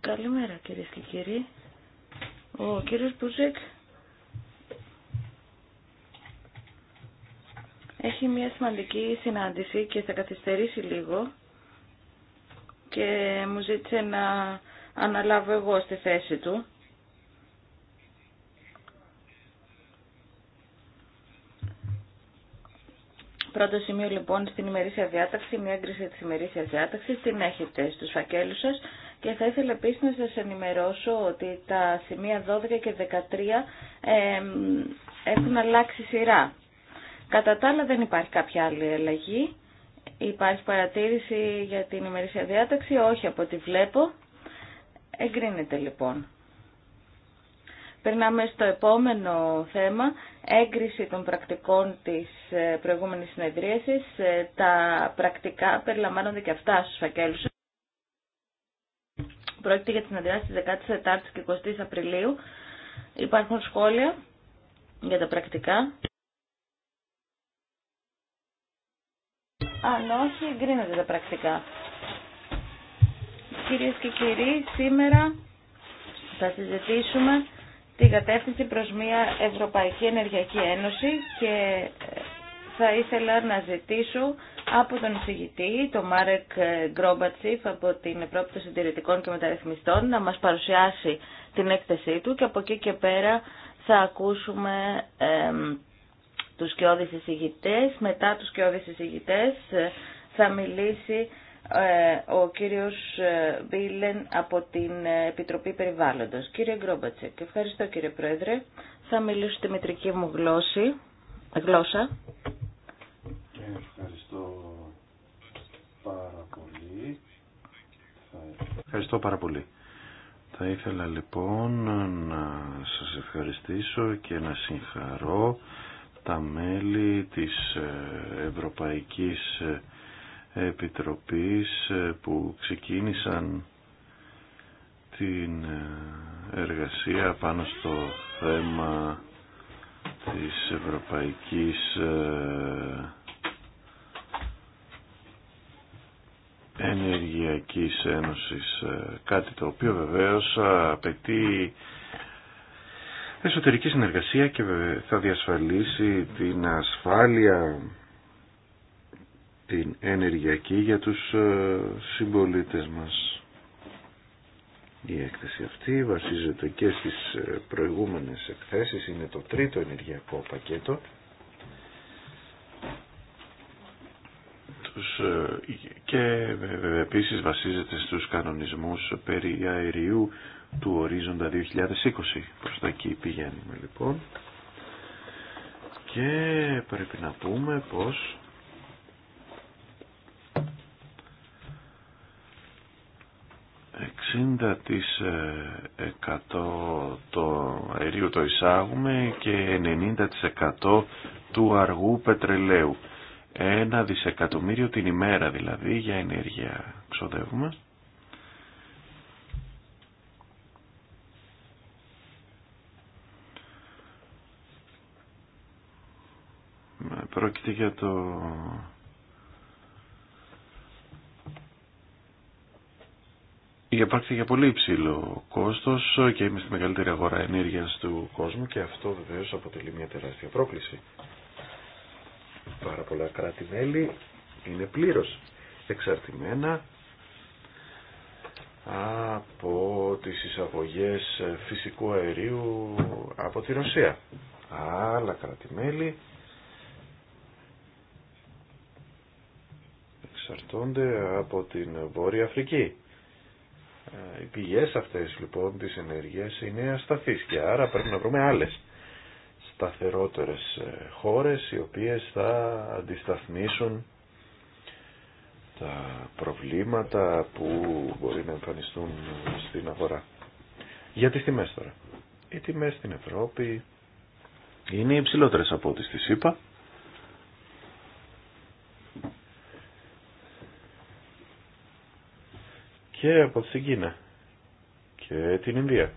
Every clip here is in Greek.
Καλημέρα κυρίε και κύριοι. Ο κύριος Μπουζέκ έχει μια σημαντική συνάντηση και θα καθυστερήσει λίγο και μου ζήτησε να αναλάβω εγώ στη θέση του. Πρώτο σημείο λοιπόν στην ημερήσια διάταξη, μια έγκριση τη ημερήσιας διάταξης, την έχετε στου φακέλους σας και θα ήθελα επίσης να σα ενημερώσω ότι τα σημεία 12 και 13 έχουν αλλάξει σειρά. Κατά τα άλλα δεν υπάρχει κάποια άλλη αλλαγή. Υπάρχει παρατήρηση για την ημερήσια διάταξη, όχι από ό,τι βλέπω. Εγκρίνεται λοιπόν. Περνάμε στο επόμενο θέμα, έγκριση των πρακτικών της ε, προηγούμενης συνεδρίασης. Ε, τα πρακτικά περιλαμβάνονται και αυτά στους φακέλους. Πρόκειται για τις συνεδριάσεις 14 και 20 Απριλίου. Υπάρχουν σχόλια για τα πρακτικά. Αν ναι, όχι, εγκρίνονται τα πρακτικά. Κυρίες και κύριοι, σήμερα θα συζητήσουμε την κατεύθυνση προς μια Ευρωπαϊκή Ενεργειακή Ένωση και ε, θα ήθελα να ζητήσω από τον εισηγητή, τον Μάρεκ ε, Γκρόμπατσιφ από την Ευρώπη των Συντηρητικών και Μεταρρυθμιστών να μας παρουσιάσει την έκθεσή του και από εκεί και πέρα θα ακούσουμε τους κοιόδης εισηγητές. Μετά τους κοιόδης εισηγητές ε, θα μιλήσει ε, ο κύριος Μπίλεν ε, από την ε, Επιτροπή Περιβάλλοντος. Κύριε Γκρόμπατσεκ, ευχαριστώ κύριε Πρόεδρε. Θα μιλήσω στη μητρική μου γλώσση, γλώσσα. Ευχαριστώ πάρα πολύ. Ευχαριστώ πάρα πολύ. Θα ήθελα λοιπόν να σας ευχαριστήσω και να συγχαρώ τα μέλη της Ευρωπαϊκής Επιτροπής ε, που ξεκίνησαν την ε, εργασία πάνω στο θέμα της Ευρωπαϊκής ε, Ενεργειακής Ένωσης κάτι το οποίο βεβαίως απαιτεί εσωτερική συνεργασία και θα διασφαλίσει την ασφάλεια την ενεργειακή για τους ε, συμπολίτες μας. Η έκθεση αυτή βασίζεται και στις ε, προηγούμενες εκθέσεις, είναι το τρίτο ενεργειακό πακέτο. Ε, και επίσης βασίζεται στους κανονισμούς περί αερίου του ορίζοντα 2020. Προς τα εκεί πηγαίνουμε λοιπόν. Και πρέπει να πούμε πως 60% το αερίου το εισάγουμε και 90% του αργού πετρελαίου. Ένα δισεκατομμύριο την ημέρα δηλαδή για ενέργεια ξοδεύουμε. Πρόκειται για το Υπάρχει για πολύ υψηλό κόστος και είμαι στη μεγαλύτερη αγορά ενέργειας του κόσμου και αυτό βεβαίως αποτελεί μια τεράστια πρόκληση. Πάρα πολλά κράτη-μέλη είναι πλήρως εξαρτημένα από τις εισαγωγές φυσικού αερίου από τη Ρωσία. Άλλα κράτη-μέλη εξαρτώνται από την Βόρεια Αφρική ε, οι πηγές αυτές λοιπόν της ενέργειας είναι ασταθείς και άρα πρέπει να βρούμε άλλες σταθερότερες ε, χώρες οι οποίες θα αντισταθμίσουν τα προβλήματα που μπορεί να εμφανιστούν στην αγορά. Για τις τιμές τώρα. Οι τιμές στην Ευρώπη είναι υψηλότερες από ό,τι στις είπα. και από την Κίνα και την Ινδία.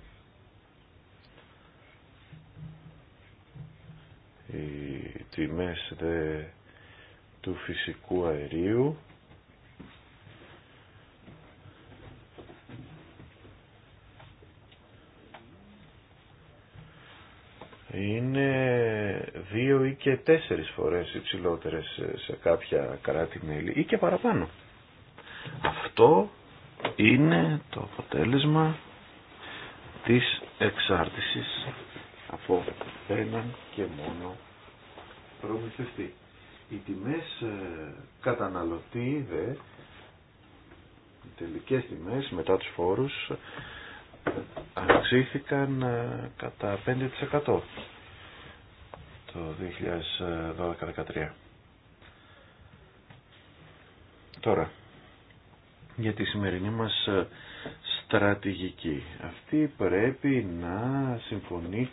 Οι τιμές του φυσικού αερίου είναι δύο ή και τέσσερις φορές υψηλότερες σε κάποια κράτη-μέλη ή και παραπάνω. Αυτό είναι το αποτέλεσμα της εξάρτησης από έναν και μόνο προμηθευτή. Οι τιμές ε, καταναλωτή δε, οι τελικές τιμές μετά τους φόρους ε, αυξήθηκαν ε, κατά 5% το 2012-2013. Τώρα, για τη σημερινή μας ε, στρατηγική. Αυτή πρέπει να συμφωνεί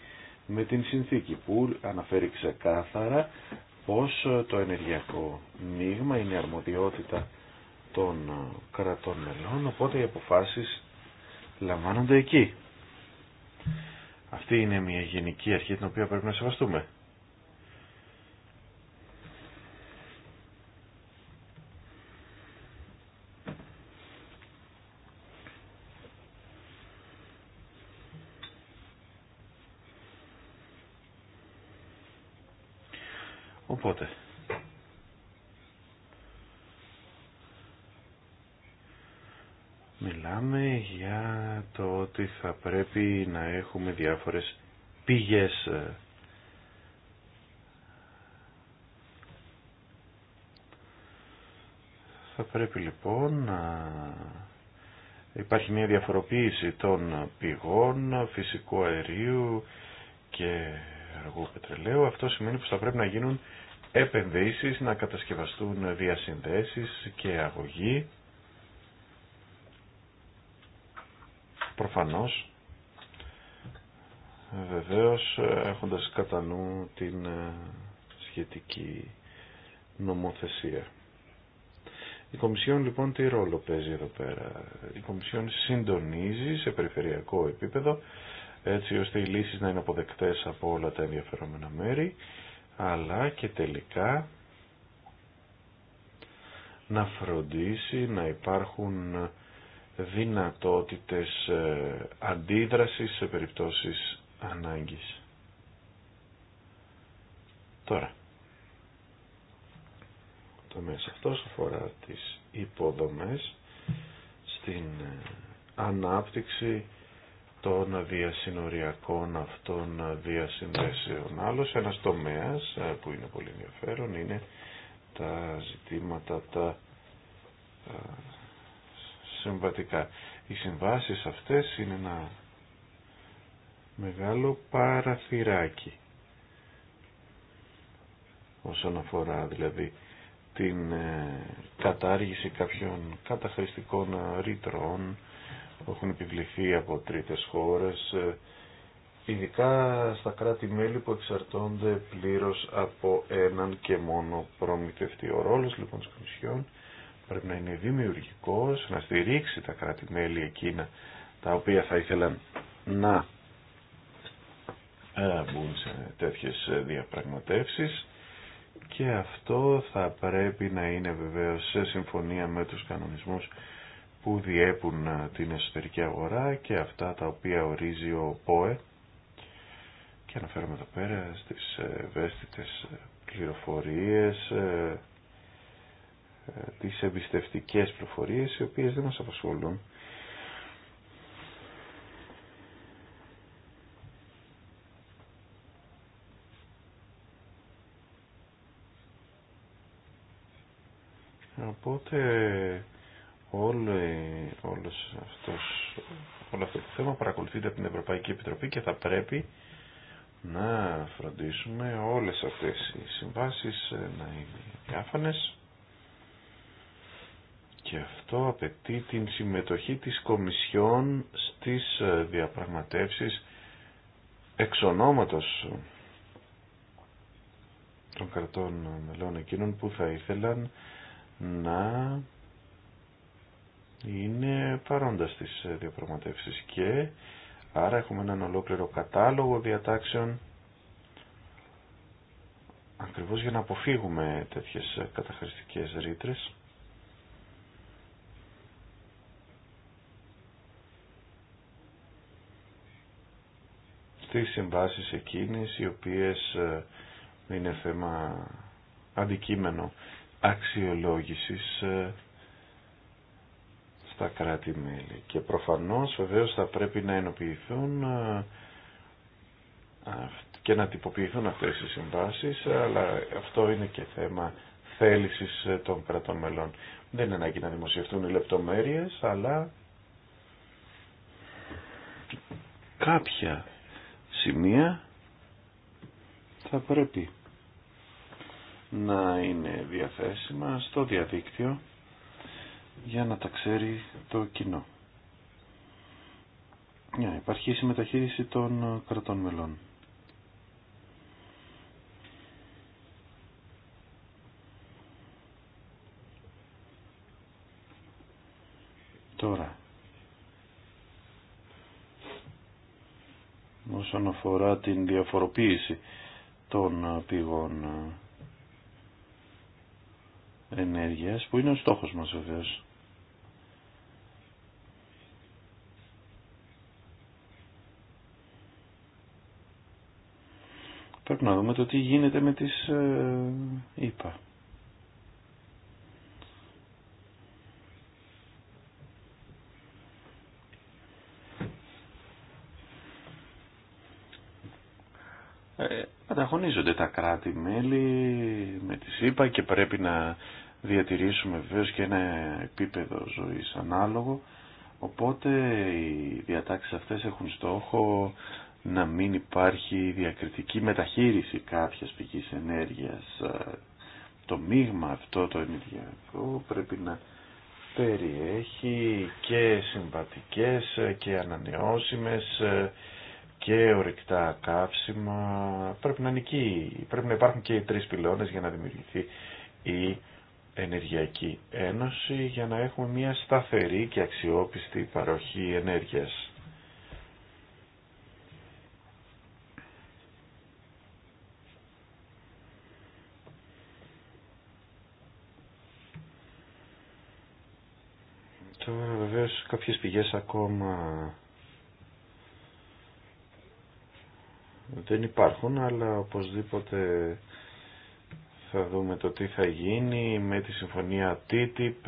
με την συνθήκη που αναφέρει ξεκάθαρα πως ε, το ενεργειακό μείγμα είναι αρμοδιότητα των ε, κρατών μελών, οπότε οι αποφάσεις λαμβάνονται εκεί. Αυτή είναι μια γενική αρχή την οποία πρέπει να σεβαστούμε. πότε. Μιλάμε για το ότι θα πρέπει να έχουμε διάφορες πηγές ε, Θα πρέπει λοιπόν να υπάρχει μια διαφοροποίηση των πηγών φυσικού αερίου και αργού πετρελαίου. Αυτό σημαίνει πως θα πρέπει να γίνουν επενδύσεις, να κατασκευαστούν διασυνδέσεις και αγωγή. Προφανώς, βεβαίως έχοντας κατά νου την ε, σχετική νομοθεσία. Η Κομισιόν λοιπόν τι ρόλο παίζει εδώ πέρα. Η Κομισιόν συντονίζει σε περιφερειακό επίπεδο έτσι ώστε οι λύσεις να είναι αποδεκτές από όλα τα ενδιαφερόμενα μέρη αλλά και τελικά να φροντίσει να υπάρχουν δυνατότητες ε, αντίδρασης σε περιπτώσεις ανάγκης. Τώρα, το μέσα αυτό αφορά τις υποδομές στην ε, ανάπτυξη αυτών διασυνοριακών, αυτών διασυνδέσεων. Άλλος ένας τομέας ε, που είναι πολύ ενδιαφέρον είναι τα ζητήματα τα ε, συμβατικά. Οι συμβάσεις αυτές είναι ένα μεγάλο παραθυράκι όσον αφορά δηλαδή την ε, κατάργηση κάποιων καταχρηστικών ρήτρων που έχουν επιβληθεί από τρίτες χώρες, ε, ειδικά στα κράτη-μέλη που εξαρτώνται πλήρως από έναν και μόνο προμηθευτή. Ο ρόλος λοιπόν της Κομισιόν πρέπει να είναι δημιουργικός, να στηρίξει τα κράτη-μέλη εκείνα τα οποία θα ήθελαν να ε, μπουν σε τέτοιες διαπραγματεύσεις και αυτό θα πρέπει να είναι βεβαίως σε συμφωνία με τους κανονισμούς που διέπουν ε, την εσωτερική αγορά και αυτά τα οποία ορίζει ο ΠΟΕ και αναφέρομαι εδώ πέρα στις ε, ευαίσθητες ε, πληροφορίες, τις εμπιστευτικές πληροφορίες οι οποίες δεν μας απασχολούν. Οπότε όλο, όλος αυτός, όλο αυτό το θέμα παρακολουθείται από την Ευρωπαϊκή Επιτροπή και θα πρέπει να φροντίσουμε όλες αυτές οι συμβάσεις ε, να είναι διάφανες και αυτό απαιτεί την συμμετοχή της Κομισιόν στις ε, διαπραγματεύσεις εξ ονόματος των κρατών μελών εκείνων που θα ήθελαν να είναι παρόντα στις ε, διαπραγματεύσεις και άρα έχουμε έναν ολόκληρο κατάλογο διατάξεων ακριβώς για να αποφύγουμε τέτοιες ε, καταχρηστικές ρήτρε. στις συμβάσεις εκείνες οι οποίες ε, είναι θέμα αντικείμενο αξιολόγησης στα κράτη-μέλη. Και προφανώς βεβαίως θα πρέπει να ενοποιηθούν ε, και να τυποποιηθούν αυτές οι συμβάσεις, αλλά αυτό είναι και θέμα θέλησης ε, των κρατών μελών. Δεν είναι ανάγκη να δημοσιευτούν οι λεπτομέρειες, αλλά κάποια σημεία θα πρέπει να είναι διαθέσιμα στο διαδίκτυο για να τα ξέρει το κοινό. Ναι, υπάρχει συμμεταχείριση των ε, κρατών μελών. Τώρα, όσον αφορά την διαφοροποίηση των ε, πηγών ε, ενέργειας, που είναι ο στόχος μας βεβαίως. πρέπει να δούμε το τι γίνεται με τις ΙΠΑ. Ε, ε, ανταγωνίζονται τα κράτη-μέλη με τις ΗΠΑ και πρέπει να διατηρήσουμε βεβαίω και ένα επίπεδο ζωής ανάλογο. Οπότε οι διατάξεις αυτές έχουν στόχο να μην υπάρχει διακριτική μεταχείριση κάποιας πηγής ενέργειας. Ε, το μείγμα αυτό το ενεργειακό πρέπει να περιέχει και συμβατικές και ανανεώσιμες ε, και ορυκτά καύσιμα. Πρέπει να, νικεί. Πρέπει να υπάρχουν και οι τρεις πυλώνες για να δημιουργηθεί η Ενεργειακή Ένωση για να έχουμε μια σταθερή και αξιόπιστη παροχή ενέργειας. κάποιες πηγές ακόμα δεν υπάρχουν, αλλά οπωσδήποτε θα δούμε το τι θα γίνει με τη συμφωνία TTIP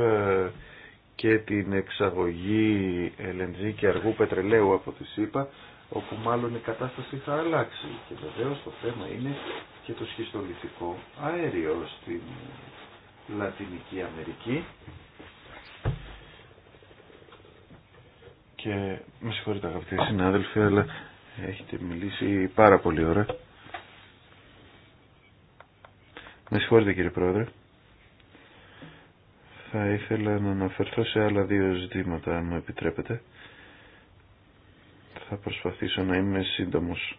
και την εξαγωγή LNG και αργού πετρελαίου από τη ΣΥΠΑ, όπου μάλλον η κατάσταση θα αλλάξει. Και βεβαίως το θέμα είναι και το σχιστολιθικό αέριο στην Λατινική Αμερική και με συγχωρείτε αγαπητοί συνάδελφοι, αλλά έχετε μιλήσει πάρα πολύ ώρα. Με συγχωρείτε κύριε Πρόεδρε. Θα ήθελα να αναφερθώ σε άλλα δύο ζητήματα, αν μου επιτρέπετε. Θα προσπαθήσω να είμαι σύντομος.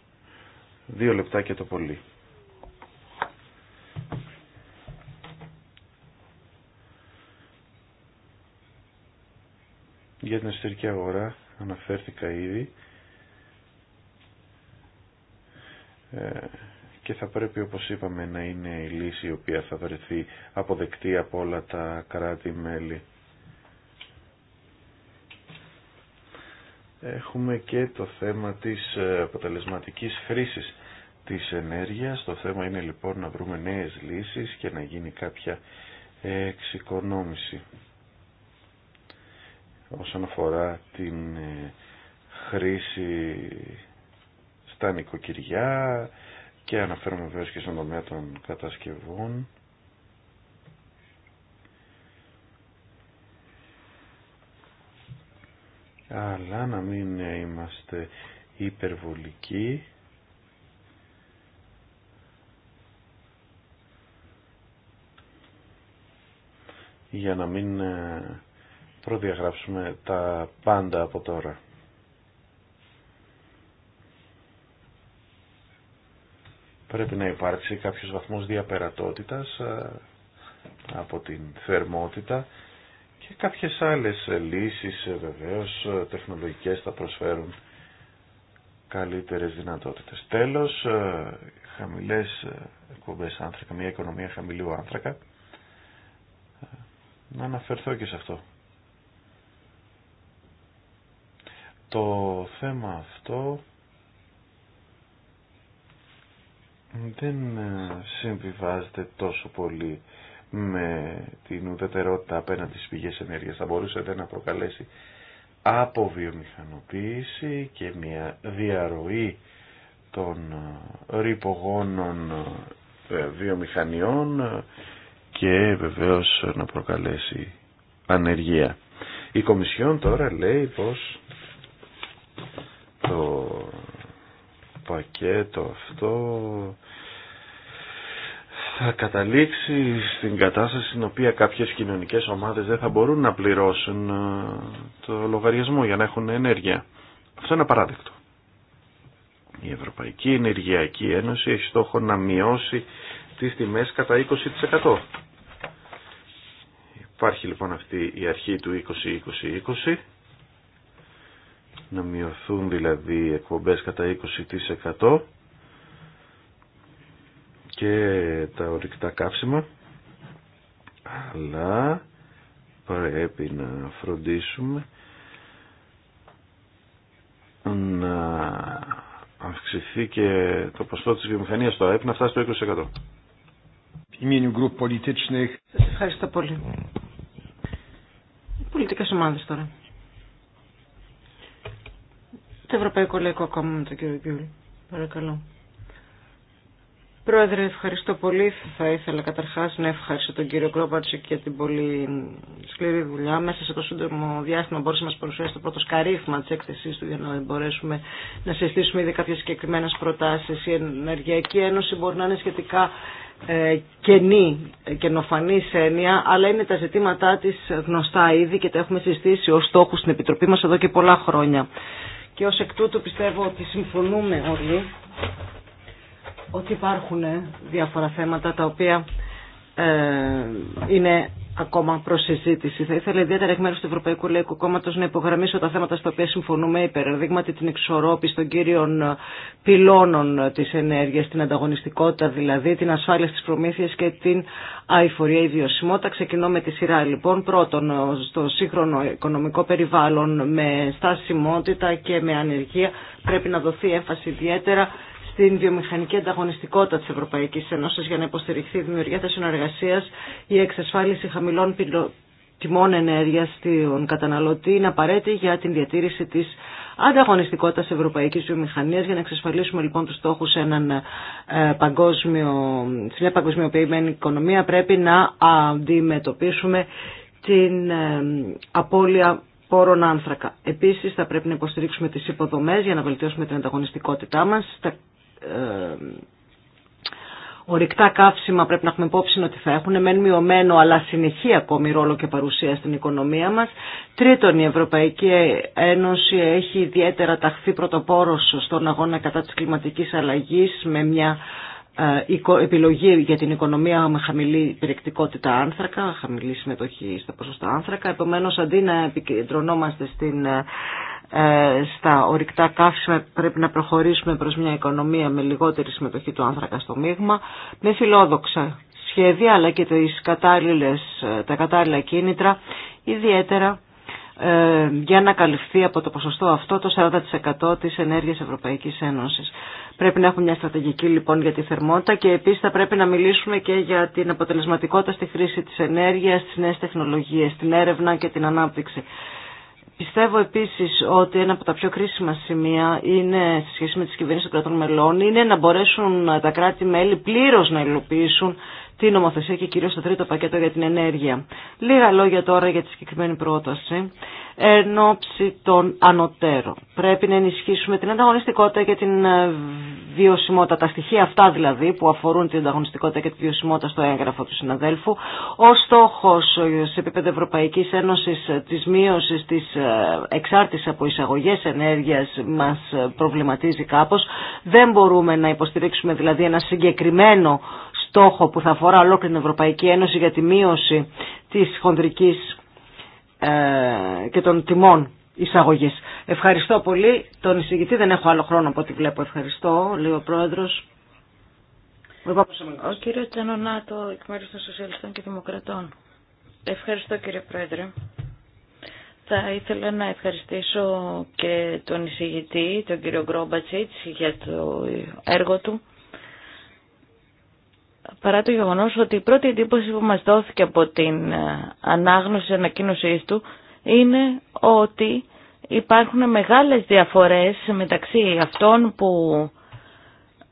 Δύο λεπτά και το πολύ. Για την εσωτερική αγορά αναφέρθηκα ήδη ε, και θα πρέπει όπως είπαμε να είναι η λύση η οποία θα βρεθεί αποδεκτή από όλα τα κράτη-μέλη. Έχουμε και το θέμα της ε, αποτελεσματικής χρήσης της ενέργειας. Το θέμα είναι λοιπόν να βρούμε νέες λύσεις και να γίνει κάποια εξοικονόμηση όσον αφορά την ε, χρήση στα νοικοκυριά και αναφέρομαι βέβαια και στον τομέα των κατασκευών. Αλλά να μην είμαστε υπερβολικοί. για να μην ε, προδιαγράψουμε τα πάντα από τώρα. Πρέπει να υπάρξει κάποιος βαθμός διαπερατότητας ε, από την θερμότητα και κάποιες άλλες λύσεις ε, βεβαίως ε, τεχνολογικές θα προσφέρουν καλύτερες δυνατότητες. Τέλος, χαμηλές εκπομπές άνθρακα, μια οικονομία χαμηλού άνθρακα. Να αναφερθώ και σε αυτό. Το θέμα αυτό δεν ε, συμβιβάζεται τόσο πολύ με την ουδετερότητα απέναντι στις πηγές ενέργειας. Θα μπορούσε να προκαλέσει αποβιομηχανοποίηση και μια διαρροή των ε, ρηπογόνων ε, βιομηχανιών και βεβαίως να προκαλέσει ανεργία. Η Κομισιόν τώρα λέει πως το πακέτο αυτό θα καταλήξει στην κατάσταση στην οποία κάποιες κοινωνικές ομάδες δεν θα μπορούν να πληρώσουν ε, το λογαριασμό για να έχουν ενέργεια. Αυτό είναι απαράδεκτο. Η Ευρωπαϊκή Ενεργειακή Ένωση έχει στόχο να μειώσει τις τιμές κατά 20%. Υπάρχει λοιπόν αυτή η αρχή του 20 20 να μειωθούν δηλαδή οι εκπομπές κατά 20% και τα ορυκτά καύσιμα αλλά πρέπει να φροντίσουμε να αυξηθεί και το ποστό της βιομηχανίας στο ΑΕΠ να φτάσει στο 20%. Σας ευχαριστώ πολύ. Πολιτικές ομάδες τώρα το Ευρωπαϊκό Λαϊκό Κόμμα με τον κύριο Γιούλη. Παρακαλώ. Πρόεδρε, ευχαριστώ πολύ. Θα ήθελα καταρχά να ευχαριστώ τον κύριο Κρόπατσικ για την πολύ σκληρή δουλειά. Μέσα σε το σύντομο διάστημα μπορούσε να μα παρουσιάσει το πρώτο σκαρίφημα τη έκθεσή του για να μπορέσουμε να συστήσουμε ήδη κάποιε συγκεκριμένε προτάσει. Η Ενεργειακή Ένωση μπορεί να είναι σχετικά ε, κενή, ε, κενοφανή έννοια, αλλά είναι τα ζητήματά τη γνωστά ήδη και τα έχουμε συζητήσει ω στόχου στην Επιτροπή μα εδώ και πολλά χρόνια και ως εκ τούτου πιστεύω ότι συμφωνούμε όλοι ότι υπάρχουν διάφορα θέματα τα οποία ε, είναι ακόμα προ συζήτηση. Θα ήθελα ιδιαίτερα εκ μέρου του Ευρωπαϊκού Λαϊκού Κόμματο να υπογραμμίσω τα θέματα στα οποία συμφωνούμε, υπεραδείγματι την εξορρόπηση των κύριων ε, πυλώνων ε, τη ενέργεια, την ανταγωνιστικότητα δηλαδή, την ασφάλεια στι προμήθειε και την αηφορία ή βιωσιμότητα. Ξεκινώ με τη σειρά λοιπόν. Πρώτον, στο σύγχρονο οικονομικό περιβάλλον με στασιμότητα και με ανεργία πρέπει να δοθεί έμφαση ιδιαίτερα στην βιομηχανική ανταγωνιστικότητα τη Ευρωπαϊκή Ένωση, για να υποστηριχθεί η δημιουργία θέσεων εργασία, η εξασφάλιση χαμηλών τιμών ενέργεια στον καταναλωτή είναι απαραίτητη για την διατήρηση της ανταγωνιστικότητας Ευρωπαϊκή Βιομηχανία, για να εξασφαλίσουμε λοιπόν του στόχου σε, έναν, ε, σε μια παγκοσμιοποιημένη οικονομία πρέπει να αντιμετωπίσουμε την ε, απώλεια πόρων άνθρακα. Επίση, θα πρέπει να υποστηρίξουμε τι υποδομέ για να βελτιώσουμε την ανταγωνιστικότητά μα. Ε, ορυκτά καύσιμα πρέπει να έχουμε υπόψη ότι θα έχουν μεν μειωμένο αλλά συνεχή ακόμη ρόλο και παρουσία στην οικονομία μας. Τρίτον, η Ευρωπαϊκή Ένωση έχει ιδιαίτερα ταχθεί πρωτοπόρος στον αγώνα κατά της κλιματικής αλλαγής με μια ε, επιλογή για την οικονομία με χαμηλή περιεκτικότητα άνθρακα, χαμηλή συμμετοχή στα ποσοστά άνθρακα. Επομένως, αντί να επικεντρωνόμαστε στην ε, ε, στα ορυκτά καύσιμα πρέπει να προχωρήσουμε προς μια οικονομία με λιγότερη συμμετοχή του άνθρακα στο μείγμα, με φιλόδοξα σχέδια αλλά και τις τα κατάλληλα κίνητρα, ιδιαίτερα ε, για να καλυφθεί από το ποσοστό αυτό το 40% της ενέργειας Ευρωπαϊκής Ένωσης. Πρέπει να έχουμε μια στρατηγική λοιπόν για τη θερμότητα και επίσης θα πρέπει να μιλήσουμε και για την αποτελεσματικότητα στη χρήση της ενέργειας, τις νέες τεχνολογίες, την έρευνα και την ανάπτυξη. Πιστεύω επίσης ότι ένα από τα πιο κρίσιμα σημεία είναι, σε σχέση με τις κυβερνήσει των κρατών μελών, είναι να μπορέσουν τα κράτη-μέλη πλήρω να υλοποιήσουν την νομοθεσία και κυρίω το τρίτο πακέτο για την ενέργεια. Λίγα λόγια τώρα για τη συγκεκριμένη πρόταση εν ώψη των ανωτέρων. Πρέπει να ενισχύσουμε την ανταγωνιστικότητα και την ε, βιωσιμότητα, τα στοιχεία αυτά δηλαδή που αφορούν την ανταγωνιστικότητα και τη βιωσιμότητα στο έγγραφο του συναδέλφου. Ο στόχος ε, σε επίπεδο Ευρωπαϊκής Ένωσης ε, της μείωσης της εξάρτηση από εισαγωγές ενέργειας μας προβληματίζει κάπως. Δεν μπορούμε να υποστηρίξουμε δηλαδή ένα συγκεκριμένο στόχο που θα αφορά ολόκληρη την Ευρωπαϊκή Ένωση για τη μείωση της χονδρικής ε, και των τιμών εισαγωγής. Ευχαριστώ πολύ. Τον εισηγητή δεν έχω άλλο χρόνο από ό,τι βλέπω. Ευχαριστώ, λέει ο Πρόεδρος. Ο κύριος Τζανονάτο, εκ μέρους των Σοσιαλιστών και Δημοκρατών. Ευχαριστώ κύριε Πρόεδρε. Θα ήθελα να ευχαριστήσω και τον εισηγητή, τον κύριο Γκρόμπατσιτς, για το έργο του παρά το γεγονός ότι η πρώτη εντύπωση που μας δόθηκε από την ε, ανάγνωση ανακοίνωσής του είναι ότι υπάρχουν μεγάλες διαφορές μεταξύ αυτών που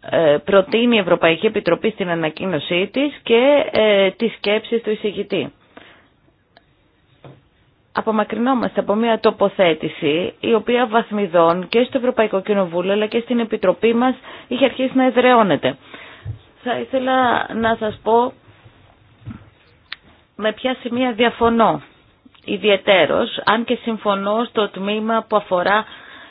ε, προτείνει η Ευρωπαϊκή Επιτροπή στην ανακοίνωσή της και ε, τις σκέψεις του εισηγητή. Απομακρυνόμαστε από μια τοποθέτηση η οποία βαθμιδών και στο Ευρωπαϊκό Κοινοβούλιο αλλά και στην Επιτροπή μας είχε αρχίσει να εδραιώνεται θα ήθελα να σας πω με ποια σημεία διαφωνώ ιδιαιτέρως, αν και συμφωνώ στο τμήμα που αφορά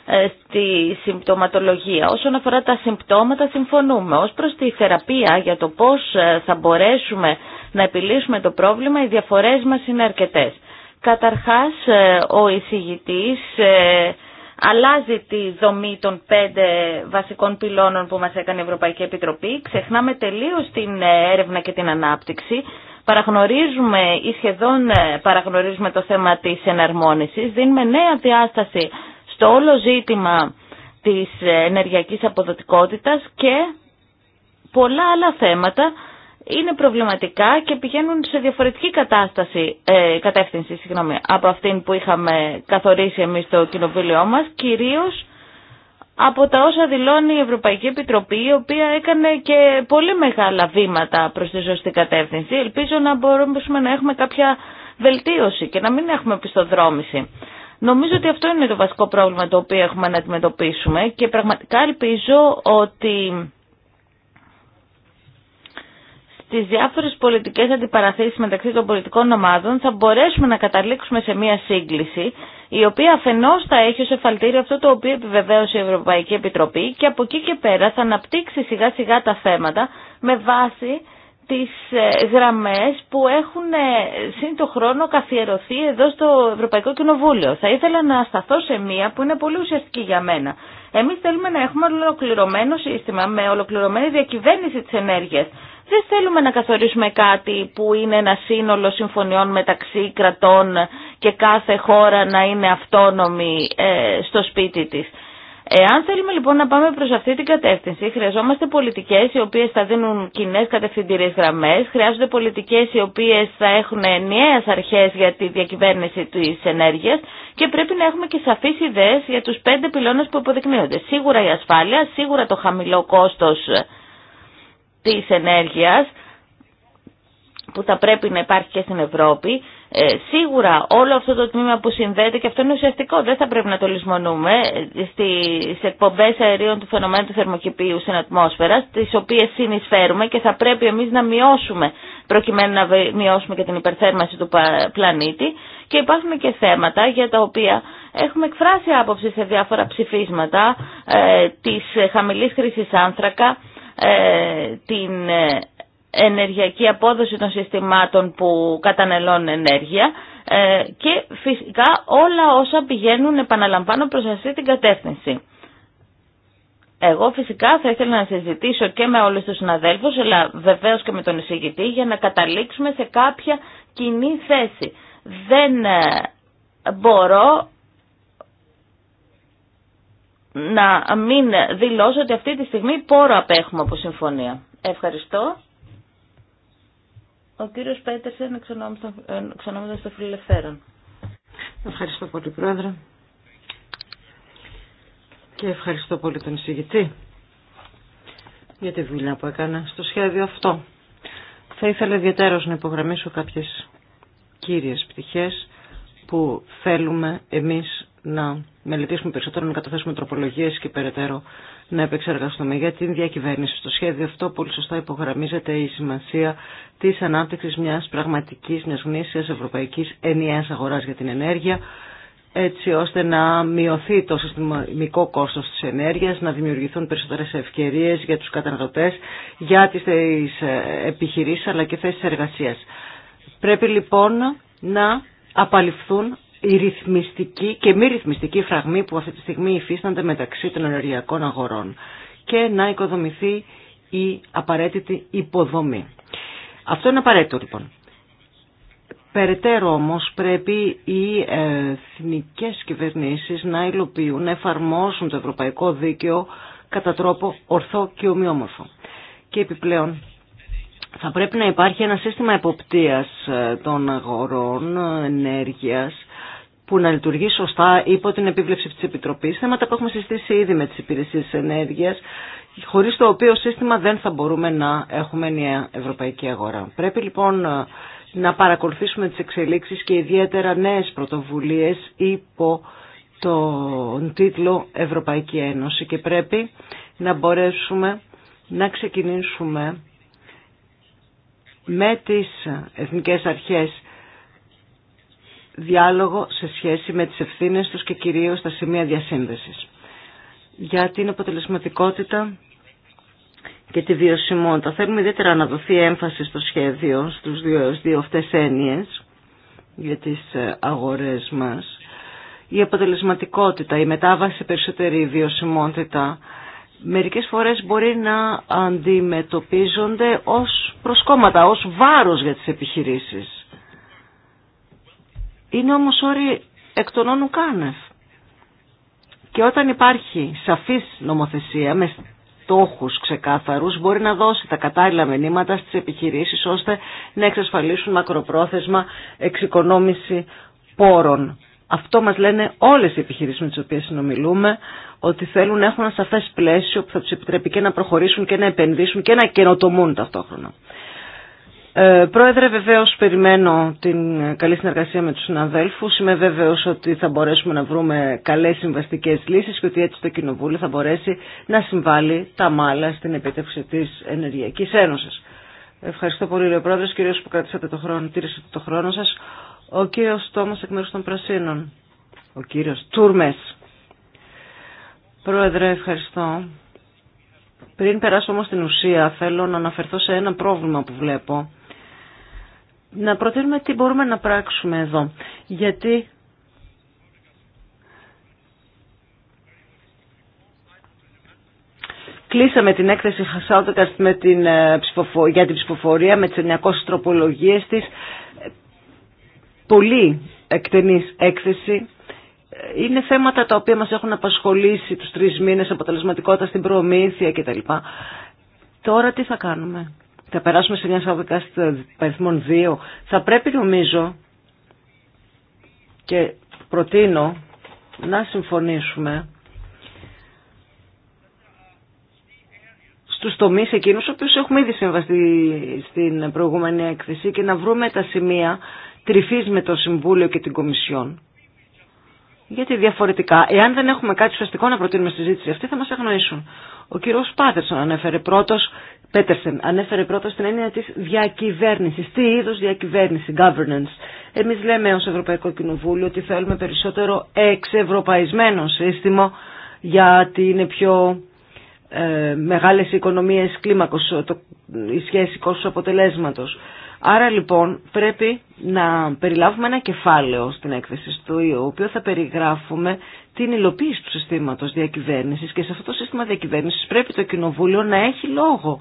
ε, τη συμπτωματολογία. Όσον αφορά τα συμπτώματα συμφωνούμε. Ως προς τη θεραπεία για το πώς ε, θα μπορέσουμε να επιλύσουμε το πρόβλημα οι διαφορές μας είναι αρκετές. Καταρχάς ε, ο εισηγητής αλλάζει τη δομή των πέντε βασικών πυλώνων που μας έκανε η Ευρωπαϊκή Επιτροπή. Ξεχνάμε τελείως την ε, έρευνα και την ανάπτυξη. Παραγνωρίζουμε ή σχεδόν ε, παραγνωρίζουμε το θέμα της εναρμόνισης. Δίνουμε νέα διάσταση στο όλο ζήτημα της ε, ενεργειακής αποδοτικότητας και πολλά άλλα θέματα είναι προβληματικά και πηγαίνουν σε διαφορετική κατάσταση, ε, κατεύθυνση συγγνώμη, από αυτήν που είχαμε καθορίσει εμείς στο κοινοβούλιο μας, κυρίως από τα όσα δηλώνει η Ευρωπαϊκή Επιτροπή, η οποία έκανε και πολύ μεγάλα βήματα προς τη ζωστή κατεύθυνση. Ελπίζω να μπορούμε να έχουμε κάποια βελτίωση και να μην έχουμε πιστοδρόμηση. Νομίζω ότι αυτό είναι το βασικό πρόβλημα το οποίο έχουμε να αντιμετωπίσουμε και πραγματικά ελπίζω ότι τις διάφορες πολιτικές αντιπαραθέσεις μεταξύ των πολιτικών ομάδων θα μπορέσουμε να καταλήξουμε σε μία σύγκληση η οποία αφενός θα έχει ως εφαλτήριο αυτό το οποίο επιβεβαίωσε η Ευρωπαϊκή Επιτροπή και από εκεί και πέρα θα αναπτύξει σιγά σιγά τα θέματα με βάση τις ε, γραμμές που έχουν ε, σύν χρόνο καθιερωθεί εδώ στο Ευρωπαϊκό Κοινοβούλιο. Θα ήθελα να σταθώ σε μία που είναι πολύ ουσιαστική για μένα. Εμείς θέλουμε να έχουμε ολοκληρωμένο σύστημα με ολοκληρωμένη διακυβέρνηση της ενέργειας. Δεν θέλουμε να καθορίσουμε κάτι που είναι ένα σύνολο συμφωνιών μεταξύ κρατών και κάθε χώρα να είναι αυτόνομη ε, στο σπίτι της. Αν θέλουμε λοιπόν να πάμε προς αυτή την κατεύθυνση, χρειαζόμαστε πολιτικές οι οποίες θα δίνουν κοινέ κατευθυντήριες γραμμές, χρειάζονται πολιτικές οι οποίες θα έχουν ενιαίες αρχές για τη διακυβέρνηση της ενέργειας και πρέπει να έχουμε και σαφείς ιδέες για τους πέντε πυλώνες που αποδεικνύονται. Σίγουρα η ασφάλεια, σίγουρα το χαμηλό κόστος της ενέργειας που θα πρέπει να υπάρχει και στην Ευρώπη. Ε, σίγουρα όλο αυτό το τμήμα που συνδέεται και αυτό είναι ουσιαστικό, δεν θα πρέπει να το λησμονούμε ε, στις εκπομπές αερίων του φαινομένου θερμοκηπίου στην ατμόσφαιρα, τις οποίες συνεισφέρουμε και θα πρέπει εμείς να μειώσουμε προκειμένου να μειώσουμε και την υπερθέρμανση του πλανήτη και υπάρχουν και θέματα για τα οποία έχουμε εκφράσει άποψη σε διάφορα ψηφίσματα ε, της χαμηλής χρήσης άνθρακα, ε, την ε, ενεργειακή απόδοση των συστημάτων που καταναλώνουν ενέργεια ε, και φυσικά όλα όσα πηγαίνουν, επαναλαμβάνω, προς αυτή την κατεύθυνση. Εγώ φυσικά θα ήθελα να συζητήσω και με όλους τους συναδέλφους, αλλά βεβαίως και με τον εισηγητή, για να καταλήξουμε σε κάποια κοινή θέση. Δεν μπορώ να μην δηλώσω ότι αυτή τη στιγμή πόρο απέχουμε από συμφωνία. Ευχαριστώ. Ο κύριος Πέτερσεν, εξονόμητος στο Φιλελευθέρων. Ευχαριστώ πολύ, Πρόεδρε. Και ευχαριστώ πολύ τον εισηγητή για τη δουλειά που έκανε στο σχέδιο αυτό. Θα ήθελα ιδιαίτερως να υπογραμμίσω κάποιες κύριες πτυχές που θέλουμε εμείς να μελετήσουμε περισσότερο, να καταθέσουμε τροπολογίε και περαιτέρω να επεξεργαστούμε. Για την διακυβέρνηση στο σχέδιο αυτό πολύ σωστά υπογραμμίζεται η σημασία τη ανάπτυξη μια πραγματική μια γνήσία Ευρωπαϊκή ενιαία αγορά για την ενέργεια έτσι ώστε να μειωθεί το συστημικό κόστος της ενέργειας, να δημιουργηθούν περισσότερες ευκαιρίες για τους καταναλωτές, για τις ε, επιχειρήσεις αλλά και θέσεις εργασίας. Πρέπει λοιπόν να απαλληφθούν η ρυθμιστική και μη ρυθμιστική φραγμή που αυτή τη στιγμή υφίστανται μεταξύ των ενεργειακών αγορών και να οικοδομηθεί η απαραίτητη υποδομή. Αυτό είναι απαραίτητο λοιπόν. Περαιτέρω όμως πρέπει οι εθνικές κυβερνήσεις να υλοποιούν, να εφαρμόσουν το ευρωπαϊκό δίκαιο κατά τρόπο ορθό και ομοιόμορφο. Και επιπλέον θα πρέπει να υπάρχει ένα σύστημα εποπτείας ε, των αγορών ε, ενέργειας που να λειτουργεί σωστά υπό την επίβλεψη της Επιτροπής, θέματα που έχουμε συστήσει ήδη με τις υπηρεσίες ενέργειας, χωρίς το οποίο σύστημα δεν θα μπορούμε να έχουμε νέα ευρωπαϊκή αγορά. Πρέπει λοιπόν να παρακολουθήσουμε τις εξελίξεις και ιδιαίτερα νέες πρωτοβουλίες υπό τον τίτλο Ευρωπαϊκή Ένωση και πρέπει να μπορέσουμε να ξεκινήσουμε με τις εθνικές αρχές διάλογο σε σχέση με τις ευθύνες τους και κυρίως τα σημεία διασύνδεσης. Για την αποτελεσματικότητα και τη βιωσιμότητα. Θέλουμε ιδιαίτερα να δοθεί έμφαση στο σχέδιο, στους δύο, δύο αυτές για τις ε, αγορές μας. Η αποτελεσματικότητα, η μετάβαση περισσότερη βιωσιμότητα, μερικές φορές μπορεί να αντιμετωπίζονται ως προσκόμματα, ως βάρος για τις επιχειρήσεις είναι όμως όροι εκ των όνου κάνευ. Και όταν υπάρχει σαφής νομοθεσία με στόχους ξεκάθαρους μπορεί να δώσει τα κατάλληλα μηνύματα στις επιχειρήσεις ώστε να εξασφαλίσουν μακροπρόθεσμα εξοικονόμηση πόρων. Αυτό μας λένε όλες οι επιχειρήσεις με τις οποίες συνομιλούμε ότι θέλουν να έχουν ένα σαφές πλαίσιο που θα τους επιτρέπει και να προχωρήσουν και να επενδύσουν και να καινοτομούν ταυτόχρονα. Ε, πρόεδρε, βεβαίω περιμένω την καλή συνεργασία με του συναδέλφου. Είμαι βέβαιο ότι θα μπορέσουμε να βρούμε καλέ συμβαστικέ λύσει και ότι έτσι το Κοινοβούλιο θα μπορέσει να συμβάλλει τα μάλα στην επίτευξη τη Ενεργειακή Ένωση. Ευχαριστώ πολύ, ο Πρόεδρε, κυρίω που κρατήσατε το χρόνο, τήρησατε το χρόνο σα. Ο κύριο Τόμα εκ μέρου των Πρασίνων. Ο κύριο Τούρμε. Πρόεδρε, ευχαριστώ. Πριν περάσω όμως στην ουσία, θέλω να αναφερθώ σε ένα πρόβλημα που βλέπω να προτείνουμε τι μπορούμε να πράξουμε εδώ. Γιατί Κλείσαμε την έκθεση Χασάουτεκας με την, ε, για την ψηφοφορία με τις 900 τροπολογίες της. Πολύ εκτενής έκθεση. Είναι θέματα τα οποία μας έχουν απασχολήσει τους τρεις μήνες, αποτελεσματικότητα στην προμήθεια κτλ. Τώρα τι θα κάνουμε θα περάσουμε σε μια σαββατικά παριθμών 2, θα πρέπει νομίζω και προτείνω να συμφωνήσουμε στους τομείς εκείνους, οποίους έχουμε ήδη συμβαστεί στην προηγούμενη έκθεση και να βρούμε τα σημεία τρυφής με το Συμβούλιο και την Κομισιόν γιατί διαφορετικά, εάν δεν έχουμε κάτι ουσιαστικό να προτείνουμε στη συζήτηση αυτή, θα μα αγνοήσουν. Ο κύριο Πάτερσον ανέφερε πρώτο, Πέτερσεν, ανέφερε πρώτο την έννοια τη διακυβέρνηση. Τι είδου διακυβέρνηση, governance. Εμεί λέμε ω Ευρωπαϊκό Κοινοβούλιο ότι θέλουμε περισσότερο εξευρωπαϊσμένο σύστημα, γιατί είναι πιο ε, μεγάλε οι οικονομίε κλίμακο, η σχέση κόστου αποτελέσματο. Άρα λοιπόν πρέπει να περιλάβουμε ένα κεφάλαιο στην έκθεση του ΙΟ, οποίο θα περιγράφουμε την υλοποίηση του συστήματος διακυβέρνησης και σε αυτό το σύστημα διακυβέρνησης πρέπει το Κοινοβούλιο να έχει λόγο.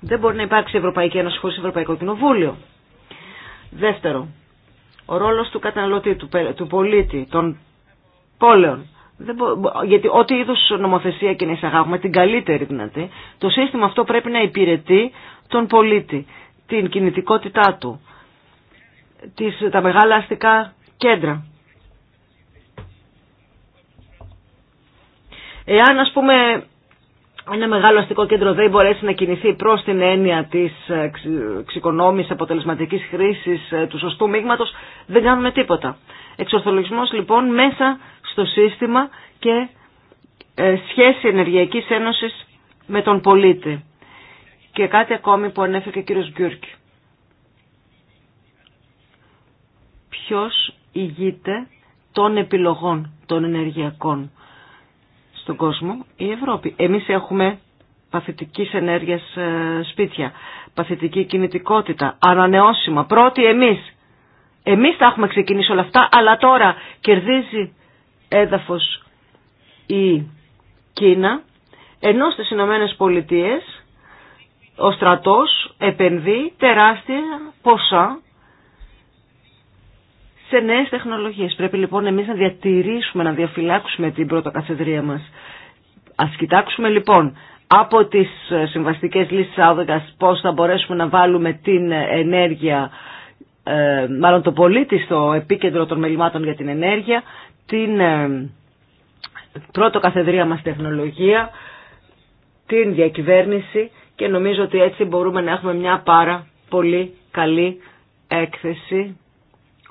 Δεν μπορεί να υπάρξει Ευρωπαϊκή Ένωση χωρίς Ευρωπαϊκό Κοινοβούλιο. Δεύτερο, ο ρόλος του καταναλωτή, του, πολίτη, των πόλεων. Δεν γιατί ό,τι είδους νομοθεσία και να εισαγάγουμε, την καλύτερη δυνατή, το σύστημα αυτό πρέπει να υπηρετεί τον πολίτη την κινητικότητά του, τις, τα μεγάλα αστικά κέντρα. Εάν ας πούμε ένα μεγάλο αστικό κέντρο δεν μπορέσει να κινηθεί προς την έννοια της ε, εξοικονόμησης αποτελεσματικής χρήσης ε, του σωστού μείγματος, δεν κάνουμε τίποτα. Εξορθολογισμός λοιπόν μέσα στο σύστημα και ε, σχέση ενεργειακής ένωσης με τον πολίτη. Και κάτι ακόμη που ανέφερε και ο κύριος Γκιούρκη. Ποιος ηγείται των επιλογών των ενεργειακών στον κόσμο, η Ευρώπη. Εμείς έχουμε παθητικής ενέργειας ε, σπίτια, παθητική κινητικότητα, ανανεώσιμα. Πρώτοι εμείς. Εμείς θα έχουμε ξεκινήσει όλα αυτά, αλλά τώρα κερδίζει έδαφος η Κίνα, ενώ στις Ηνωμένε Πολιτείες ο στρατός επενδύει τεράστια ποσά σε νέες τεχνολογίες. Πρέπει λοιπόν εμείς να διατηρήσουμε, να διαφυλάξουμε την πρώτα καθεδρία μας. Ας κοιτάξουμε λοιπόν από τις ε, συμβαστικές λύσεις άδεγας πώς θα μπορέσουμε να βάλουμε την ενέργεια, ε, μάλλον το πολίτη στο επίκεντρο των μελημάτων για την ενέργεια, την ε, πρώτο καθεδρία μας τεχνολογία, την διακυβέρνηση και νομίζω ότι έτσι μπορούμε να έχουμε μια πάρα πολύ καλή έκθεση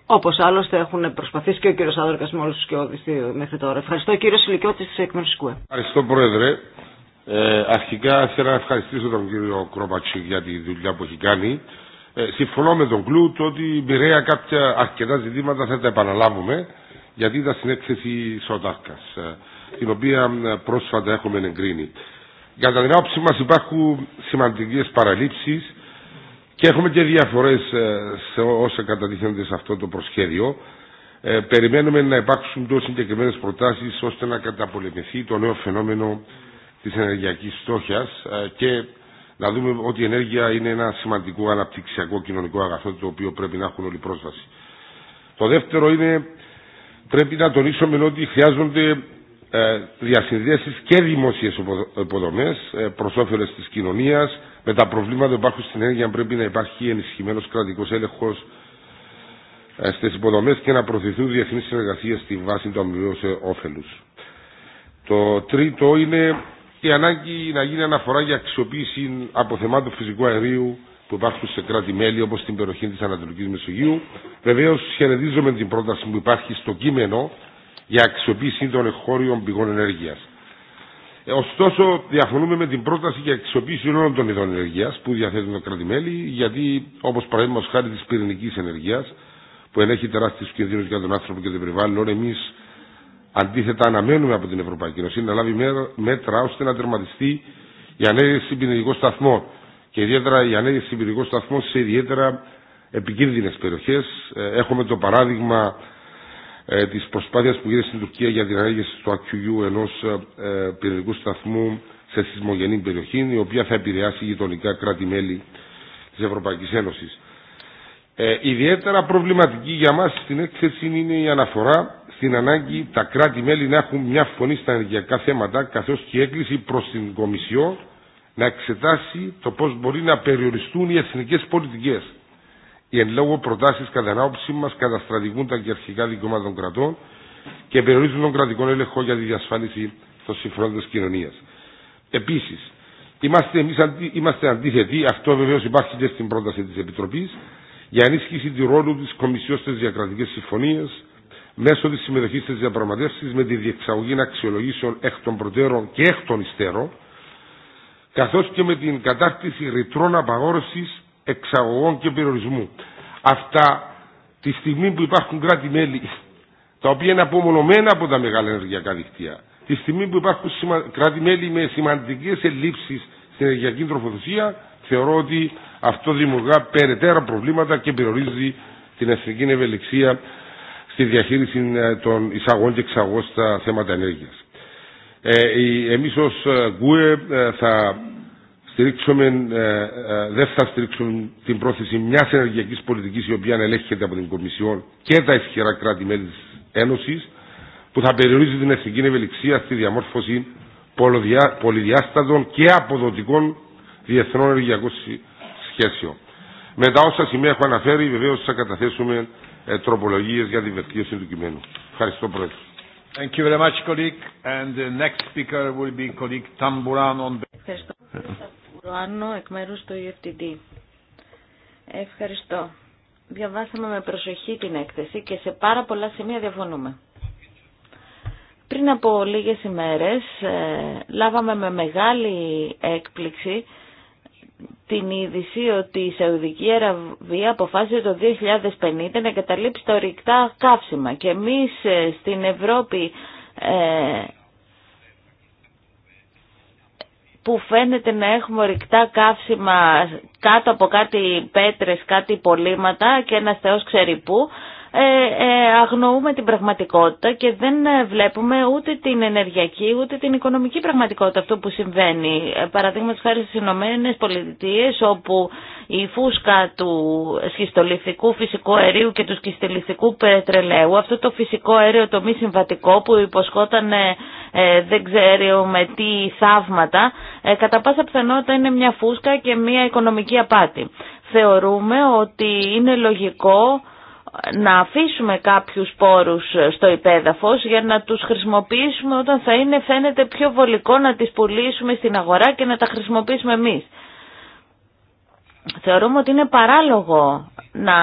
όπως άλλωστε έχουν προσπαθήσει και ο κύριος Άδωρκας με όλους τους κοιόδης μέχρι τώρα. Ευχαριστώ κύριο Σιλικιώτη της Σκουέ. Ευχαριστώ Πρόεδρε. Ε, αρχικά θέλω να ευχαριστήσω τον κύριο Κρόπατσι για τη δουλειά που έχει κάνει. Ε, συμφωνώ με τον Κλούτ ότι μοιραία κάποια αρκετά ζητήματα θα τα επαναλάβουμε γιατί ήταν στην έκθεση Σοντάρκας ε, την οποία ε, πρόσφατα έχουμε εγκρίνει. Κατά την άποψή μας υπάρχουν σημαντικές παραλήψεις και έχουμε και διαφορές ε, σε όσα κατατίθενται σε αυτό το προσχέδιο. Ε, περιμένουμε να υπάρξουν τόσο συγκεκριμένες προτάσεις ώστε να καταπολεμηθεί το νέο φαινόμενο της ενεργειακής στόχιας ε, και να δούμε ότι η ενέργεια είναι ένα σημαντικό αναπτυξιακό κοινωνικό αγαθό το οποίο πρέπει να έχουν όλοι πρόσβαση. Το δεύτερο είναι πρέπει να τονίσουμε ότι χρειάζονται ε, διασυνδέσεις και δημόσιες υποδομές ε, προς όφελες της κοινωνίας. Με τα προβλήματα που υπάρχουν στην ενέργεια πρέπει να υπάρχει ενισχυμένος κρατικός έλεγχος ε, στις υποδομές και να προωθηθούν διεθνείς συνεργασίες στη βάση των όφελους. Το τρίτο είναι η ανάγκη να γίνει αναφορά για αξιοποίηση αποθεμάτων φυσικού αερίου που υπάρχουν σε κράτη-μέλη όπω στην περιοχή τη Ανατολική Μεσογείου. Βεβαίω, χαιρετίζομαι την πρόταση που υπάρχει στο κείμενο για αξιοποίηση των εγχώριων πηγών ενέργεια. Ε, ωστόσο, διαφωνούμε με την πρόταση για αξιοποίηση όλων των ειδών ενέργεια που διαθέτουν τα κράτη-μέλη, γιατί, όπω παραδείγματο χάρη τη πυρηνική ενέργεια, που ενέχει τεράστιου κινδύνου για τον άνθρωπο και το περιβάλλον, εμεί αντίθετα αναμένουμε από την Ευρωπαϊκή Ένωση να λάβει μέτρα ώστε να τερματιστεί η ανέργεια πυρηνικών σταθμών και ιδιαίτερα η ανέργεια πυρηνικών σταθμών σε ιδιαίτερα επικίνδυνε περιοχέ. Ε, έχουμε το παράδειγμα ε, της που γίνεται στην Τουρκία για την ανάγκηση του ΑΚΙΟΥ ενό ε, ε, πυρηνικού σταθμού σε σεισμογενή περιοχή, η οποία θα επηρεάσει γειτονικά κράτη-μέλη τη Ευρωπαϊκή Ένωση. Ε, ιδιαίτερα προβληματική για μα στην έκθεση είναι η αναφορά στην ανάγκη τα κράτη-μέλη να έχουν μια φωνή στα ενεργειακά θέματα, καθώ και η έκκληση προ την Κομισιό να εξετάσει το πώ μπορεί να περιοριστούν οι εθνικές πολιτικέ. Οι εν λόγω προτάσει κατά ανάποψή μα καταστρατηγούν τα κυριαρχικά δικαιώματα των κρατών και περιορίζουν τον κρατικό έλεγχο για τη διασφάλιση των συμφερόντων τη κοινωνία. Επίση, είμαστε, είμαστε αντίθετοι, αυτό βεβαίω υπάρχει και στην πρόταση τη Επιτροπή, για ενίσχυση του ρόλου τη Κομισιό στι Διακρατικέ Συμφωνίε μέσω τη συμμετοχή στι διαπραγματεύσει με τη διεξαγωγή αξιολογήσεων εκ των προτέρων και εκ των υστέρων, καθώ και με την κατάρτιση ρητρών απαγόρευση εξαγωγών και περιορισμού. Αυτά τη στιγμή που υπάρχουν κράτη-μέλη τα οποία είναι απομονωμένα από τα μεγάλα ενεργειακά δικτύα, τη στιγμή που υπάρχουν κράτη-μέλη με σημαντικέ ελλείψει στην ενεργειακή τροφοδοσία, θεωρώ ότι αυτό δημιουργά περαιτέρα προβλήματα και περιορίζει την εθνική ευελιξία στη διαχείριση ε, των εισαγών και εξαγών στα θέματα ενέργεια. Ε, εμείς ως ε, ε, θα στηρίξουμε, ε, ε, δεν θα στηρίξουμε την πρόθεση μια ενεργειακή πολιτική η οποία ελέγχεται από την Κομισιόν και τα ισχυρά κράτη-μέλη τη Ένωση, που θα περιορίζει την εθνική ευελιξία στη διαμόρφωση πολυδιάστατων και αποδοτικών διεθνών ενεργειακών σχέσεων. Μετά όσα σημεία έχω αναφέρει, βεβαίω θα καταθέσουμε ε, τροπολογίε για την βελτίωση του κειμένου. Ευχαριστώ, Πρόεδρε. Thank you very much, colleague. And the next speaker will be colleague Tamburan on εκ μέρου του Ευχαριστώ. Διαβάσαμε με προσοχή την έκθεση και σε πάρα πολλά σημεία διαφωνούμε. Πριν από λίγες ημέρες ε, λάβαμε με μεγάλη έκπληξη την είδηση ότι η Σαουδική Αραβία αποφάσισε το 2050 να καταλήψει τα ορυκτά καύσιμα και εμείς ε, στην Ευρώπη ε, που φαίνεται να έχουμε ρηκτά καύσιμα κάτω από κάτι πέτρες, κάτι πολύματα και ένα θεός ξέρει πού, ε, ε, αγνοούμε την πραγματικότητα και δεν ε, βλέπουμε ούτε την ενεργειακή ούτε την οικονομική πραγματικότητα αυτό που συμβαίνει. Παραδείγματος χάρη στι Ηνωμένε Πολιτείε όπου η φούσκα του σχιστολιθικού φυσικού αερίου και του σχιστολιθικού πετρελαίου, αυτό το φυσικό αέριο το μη συμβατικό που υποσχόταν ε, δεν με τι θαύματα, ε, κατά πάσα πιθανότητα είναι μια φούσκα και μια οικονομική απάτη. Θεωρούμε ότι είναι λογικό να αφήσουμε κάποιους πόρους στο υπέδαφος για να τους χρησιμοποιήσουμε όταν θα είναι φαίνεται πιο βολικό να τις πουλήσουμε στην αγορά και να τα χρησιμοποιήσουμε εμείς. Θεωρούμε ότι είναι παράλογο να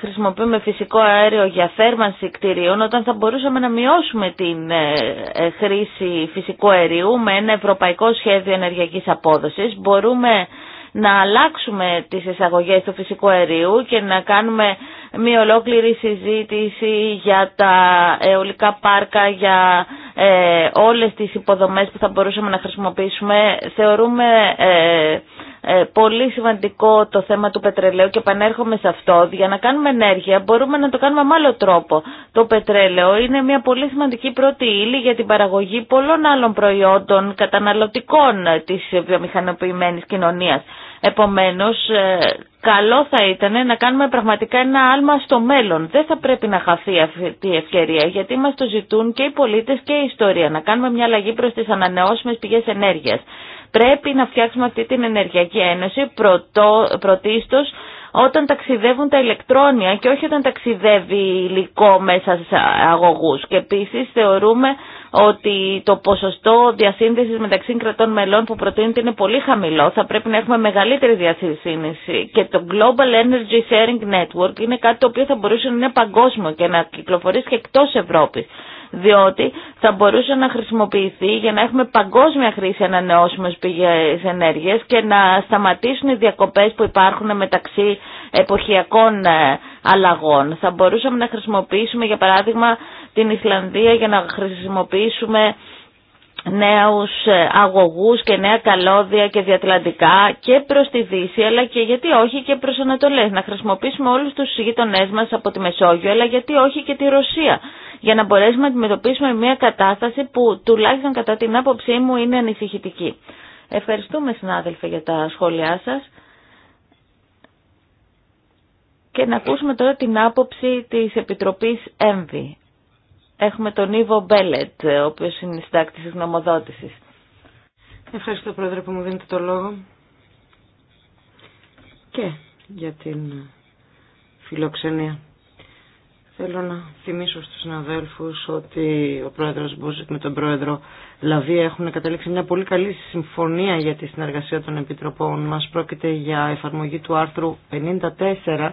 χρησιμοποιούμε φυσικό αέριο για θέρμανση κτηρίων όταν θα μπορούσαμε να μειώσουμε την ε, ε, χρήση φυσικού αερίου με ένα ευρωπαϊκό σχέδιο ενεργειακής απόδοσης. Μπορούμε να αλλάξουμε τις εισαγωγές του φυσικού αερίου και να κάνουμε μια ολόκληρη συζήτηση για τα αιωλικά πάρκα, για ε, όλες τις υποδομές που θα μπορούσαμε να χρησιμοποιήσουμε. Θεωρούμε... Ε, ε, πολύ σημαντικό το θέμα του πετρελαίου και επανέρχομαι σε αυτό. Για να κάνουμε ενέργεια μπορούμε να το κάνουμε με άλλο τρόπο. Το πετρέλαιο είναι μια πολύ σημαντική πρώτη ύλη για την παραγωγή πολλών άλλων προϊόντων καταναλωτικών της βιομηχανοποιημένης κοινωνίας. Επομένως, ε, καλό θα ήταν να κάνουμε πραγματικά ένα άλμα στο μέλλον. Δεν θα πρέπει να χαθεί αυτή η ευκαιρία, γιατί μας το ζητούν και οι πολίτες και η ιστορία, να κάνουμε μια αλλαγή προς τις ανανεώσιμες πηγές ενέργειας. Πρέπει να φτιάξουμε αυτή την ενεργειακή ένωση πρωτό, πρωτίστως όταν ταξιδεύουν τα ηλεκτρόνια και όχι όταν ταξιδεύει υλικό μέσα σε αγωγούς. Και επίσης θεωρούμε ότι το ποσοστό διασύνδεσης μεταξύ κρατών μελών που προτείνεται είναι πολύ χαμηλό. Θα πρέπει να έχουμε μεγαλύτερη διασύνδεση. Και το Global Energy Sharing Network είναι κάτι το οποίο θα μπορούσε να είναι παγκόσμιο και να κυκλοφορήσει και εκτός Ευρώπης διότι θα μπορούσε να χρησιμοποιηθεί για να έχουμε παγκόσμια χρήση ανανεώσιμες πηγές ενέργειας και να σταματήσουν οι διακοπές που υπάρχουν μεταξύ εποχιακών ε, αλλαγών. Θα μπορούσαμε να χρησιμοποιήσουμε για παράδειγμα την Ισλανδία για να χρησιμοποιήσουμε νέους ε, αγωγούς και νέα καλώδια και διατλαντικά και προς τη Δύση αλλά και γιατί όχι και προς Ανατολές. Να χρησιμοποιήσουμε όλους τους γείτονές μας από τη Μεσόγειο αλλά γιατί όχι και τη Ρωσία για να μπορέσουμε να αντιμετωπίσουμε μια κατάσταση που τουλάχιστον κατά την άποψή μου είναι ανησυχητική. Ευχαριστούμε συνάδελφε για τα σχόλιά σας και να ακούσουμε τώρα την άποψη της Επιτροπής ΕΜΒΗ. Έχουμε τον Ιβο Μπέλετ, ο οποίος είναι συντάκτης της νομοδότησης. Ευχαριστώ Πρόεδρε που μου δίνετε το λόγο και για την φιλοξενία. Θέλω να θυμίσω στους συναδέλφου ότι ο πρόεδρος Μπούζικ με τον πρόεδρο Λαβία έχουν καταλήξει μια πολύ καλή συμφωνία για τη συνεργασία των επιτροπών μας. Πρόκειται για εφαρμογή του άρθρου 54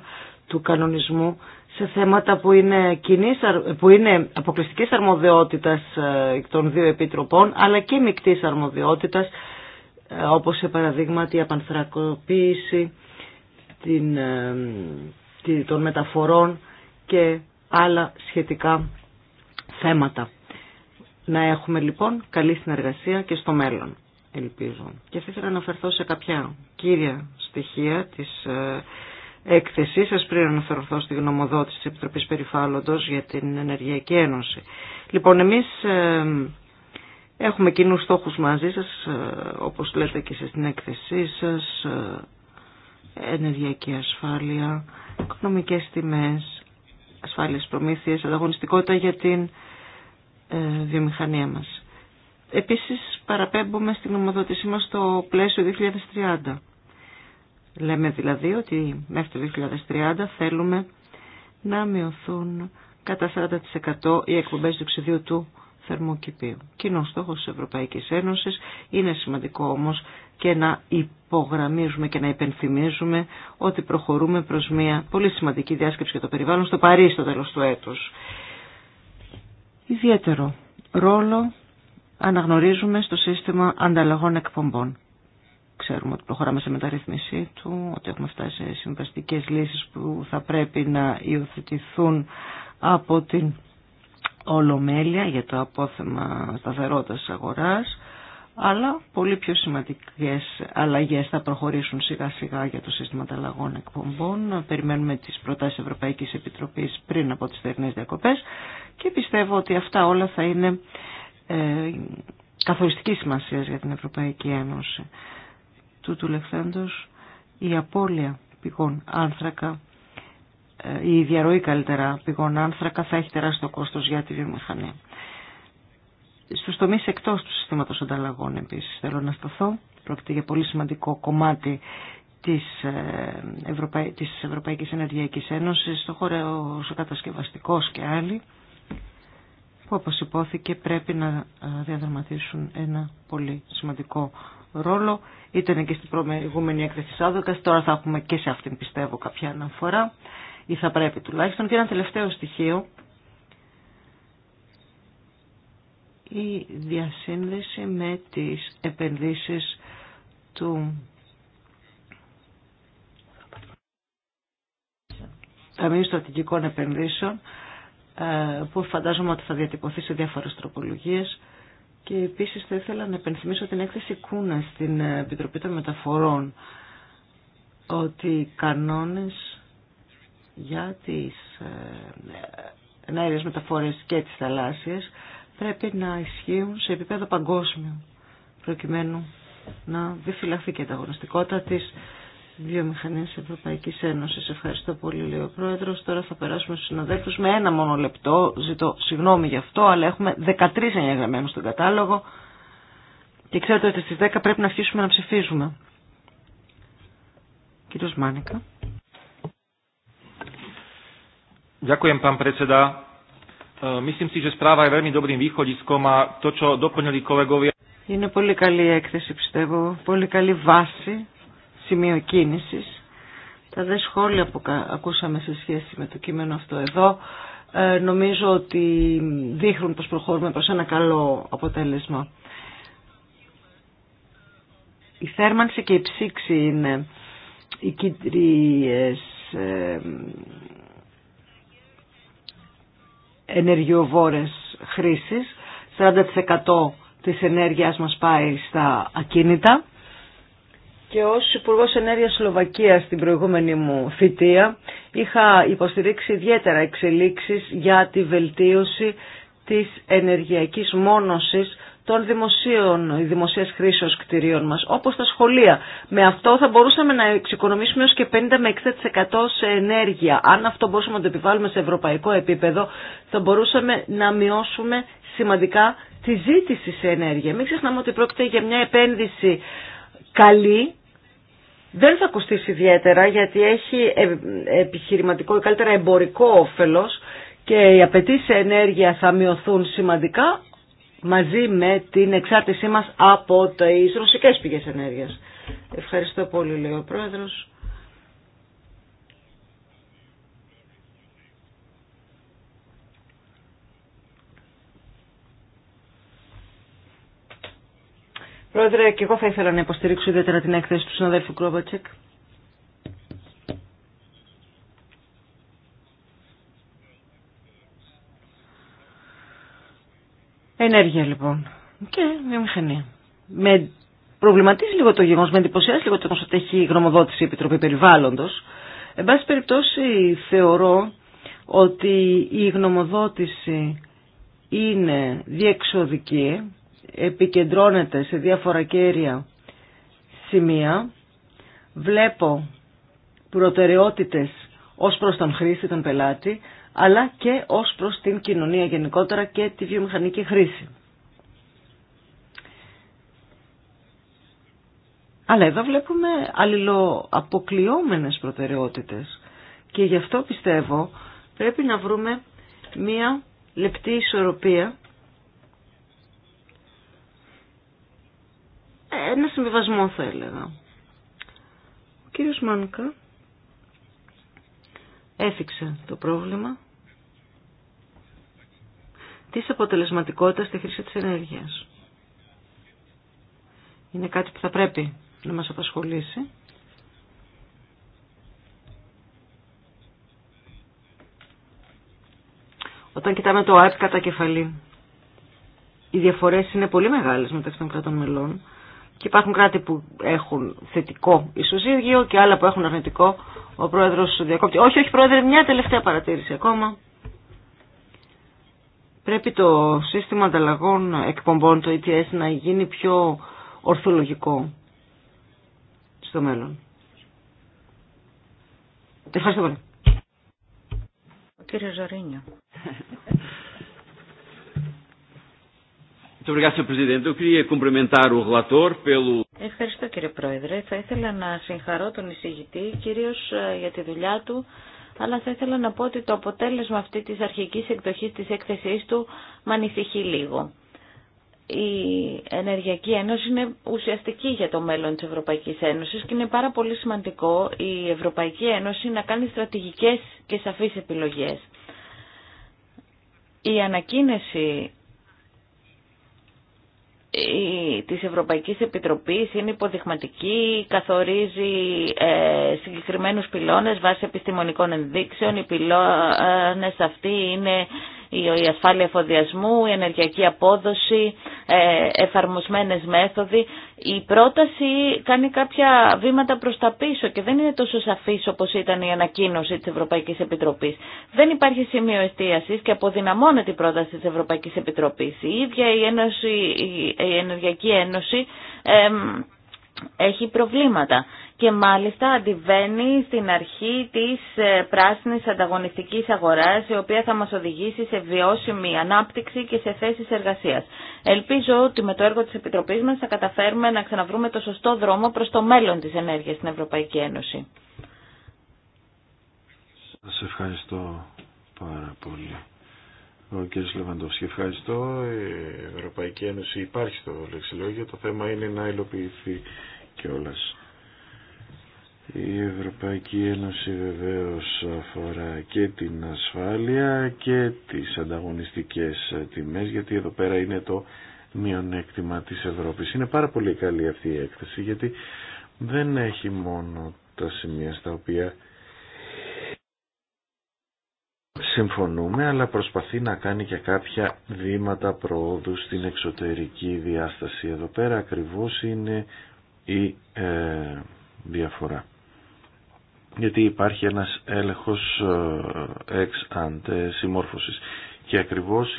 του κανονισμού σε θέματα που είναι, κοινής, που είναι αποκλειστικής αρμοδιότητας ε, των δύο επιτροπών, αλλά και μικτής αρμοδιότητας, ε, όπως σε παραδείγμα η απανθρακοποίηση ε, των μεταφορών και άλλα σχετικά θέματα. Να έχουμε λοιπόν καλή συνεργασία και στο μέλλον, ελπίζω. Και θα ήθελα να αναφερθώ σε κάποια κύρια στοιχεία της έκθεσή σας πριν αναφερθώ στη γνωμοδότηση της Επιτροπής Περιφάλλοντος για την Ενεργειακή Ένωση. Λοιπόν, εμείς ε, έχουμε κοινούς στόχους μαζί σας, ε, όπως λέτε και στην έκθεσή σας, ε, ενεργειακή ασφάλεια, οικονομικές τιμές, ασφάλειες προμήθειες, ανταγωνιστικότητα για την βιομηχανία μας. Επίσης παραπέμπουμε στην γνωμοδότησή μας στο πλαίσιο 2030 Λέμε δηλαδή ότι μέχρι το 2030 θέλουμε να μειωθούν κατά 40% οι εκπομπές διοξιδίου του θερμοκηπίου. Κοινό στόχο της Ευρωπαϊκής Ένωσης είναι σημαντικό όμως και να υπογραμμίζουμε και να υπενθυμίζουμε ότι προχωρούμε προς μια πολύ σημαντική διάσκεψη για το περιβάλλον στο Παρίσι στο τέλο του έτους. Ιδιαίτερο ρόλο αναγνωρίζουμε στο σύστημα ανταλλαγών εκπομπών ξέρουμε ότι προχωράμε σε μεταρρύθμιση του, ότι έχουμε φτάσει σε συμβαστικέ λύσεις που θα πρέπει να υιοθετηθούν από την Ολομέλεια για το απόθεμα σταθερότητας τη αγοράς, αλλά πολύ πιο σημαντικές αλλαγές θα προχωρήσουν σιγά σιγά για το σύστημα ανταλλαγών εκπομπών. Περιμένουμε τις προτάσεις Ευρωπαϊκής Επιτροπής πριν από τις θερινές διακοπέ και πιστεύω ότι αυτά όλα θα είναι ε, καθοριστική σημασία για την Ευρωπαϊκή Ένωση του λεφθέντος η απώλεια πηγών άνθρακα, ε, η διαρροή καλύτερα πηγών άνθρακα θα έχει τεράστιο κόστος για τη βιομηχανία. Στους τομείς εκτός του συστήματος ανταλλαγών επίσης θέλω να σταθώ. Πρόκειται για πολύ σημαντικό κομμάτι της, ε, Ευρωπαϊ... της Ευρωπαϊκής Ενεργειακής Ένωσης, στο χώρο ο κατασκευαστικός και άλλοι, που όπως υπόθηκε πρέπει να ε, διαδραματίσουν ένα πολύ σημαντικό ρόλο. Ήταν και στην προηγούμενη έκθεση Σάδοκα, τώρα θα έχουμε και σε αυτήν πιστεύω κάποια αναφορά ή θα πρέπει τουλάχιστον. Και ένα τελευταίο στοιχείο, η διασύνδεση με τι επενδύσεις του Ταμείου Στρατηγικών Επενδύσεων ε, που φαντάζομαι ότι θα διατυπωθεί σε διάφορες τροπολογίες και επίσης θα ήθελα να επενθυμίσω την έκθεση Κούνα στην Επιτροπή των Μεταφορών ότι οι κανόνες για τις ε, ενέργειε μεταφορές και τις θαλάσσιες πρέπει να ισχύουν σε επίπεδο παγκόσμιο προκειμένου να διφυλαχθεί και η ανταγωνιστικότητα της βιομηχανία Ευρωπαϊκή Ένωση. Ευχαριστώ πολύ, λέει ο Πρόεδρο. Τώρα θα περάσουμε στου συναδέλφου με ένα μόνο λεπτό. Ζητώ συγγνώμη γι' αυτό, αλλά έχουμε 13 εγγεγραμμένους στον κατάλογο. Και ξέρετε ότι στι 10 πρέπει να αρχίσουμε να ψηφίζουμε. Κύριο Μάνικα. Ďakujem, pán predseda. Ε, myslím si, že správa je veľmi dobrým východiskom a to, čo doplnili kolegovia... Je πολύ καλή η έκθεση, πιστεύω. Πολύ καλή σημείο κίνησης. Τα δε σχόλια που ακούσαμε σε σχέση με το κείμενο αυτό εδώ ε, νομίζω ότι δείχνουν πως προχωρούμε προς ένα καλό αποτέλεσμα. Η θέρμανση και η ψήξη είναι οι ε, ενεργειοβόρες χρήσεις. 40% της ενέργειας μας πάει στα ακίνητα και ως Υπουργό Ενέργειας Σλοβακίας στην προηγούμενη μου φοιτεία είχα υποστηρίξει ιδιαίτερα εξελίξεις για τη βελτίωση της ενεργειακής μόνωσης των δημοσίων, δημοσίας χρήσεως κτηρίων μας, όπως τα σχολεία. Με αυτό θα μπορούσαμε να εξοικονομήσουμε έως και 50 με 60% σε ενέργεια. Αν αυτό μπορούσαμε να το επιβάλλουμε σε ευρωπαϊκό επίπεδο, θα μπορούσαμε να μειώσουμε σημαντικά τη ζήτηση σε ενέργεια. Μην ξεχνάμε ότι πρόκειται για μια επένδυση καλή, δεν θα κοστίσει ιδιαίτερα γιατί έχει ε, επιχειρηματικό ή καλύτερα εμπορικό όφελος και οι απαιτήσει ενέργεια θα μειωθούν σημαντικά μαζί με την εξάρτησή μας από τις ρωσικές πηγές ενέργειας. Ευχαριστώ πολύ λέει ο Πρόεδρος. Πρόεδρε, και εγώ θα ήθελα να υποστηρίξω ιδιαίτερα την έκθεση του συναδέλφου Κρόβατσεκ. Ενέργεια λοιπόν και βιομηχανία. Με προβληματίζει λίγο το γεγονό, με εντυπωσιάζει λίγο το γεγονό ότι έχει γνωμοδότηση η Επιτροπή Περιβάλλοντο. Εν πάση περιπτώσει, θεωρώ ότι η γνωμοδότηση είναι διεξοδική επικεντρώνεται σε διάφορα κέρια σημεία. Βλέπω προτεραιότητες ως προς τον χρήστη, τον πελάτη, αλλά και ως προς την κοινωνία γενικότερα και τη βιομηχανική χρήση. Αλλά εδώ βλέπουμε αλληλοαποκλειόμενες προτεραιότητες και γι' αυτό πιστεύω πρέπει να βρούμε μία λεπτή ισορροπία ένα συμβιβασμό θα έλεγα. Ο κύριος Μάνκα έφυξε το πρόβλημα της αποτελεσματικότητας στη χρήση της ενέργειας. Είναι κάτι που θα πρέπει να μας απασχολήσει. Όταν κοιτάμε το ΑΕΠ κατά κεφαλή, οι διαφορές είναι πολύ μεγάλες μεταξύ των κρατών μελών. Και υπάρχουν κράτη που έχουν θετικό ισοζύγιο και άλλα που έχουν αρνητικό. Ο πρόεδρος διακόπτει. Όχι, όχι πρόεδρε, μια τελευταία παρατήρηση ακόμα. Πρέπει το σύστημα ανταλλαγών εκπομπών, το ETS, να γίνει πιο ορθολογικό στο μέλλον. Ευχαριστώ πολύ. Κύριε Ζαρίνιο. Ευχαριστώ κύριε Πρόεδρε. Θα ήθελα να συγχαρώ τον εισηγητή, κυρίως ε, για τη δουλειά του, αλλά θα ήθελα να πω ότι το αποτέλεσμα αυτή της αρχικής εκδοχής της έκθεσής του με ανησυχεί λίγο. Η Ενεργειακή Ένωση είναι ουσιαστική για το μέλλον της Ευρωπαϊκής Ένωσης και είναι πάρα πολύ σημαντικό η Ευρωπαϊκή Ένωση να κάνει στρατηγικές και σαφείς επιλογές. Η ανακοίνωση της Ευρωπαϊκής Επιτροπής είναι υποδειγματική, καθορίζει ε, συγκεκριμένους πυλώνες βάσει επιστημονικών ενδείξεων. Οι πυλώνες αυτοί είναι η ασφάλεια εφοδιασμού, η ενεργειακή απόδοση, ε, εφαρμοσμένες μέθοδοι. Η πρόταση κάνει κάποια βήματα προς τα πίσω και δεν είναι τόσο σαφής όπως ήταν η ανακοίνωση της Ευρωπαϊκής Επιτροπής. Δεν υπάρχει σημείο εστίασης και αποδυναμώνεται η πρόταση της Ευρωπαϊκής Επιτροπής. Η ίδια η, Ένωση, η Ενεργειακή Ένωση... έχει προβλήματα και μάλιστα αντιβαίνει στην αρχή της ε, πράσινης ανταγωνιστικής αγοράς η οποία θα μας οδηγήσει σε βιώσιμη ανάπτυξη και σε θέσεις εργασίας. Ελπίζω ότι με το έργο της Επιτροπής μας θα καταφέρουμε να ξαναβρούμε το σωστό δρόμο προς το μέλλον της ενέργειας στην Ευρωπαϊκή Ένωση. Σας ευχαριστώ πάρα πολύ. Ο κ. Λεβαντόφσκι, ευχαριστώ. Η Ευρωπαϊκή Ένωση υπάρχει στο λεξιλόγιο. Το θέμα είναι να υλοποιηθεί κιόλας. Η Ευρωπαϊκή Ένωση βεβαίως αφορά και την ασφάλεια και τις ανταγωνιστικές τιμές γιατί εδώ πέρα είναι το μειονέκτημα της Ευρώπης. Είναι πάρα πολύ καλή αυτή η έκθεση γιατί δεν έχει μόνο τα σημεία στα οποία συμφωνούμε αλλά προσπαθεί να κάνει και κάποια βήματα προόδου στην εξωτερική διάσταση. Εδώ πέρα ακριβώς είναι η ε, διαφορά γιατί υπάρχει ένας έλεγχος εξ αντε συμμόρφωσης. Και ακριβώς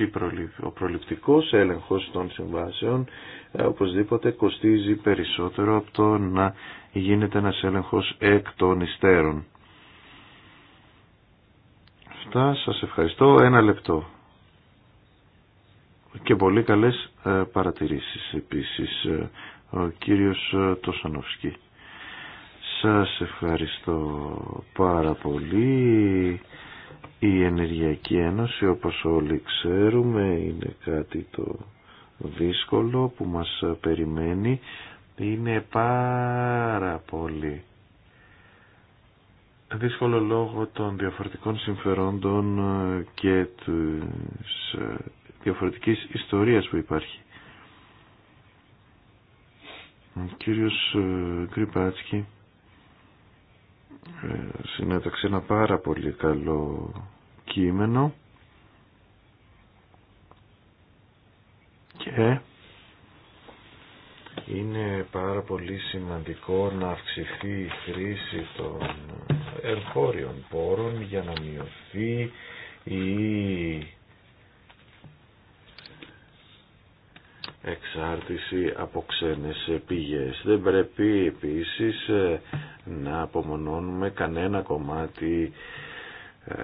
ο προληπτικός έλεγχος των συμβάσεων ε, οπωσδήποτε κοστίζει περισσότερο από το να γίνεται ένας έλεγχος εκ των υστέρων. Αυτά σας ευχαριστώ. Ένα λεπτό. Και πολύ καλές ε, παρατηρήσεις επίσης ε, ο κύριος Τοσανοφσκή. Σας ευχαριστώ πάρα πολύ. Η Ενεργειακή Ένωση όπως όλοι ξέρουμε είναι κάτι το δύσκολο που μας περιμένει. Είναι πάρα πολύ δύσκολο λόγω των διαφορετικών συμφερόντων και της ε, διαφορετικής ιστορίας που υπάρχει. Ο κύριος ε, Κρυπάτσκι ε, συνέταξε ένα πάρα πολύ καλό κείμενο και είναι πάρα πολύ σημαντικό να αυξηθεί η χρήση των ερχόριων πόρων για να μειωθεί η εξάρτηση από ξένες πηγές. Δεν πρέπει επίσης ε, να απομονώνουμε κανένα κομμάτι ε,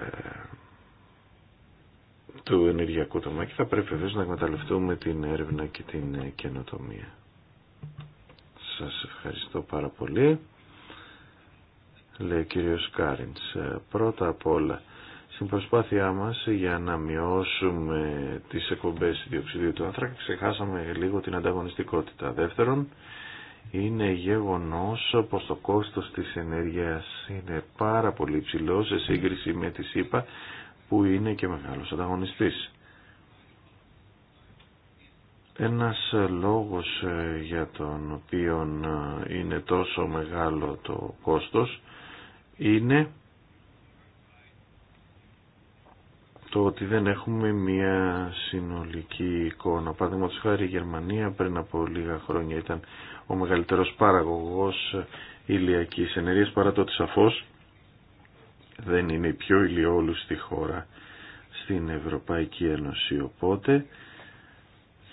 του ενεργειακού τομέα και θα πρέπει βέβαια να εκμεταλλευτούμε την έρευνα και την καινοτομία. Σας ευχαριστώ πάρα πολύ. Λέει ο κύριος Κάριντς. Ε, πρώτα απ' όλα στην προσπάθειά μας για να μειώσουμε τις εκπομπές διοξιδίου του άνθρακα ξεχάσαμε λίγο την ανταγωνιστικότητα. Δεύτερον, είναι γεγονός πως το κόστος της ενέργειας είναι πάρα πολύ ψηλό σε σύγκριση με τη ΣΥΠΑ που είναι και μεγάλος ανταγωνιστής. Ένας λόγος ε, για τον οποίο ε, είναι τόσο μεγάλο το κόστος είναι το ότι δεν έχουμε μια συνολική εικόνα. Παραδείγματο χάρη η Γερμανία πριν από λίγα χρόνια ήταν ο μεγαλύτερος παραγωγός ηλιακής ενέργειας παρά το ότι σαφώς δεν είναι η πιο ηλιόλουστη χώρα στην Ευρωπαϊκή Ένωση. Οπότε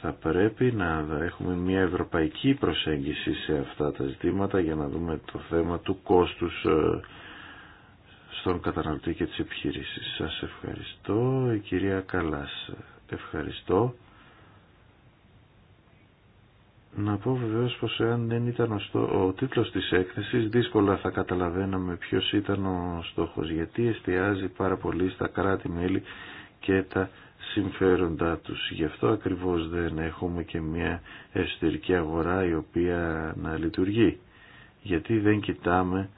θα πρέπει να έχουμε μια ευρωπαϊκή προσέγγιση σε αυτά τα ζητήματα για να δούμε το θέμα του κόστους ε, στον καταναλωτή και τις επιχειρήσεις. Σας ευχαριστώ, η κυρία Καλάς. Ευχαριστώ. Να πω βεβαίω πω εάν δεν ήταν ο, στο... ο τίτλος της έκθεσης δύσκολα θα καταλαβαίναμε ποιος ήταν ο στόχο γιατί εστιάζει πάρα πολύ στα κράτη-μέλη και τα συμφέροντά τους. Γι' αυτό ακριβώς δεν έχουμε και μια εσωτερική αγορά η οποία να λειτουργεί. Γιατί δεν κοιτάμε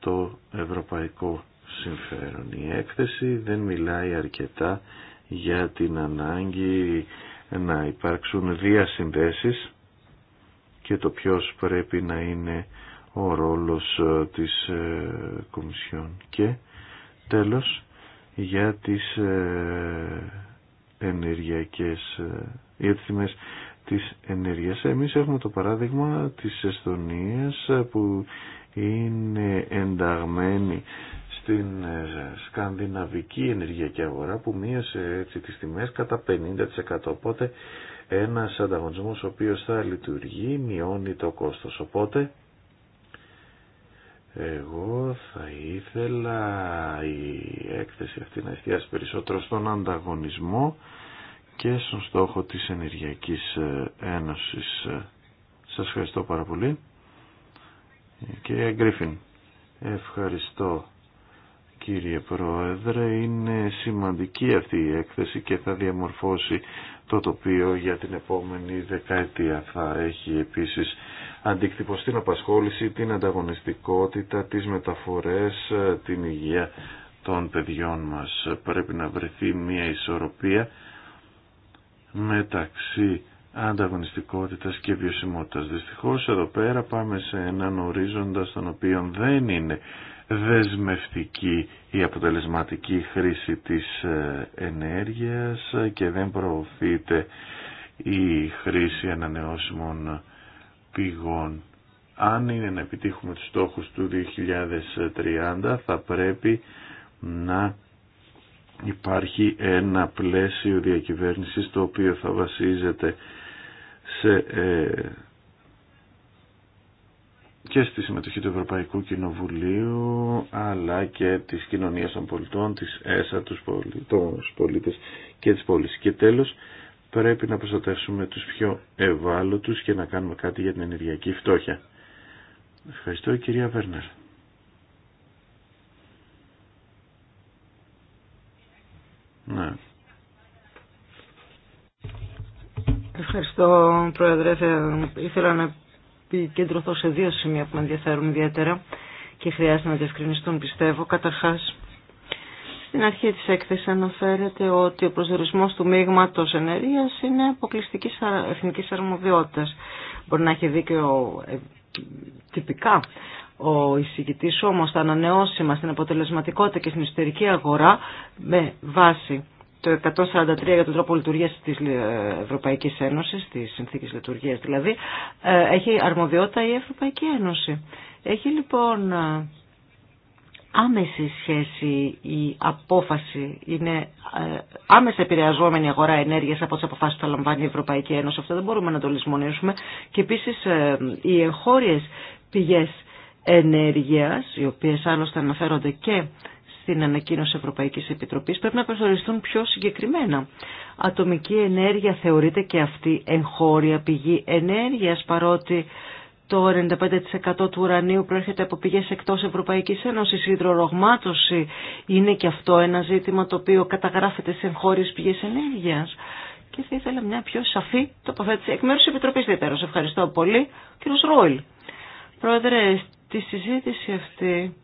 το ευρωπαϊκό συμφέρον. Η έκθεση δεν μιλάει αρκετά για την ανάγκη να υπάρξουν διασυνδέσεις και το ποιος πρέπει να είναι ο ρόλος ε, της ε, Κομισιόν. Και τέλος για τις ε, ενεργειακές για τις τιμές της ενέργειας. Εμείς έχουμε το παράδειγμα της Εστονίας που είναι ενταγμένη στην ε, σκανδιναβική ενεργειακή αγορά που μείωσε έτσι τις τιμές κατά 50%. Οπότε ένας ανταγωνισμός ο οποίος θα λειτουργεί μειώνει το κόστος. Οπότε εγώ θα ήθελα η έκθεση αυτή να εστιάσει περισσότερο στον ανταγωνισμό και στον στόχο της Ενεργειακής ε, Ένωσης. Σας ευχαριστώ πάρα πολύ. Κύριε Γκρίφιν, ευχαριστώ κύριε Πρόεδρε. Είναι σημαντική αυτή η έκθεση και θα διαμορφώσει το τοπίο για την επόμενη δεκαετία. Θα έχει επίσης αντίκτυπο στην απασχόληση, την ανταγωνιστικότητα, τις μεταφορές, την υγεία των παιδιών μας. Πρέπει να βρεθεί μια ισορροπία μεταξύ ανταγωνιστικότητας και βιωσιμότητας. Δυστυχώς εδώ πέρα πάμε σε έναν ορίζοντα στον οποίο δεν είναι δεσμευτική η αποτελεσματική χρήση της ε, ενέργειας και δεν προωθείται η χρήση ανανεώσιμων πηγών. Αν είναι να επιτύχουμε τους στόχους του 2030 θα πρέπει να υπάρχει ένα πλαίσιο διακυβέρνησης το οποίο θα βασίζεται σε, ε, και στη συμμετοχή του Ευρωπαϊκού Κοινοβουλίου αλλά και της κοινωνίας των πολιτών, της ΕΣΑ, τους πολίτες και της πόλης. Και τέλος πρέπει να προστατεύσουμε τους πιο ευάλωτους και να κάνουμε κάτι για την ενεργειακή φτώχεια. Ευχαριστώ κυρία Βέρνερ. Ναι, Ευχαριστώ, Πρόεδρε. Ήθελα να επικεντρωθώ σε δύο σημεία που με ενδιαφέρουν ιδιαίτερα και χρειάζεται να διευκρινιστούν, πιστεύω. Καταρχά. στην αρχή της έκθεση αναφέρεται ότι ο προσδιορισμό του μείγματο ενέργεια είναι αποκλειστική εθνική αρμοδιότητας. Μπορεί να έχει δίκιο ε, τυπικά ο εισηγητή, όμω τα ανανεώσιμα στην αποτελεσματικότητα και στην εσωτερική αγορά με βάση το 143 για τον τρόπο λειτουργίας της Ευρωπαϊκής Ένωσης, της συνθήκης λειτουργίας δηλαδή, ε, έχει αρμοδιότητα η Ευρωπαϊκή Ένωση. Έχει λοιπόν ε, άμεση σχέση η απόφαση, είναι ε, άμεσα επηρεαζόμενη η αγορά ενέργειας από τις αποφάσεις που θα λαμβάνει η Ευρωπαϊκή Ένωση. Αυτό δεν μπορούμε να το λησμονήσουμε. Και επίσης οι εγχώριες πηγές ενέργειας, οι οποίες άλλωστε αναφέρονται και ...την ανακοίνωση Ευρωπαϊκής Επιτροπής πρέπει να προσοριστούν πιο συγκεκριμένα. Ατομική ενέργεια θεωρείται και αυτή εγχώρια πηγή ενέργειας παρότι το 95% του ουρανίου προέρχεται από πηγές εκτός Ευρωπαϊκής Ένωσης. Η υδρορογμάτωση είναι και αυτό ένα ζήτημα το οποίο καταγράφεται σε εγχώριες πηγές ενέργειας. Και θα ήθελα μια πιο σαφή τοποθέτηση εκ μέρους της Επιτροπής Ευχαριστώ πολύ. Κύριος Ρόιλ. Πρόεδρε, στη συζήτηση αυτή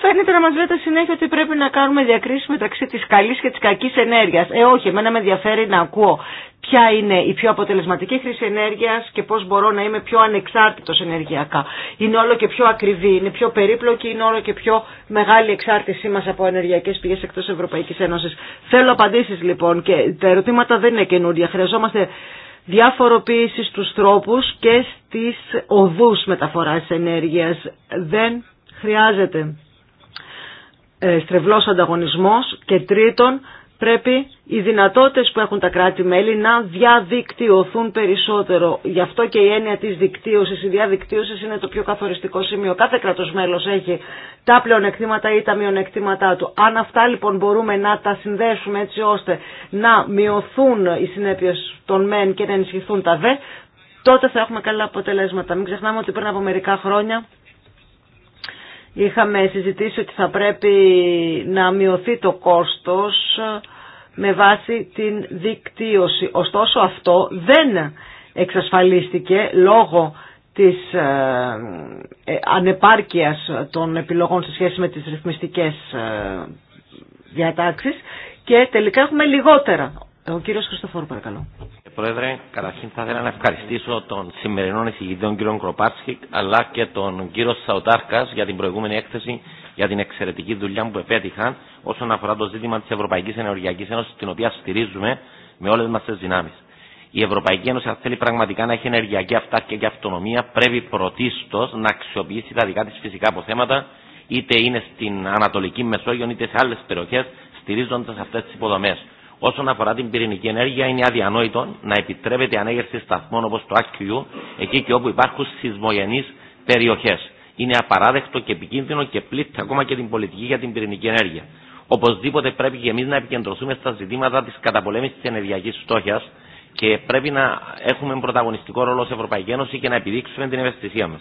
Φαίνεται να μας λέτε συνέχεια ότι πρέπει να κάνουμε διακρίσεις μεταξύ της καλής και της κακής ενέργειας. Ε, όχι, εμένα με ενδιαφέρει να ακούω ποια είναι η πιο αποτελεσματική χρήση ενέργειας και πώς μπορώ να είμαι πιο ανεξάρτητος ενεργειακά. Είναι όλο και πιο ακριβή, είναι πιο περίπλοκη, είναι όλο και πιο μεγάλη εξάρτησή μας από ενεργειακές πηγές εκτός Ευρωπαϊκής Ένωσης. Θέλω απαντήσεις λοιπόν και τα ερωτήματα δεν είναι καινούρια. Χρειαζόμαστε διαφοροποίηση στους τρόπους και στις οδούς μεταφοράς ενέργειας. Δεν χρειάζεται ε, στρεβλός ανταγωνισμός και τρίτον πρέπει οι δυνατότητες που έχουν τα κράτη-μέλη να διαδικτυωθούν περισσότερο. Γι' αυτό και η έννοια της δικτύωσης, η διαδικτύωση είναι το πιο καθοριστικό σημείο. Κάθε κρατος μέλος έχει τα πλεονεκτήματα ή τα μειονεκτήματά του. Αν αυτά λοιπόν μπορούμε να τα συνδέσουμε έτσι ώστε να μειωθούν οι συνέπειες των μεν και να ενισχυθούν τα δε, τότε θα έχουμε καλά αποτελέσματα. Μην ξεχνάμε ότι πριν από μερικά χρόνια είχαμε συζητήσει ότι θα πρέπει να μειωθεί το κόστος με βάση την δικτύωση. Ωστόσο αυτό δεν εξασφαλίστηκε λόγω της ε, ε, ανεπάρκειας των επιλογών σε σχέση με τις ρυθμιστικές ε, διατάξεις και τελικά έχουμε λιγότερα. Ο κύριος Χριστοφόρου παρακαλώ. Πρόεδρε, καταρχήν θα ήθελα να ευχαριστήσω τον σημερινό εισηγητή, τον κύριο αλλά και τον κύριο Σαουτάρκα για την προηγούμενη έκθεση για την εξαιρετική δουλειά που επέτυχαν όσον αφορά το ζήτημα τη Ευρωπαϊκή Ενεργειακή Ένωση, την οποία στηρίζουμε με όλε μα τι δυνάμει. Η Ευρωπαϊκή Ένωση, αν θέλει πραγματικά να έχει ενεργειακή αυτάρκεια και αυτονομία, πρέπει πρωτίστω να αξιοποιήσει τα δικά τη φυσικά αποθέματα, είτε είναι στην Ανατολική Μεσόγειο, είτε σε άλλε περιοχέ, στηρίζοντα αυτέ τι υποδομέ. Όσον αφορά την πυρηνική ενέργεια, είναι αδιανόητο να επιτρέπεται ανέγερση σταθμών όπω το ΑΚΚΙΟΥ εκεί και όπου υπάρχουν σεισμογενεί περιοχέ. Είναι απαράδεκτο και επικίνδυνο και πλήττει ακόμα και την πολιτική για την πυρηνική ενέργεια. Οπωσδήποτε πρέπει και εμεί να επικεντρωθούμε στα ζητήματα τη καταπολέμηση τη ενεργειακή φτώχεια και πρέπει να έχουμε πρωταγωνιστικό ρόλο ω Ευρωπαϊκή Ένωση και να επιδείξουμε την ευαισθησία μα.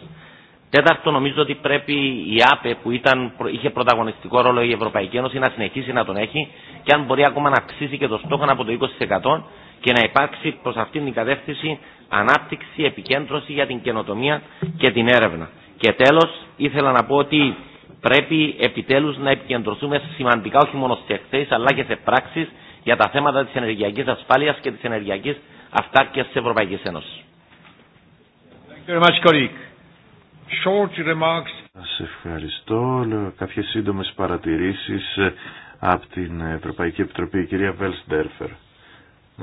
Τέταρτο, νομίζω ότι πρέπει η ΑΠΕ που ήταν, είχε πρωταγωνιστικό ρόλο η Ευρωπαϊκή Ένωση να συνεχίσει να τον έχει και αν μπορεί ακόμα να αυξήσει και το στόχο από το 20% και να υπάρξει προ αυτήν την κατεύθυνση ανάπτυξη, επικέντρωση για την καινοτομία και την έρευνα. Και τέλο, ήθελα να πω ότι πρέπει επιτέλου να επικεντρωθούμε σημαντικά όχι μόνο σε εκθέσει αλλά και σε πράξει για τα θέματα τη ενεργειακή ασφάλεια και τη ενεργειακή αυτάρκεια τη Ευρωπαϊκή Ένωση. Short remarks. Σας ευχαριστώ. Κάποιες σύντομες παρατηρήσεις ε, από την Ευρωπαϊκή Επιτροπή, η κυρία Βέλσντερφερ.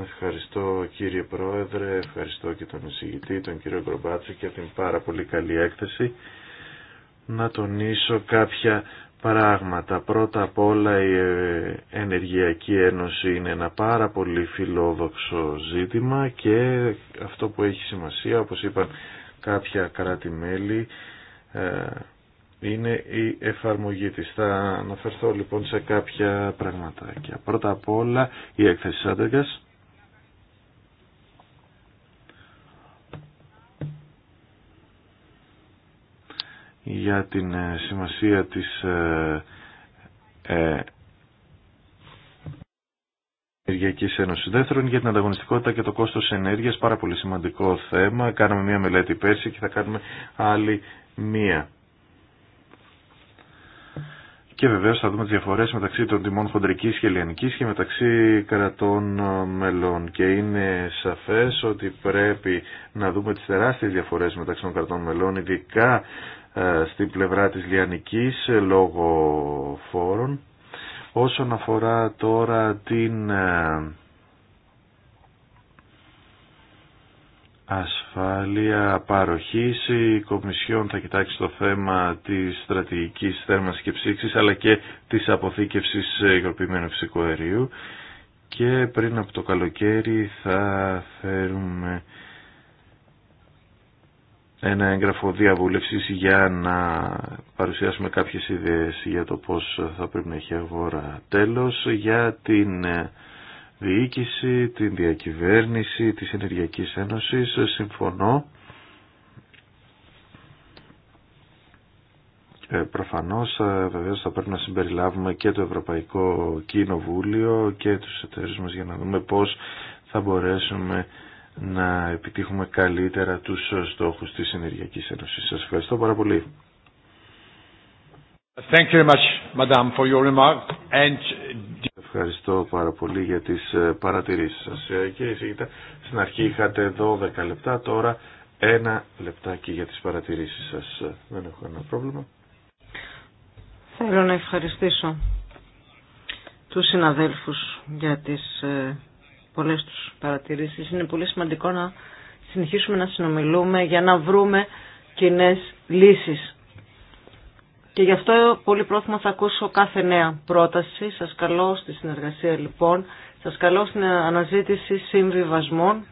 Ευχαριστώ κύριε Πρόεδρε, ευχαριστώ και τον εισηγητή, τον κύριο Γκρομπάτση και την πάρα πολύ καλή έκθεση. Να τονίσω κάποια πράγματα. Πρώτα απ' όλα η ε, Ενεργειακή Ένωση είναι ένα πάρα πολύ φιλόδοξο ζήτημα και αυτό που έχει σημασία, όπως είπαν κάποια κράτη-μέλη ε, είναι η εφαρμογή της. Θα αναφερθώ λοιπόν σε κάποια πραγματάκια. Πρώτα απ' όλα η έκθεση Σάντεγκας. για την ε, σημασία της ε, ενεργειακή Ένωσης. Δεύτερον, για την ανταγωνιστικότητα και το κόστος ενέργειας, πάρα πολύ σημαντικό θέμα. Κάναμε μία μελέτη πέρσι και θα κάνουμε άλλη μία. Και βεβαίω θα δούμε τις διαφορές μεταξύ των τιμών χοντρική και λιανικής και μεταξύ κρατών ε, μελών. Και είναι σαφές ότι πρέπει να δούμε τι τεράστιε διαφορέ μεταξύ των κρατών μελών, ειδικά ε, στην πλευρά της λιανικής ε, λόγω φόρων Όσον αφορά τώρα την ε, ασφάλεια παροχής, η Κομισιόν θα κοιτάξει το θέμα της στρατηγικής θέρμανσης και ψήξης αλλά και της αποθήκευσης υγροποιημένου φυσικού αερίου και πριν από το καλοκαίρι θα φέρουμε ένα έγγραφο διαβούλευσης για να παρουσιάσουμε κάποιες ιδέες για το πώς θα πρέπει να έχει αγορά. Τέλος, για την ε, διοίκηση, την διακυβέρνηση της Ενεργειακής Ένωσης, συμφωνώ. Ε, προφανώς ε, βεβαίως θα πρέπει να συμπεριλάβουμε και το Ευρωπαϊκό Κοινοβούλιο και τους εταιρείς μας για να δούμε πώς θα μπορέσουμε να επιτύχουμε καλύτερα τους στόχους της Ενεργειακής Ένωσης. Σας ευχαριστώ πάρα πολύ. Ευχαριστώ πάρα πολύ για τις ε, παρατηρήσεις σας. Κύριε Σίγητα, στην αρχή είχατε 12 λεπτά, τώρα ένα λεπτάκι για τις παρατηρήσεις σας. Ε, δεν έχω ένα πρόβλημα. Θέλω να ευχαριστήσω τους συναδέλφους για τις ε, πολλές τους παρατηρήσεις. Είναι πολύ σημαντικό να συνεχίσουμε να συνομιλούμε για να βρούμε κοινέ λύσεις. Και γι' αυτό πολύ πρόθυμα θα ακούσω κάθε νέα πρόταση. Σας καλώ στη συνεργασία λοιπόν. Σας καλώ στην αναζήτηση συμβιβασμών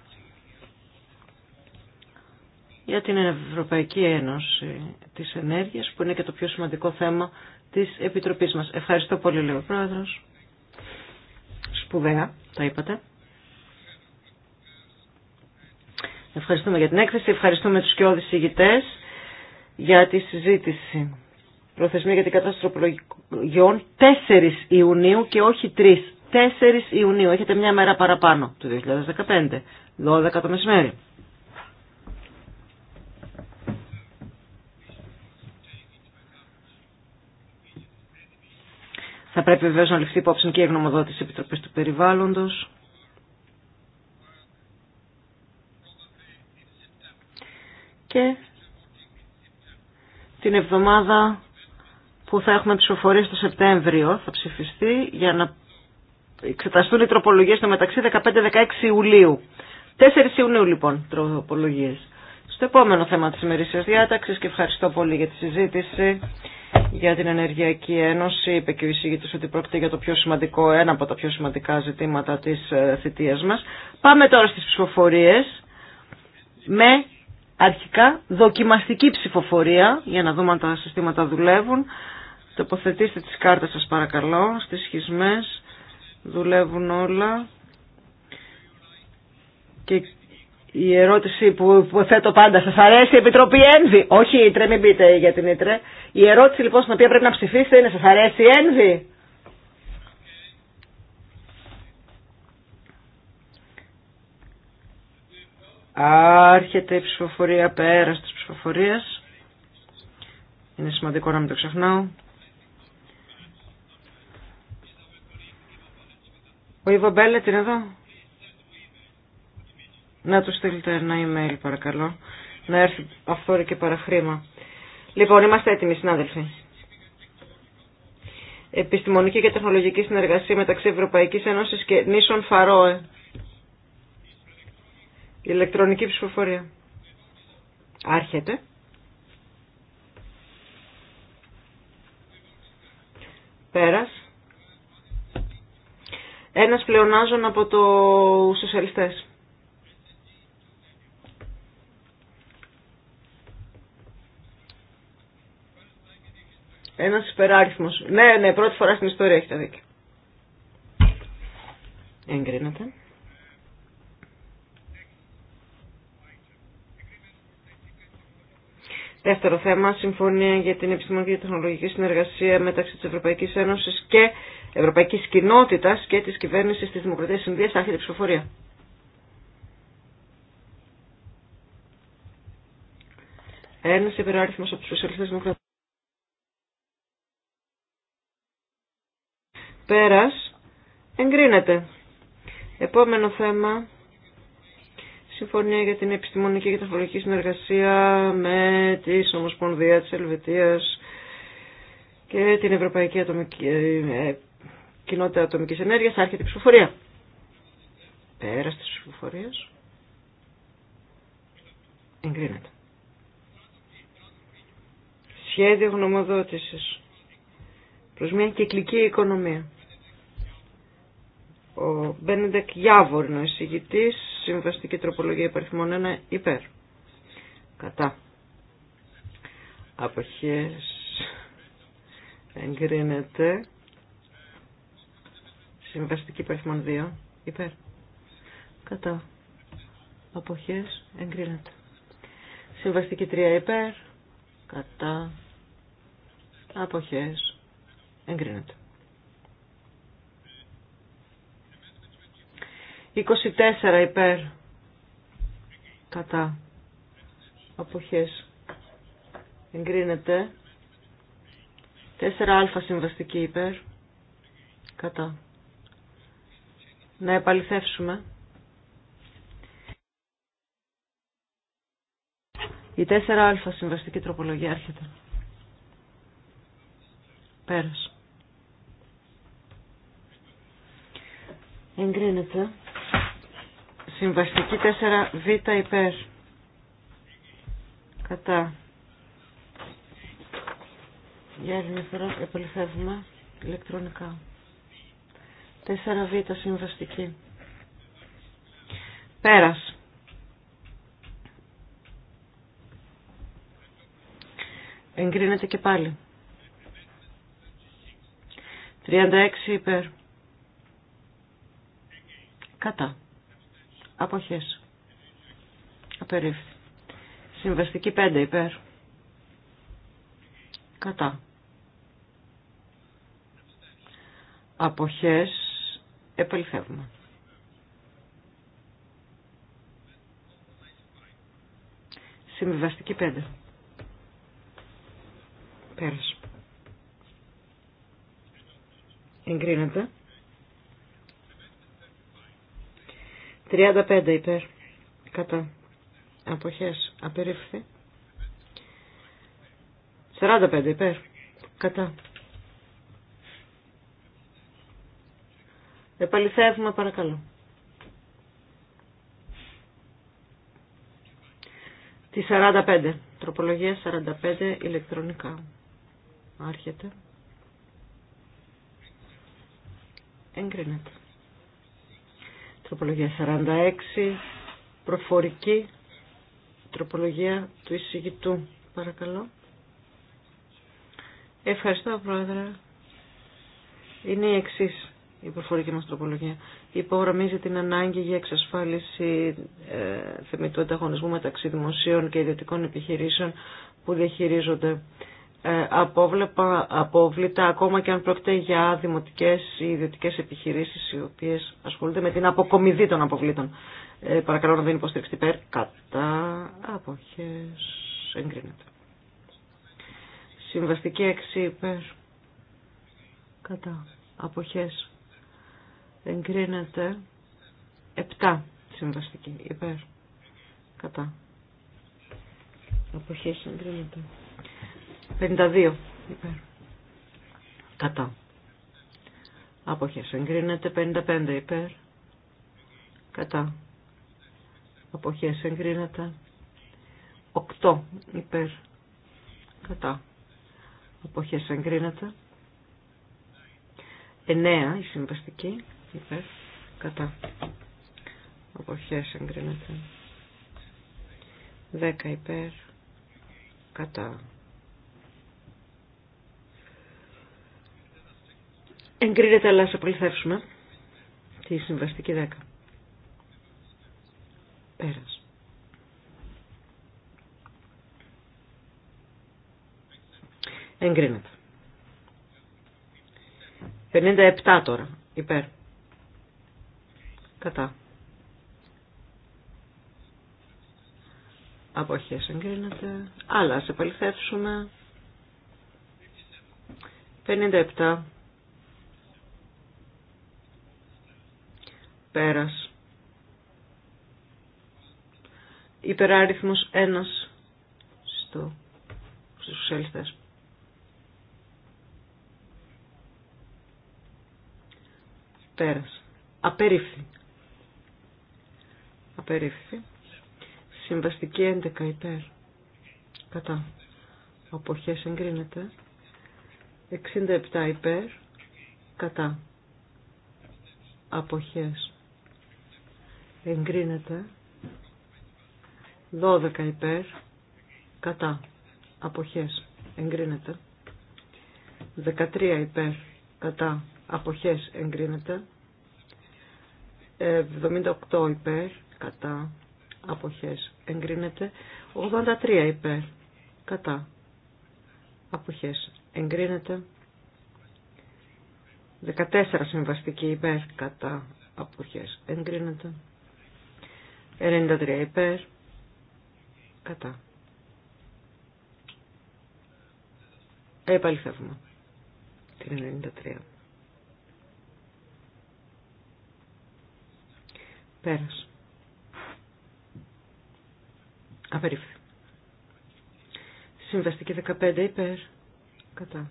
για την Ευρωπαϊκή Ένωση της Ενέργειας που είναι και το πιο σημαντικό θέμα της Επιτροπής μας. Ευχαριστώ πολύ λέει ο Πρόεδρος. Σπουδαία, τα είπατε. Ευχαριστούμε για την έκθεση, ευχαριστούμε τους και ηγητές για τη συζήτηση. Προθεσμία για την κατάσταση τροπολογιών 4 Ιουνίου και όχι 3. 4 Ιουνίου, έχετε μια μέρα παραπάνω του 2015, 12 το μεσημέρι. Θα πρέπει βεβαίω να ληφθεί υπόψη και η γνωμοδότηση Επιτροπή του Περιβάλλοντος. και την εβδομάδα που θα έχουμε τις ψηφοφορίες το Σεπτέμβριο θα ψηφιστεί για να εξεταστούν οι τροπολογίες στο μεταξύ 15-16 Ιουλίου. 4 Ιουνίου λοιπόν τροπολογίες. Στο επόμενο θέμα της ημερήσιας διάταξης και ευχαριστώ πολύ για τη συζήτηση για την Ενεργειακή Ένωση. Είπε και ο εισηγητής ότι πρόκειται για το πιο σημαντικό, ένα από τα πιο σημαντικά ζητήματα της ε, θητείας μας. Πάμε τώρα στις ψηφοφορίες με αρχικά δοκιμαστική ψηφοφορία για να δούμε αν τα συστήματα δουλεύουν. Τοποθετήστε τις κάρτες σας παρακαλώ στις σχισμές. Δουλεύουν όλα. Και η ερώτηση που θέτω πάντα, σας αρέσει η Επιτροπή Ένβη. Όχι η Ήτρε, μην πείτε για την Ήτρε. Η ερώτηση λοιπόν στην οποία πρέπει να ψηφίσετε είναι, σας αρέσει η Άρχεται η ψηφοφορία πέρα της ψηφοφορίας. Είναι σημαντικό να μην το ξεχνάω. Ο Ιβο Μπέλετ είναι εδώ. Να του στείλετε ένα email παρακαλώ. Να έρθει αυθόρυ και παραχρήμα. Λοιπόν, είμαστε έτοιμοι συνάδελφοι. Επιστημονική και τεχνολογική συνεργασία μεταξύ Ευρωπαϊκής Ένωσης και νήσων Φαρόε. Η Ηλεκτρονική ψηφοφορία. Άρχεται. Πέρας. Ένας πλεονάζων από το σοσιαλιστές. Ένας υπεράριθμος. Ναι, ναι, πρώτη φορά στην ιστορία έχετε δίκιο. Εγκρίνεται. Δεύτερο θέμα, συμφωνία για την επιστημονική και τεχνολογική συνεργασία μεταξύ της Ευρωπαϊκής Ένωσης και Ευρωπαϊκής Κοινότητας και της κυβέρνησης της Δημοκρατίας Συνδίας, άρχεται ψηφοφορία. Ένας υπεράριθμος από τους Σοσιαλιστές Πέρας, εγκρίνεται. Επόμενο θέμα, Συμφωνία για την επιστημονική και τεχνολογική συνεργασία με τη Ομοσπονδία της Ελβετίας και την Ευρωπαϊκή Ατομική, ε, Κοινότητα Ατομικής Ενέργειας. Άρχεται η ψηφοφορία. Πέρα της ψηφοφορία. Εγκρίνεται. Σχέδιο γνωμοδότησης προς μια κυκλική οικονομία. Ο Μπένεντεκ Γιάβορνο, εισηγητής, Συμβαστική τροπολογία υπαριθμών 1 υπέρ. Κατά. Αποχές εγκρίνεται. Συμβαστική υπαριθμών 2 υπέρ. Κατά. Αποχές εγκρίνεται. Συμβαστική 3 υπέρ. Κατά. Αποχές εγκρίνεται. 24 υπέρ. Κατά. Αποχές. Εγκρίνεται. 4α συμβαστική υπέρ. Κατά. Να επαληθεύσουμε. Η 4α συμβαστική τροπολογία έρχεται. Πέρας. Εγκρίνεται. Συμβαστική 4β υπέρ. Κατά. Για άλλη φορά επαληθεύουμε ηλεκτρονικά. 4β συμβαστική. Πέρας. Εγκρίνεται και πάλι. 36 υπέρ. Κατά. Αποχές. Απερίφθη. Συμβαστική 5 υπέρ. Κατά. Αποχές. Επαληθεύουμε. Συμβιβαστική 5. Πέρασε. Εγκρίνεται. 35 υπέρ. Κατά. Αποχές. Απερίφθη. 45 υπέρ. Κατά. Επαληθεύουμε παρακαλώ. Τη 45. Τροπολογία 45 ηλεκτρονικά. Άρχεται. Εγκρίνεται. Τροπολογία 46. Προφορική τροπολογία του εισηγητού. Παρακαλώ. Ευχαριστώ, Πρόεδρε. Είναι η εξή η προφορική μας τροπολογία. Υπογραμμίζει την ανάγκη για εξασφάλιση ε, θεμητού ανταγωνισμού μεταξύ δημοσίων και ιδιωτικών επιχειρήσεων που διαχειρίζονται ε, απόβλεπα, απόβλητα ακόμα και αν πρόκειται για δημοτικές ή ιδιωτικές επιχειρήσεις οι οποίες ασχολούνται με την αποκομιδή των αποβλήτων. Ε, παρακαλώ να δίνει υποστήριξη υπέρ κατά αποχές εγκρίνεται. Συμβαστική 6 υπέρ κατά αποχές εγκρίνεται 7 συμβαστική υπέρ κατά αποχές εγκρίνεται. 52. Υπέρ. Κατά. Αποχές εγκρίνεται. 55. Υπέρ. Κατά. Αποχές εγκρίνεται. 8. Υπέρ. Κατά. Αποχές εγκρίνεται. 9. Η συμβαστική. Υπέρ. Κατά. Αποχές εγκρίνεται. 10 υπέρ κατά Εγκρίνεται, αλλά σε απολυθεύσουμε τη συμβαστική 10. Πέρας. Εγκρίνεται. 57 τώρα. Υπέρ. Κατά. Αποχές εγκρίνεται. Αλλά ας επαληθεύσουμε. 57. Πέρας. Υπεράριθμος 1 στο, στους σοσιαλιστές. Πέρας. Απερίφθη. Απερίφθη. Συμβαστική 11 υπέρ. Κατά. Αποχές εγκρίνεται. 67 υπέρ. Κατά. Αποχές εγκρίνεται 12 υπέρ κατά αποχές εγκρίνεται 13 υπέρ κατά αποχές εγκρίνεται 78 υπέρ κατά αποχές εγκρίνεται 83 υπέρ κατά αποχές εγκρίνεται 14 συμβαστική υπέρ κατά αποχές εγκρίνεται 93 υπέρ. Κατά. Επαληθεύουμε. Την 93. Πέρας. Απερίφθη. Συμβαστική 15 υπέρ. Κατά.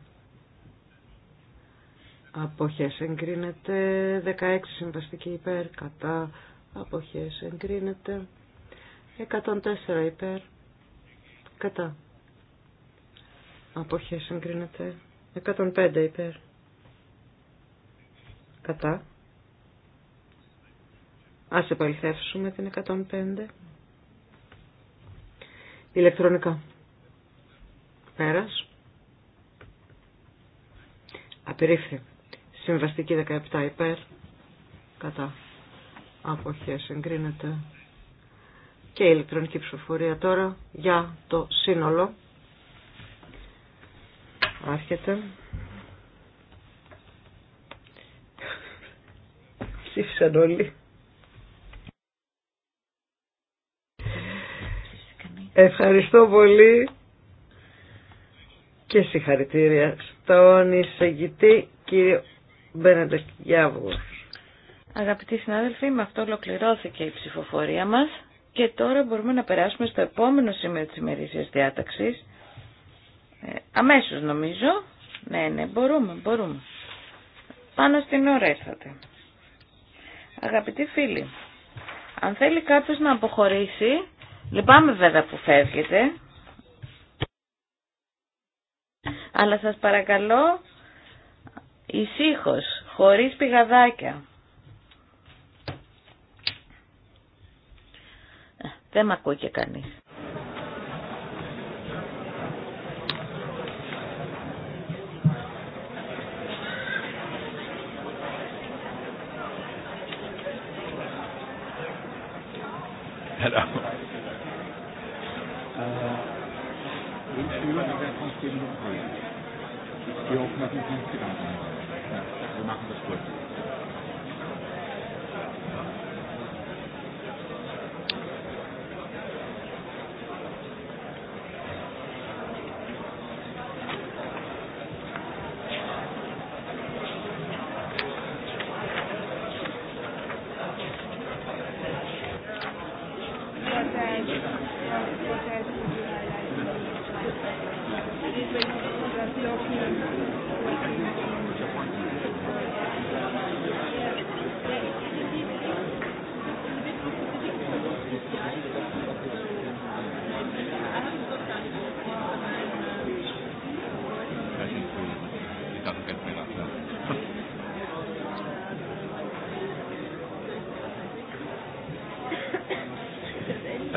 Αποχές εγκρίνεται 16 συμβαστική υπέρ. Κατά αποχές εγκρίνεται 104 υπέρ κατά αποχές εγκρίνεται 105 υπέρ κατά ας επαληθεύσουμε την 105 ηλεκτρονικά πέρας απερίφθη συμβαστική 17 υπέρ κατά αποχές εγκρίνεται και η ηλεκτρονική ψηφοφορία τώρα για το σύνολο άρχεται ψήφισαν όλοι Ευχαριστώ πολύ και συγχαρητήρια στον εισηγητή κύριο Μπέναντεκ Γιάβου. Αγαπητοί συνάδελφοι, με αυτό ολοκληρώθηκε η ψηφοφορία μας και τώρα μπορούμε να περάσουμε στο επόμενο σημείο της ημερήσιας διάταξης. Ε, αμέσως νομίζω. Ναι, ναι, μπορούμε, μπορούμε. Πάνω στην ώρα ήρθατε. Αγαπητοί φίλοι, αν θέλει κάποιος να αποχωρήσει, λυπάμαι βέβαια που φεύγετε, αλλά σας παρακαλώ ησύχως, χωρίς πηγαδάκια. Δεν με ακούει και κανείς.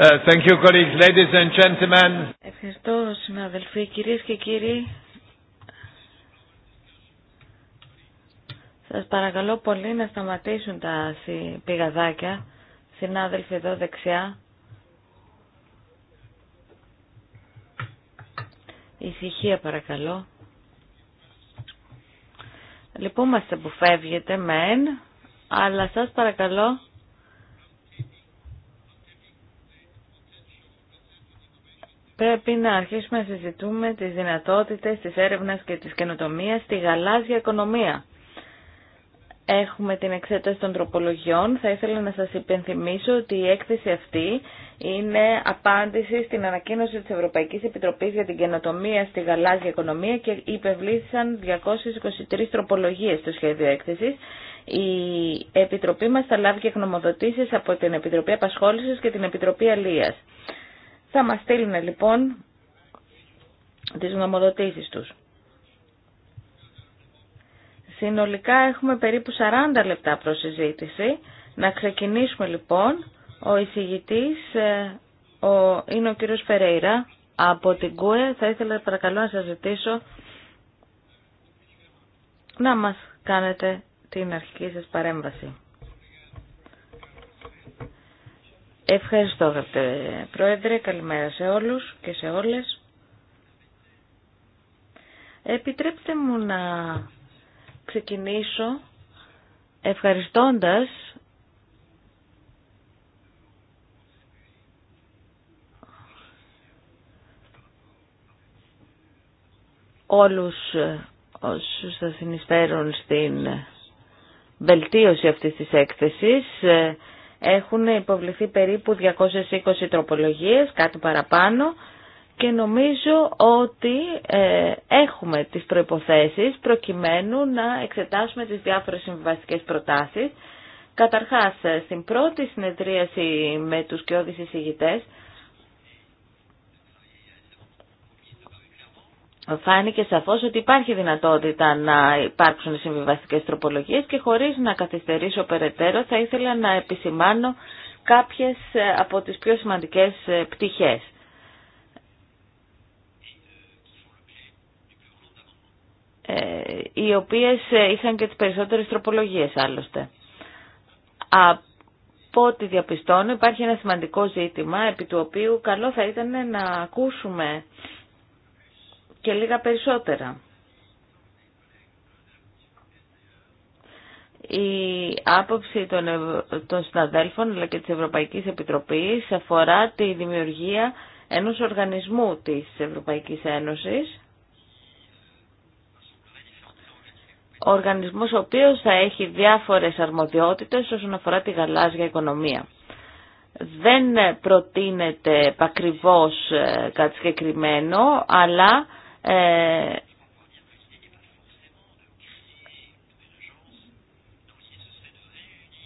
Uh, Ευχαριστώ, συναδελφοί, κυρίες και κύριοι. Σας παρακαλώ πολύ να σταματήσουν τα πηγαδάκια. Συνάδελφοι εδώ δεξιά. Ησυχία παρακαλώ. Λυπούμαστε που φεύγετε μεν, αλλά σας παρακαλώ πρέπει να αρχίσουμε να συζητούμε τις δυνατότητες της έρευνας και της καινοτομίας στη γαλάζια οικονομία. Έχουμε την εξέταση των τροπολογιών. Θα ήθελα να σας υπενθυμίσω ότι η έκθεση αυτή είναι απάντηση στην ανακοίνωση της Ευρωπαϊκής Επιτροπής για την Καινοτομία στη Γαλάζια Οικονομία και υπευλήθησαν 223 τροπολογίες στο σχέδιο έκθεσης. Η Επιτροπή μας θα λάβει και γνωμοδοτήσεις από την Επιτροπή Απασχόλησης και την Επιτροπή Αλίας. Θα μας στείλουν λοιπόν τις γνωμοδοτήσεις τους. Συνολικά έχουμε περίπου 40 λεπτά προς Να ξεκινήσουμε λοιπόν. Ο εισηγητής ε, ο, είναι ο κύριος Φερέιρα από την ΚΟΕ. Θα ήθελα παρακαλώ να σας ζητήσω να μας κάνετε την αρχική σας παρέμβαση. Ευχαριστώ αγαπητέ Πρόεδρε, καλημέρα σε όλους και σε όλες. Επιτρέψτε μου να ξεκινήσω ευχαριστώντας όλους όσους θα συνεισφέρουν στην βελτίωση αυτής της έκθεσης έχουν υποβληθεί περίπου 220 τροπολογίες, κάτι παραπάνω και νομίζω ότι ε, έχουμε τις προϋποθέσεις προκειμένου να εξετάσουμε τις διάφορες συμβαστικές προτάσεις. Καταρχάς, ε, στην πρώτη συνεδρίαση με τους κοιόδης εισηγητές φάνηκε σαφώς ότι υπάρχει δυνατότητα να υπάρξουν συμβιβαστικές τροπολογίες και χωρίς να καθυστερήσω περαιτέρω θα ήθελα να επισημάνω κάποιες ε, από τις πιο σημαντικές ε, πτυχές. Ε, οι οποίες είχαν και τις περισσότερες τροπολογίες άλλωστε. Από ό,τι διαπιστώνω υπάρχει ένα σημαντικό ζήτημα επί του οποίου καλό θα ήταν να ακούσουμε και λίγα περισσότερα. η άποψη των, των συναδέλφων αλλά και της Ευρωπαϊκής Επιτροπής αφορά τη δημιουργία ενός οργανισμού της Ευρωπαϊκής Ένωσης ο οργανισμός ο οποίος θα έχει διάφορες αρμοδιότητες όσον αφορά τη γαλάζια οικονομία. Δεν προτείνεται ακριβώ ε, κάτι συγκεκριμένο, αλλά ε,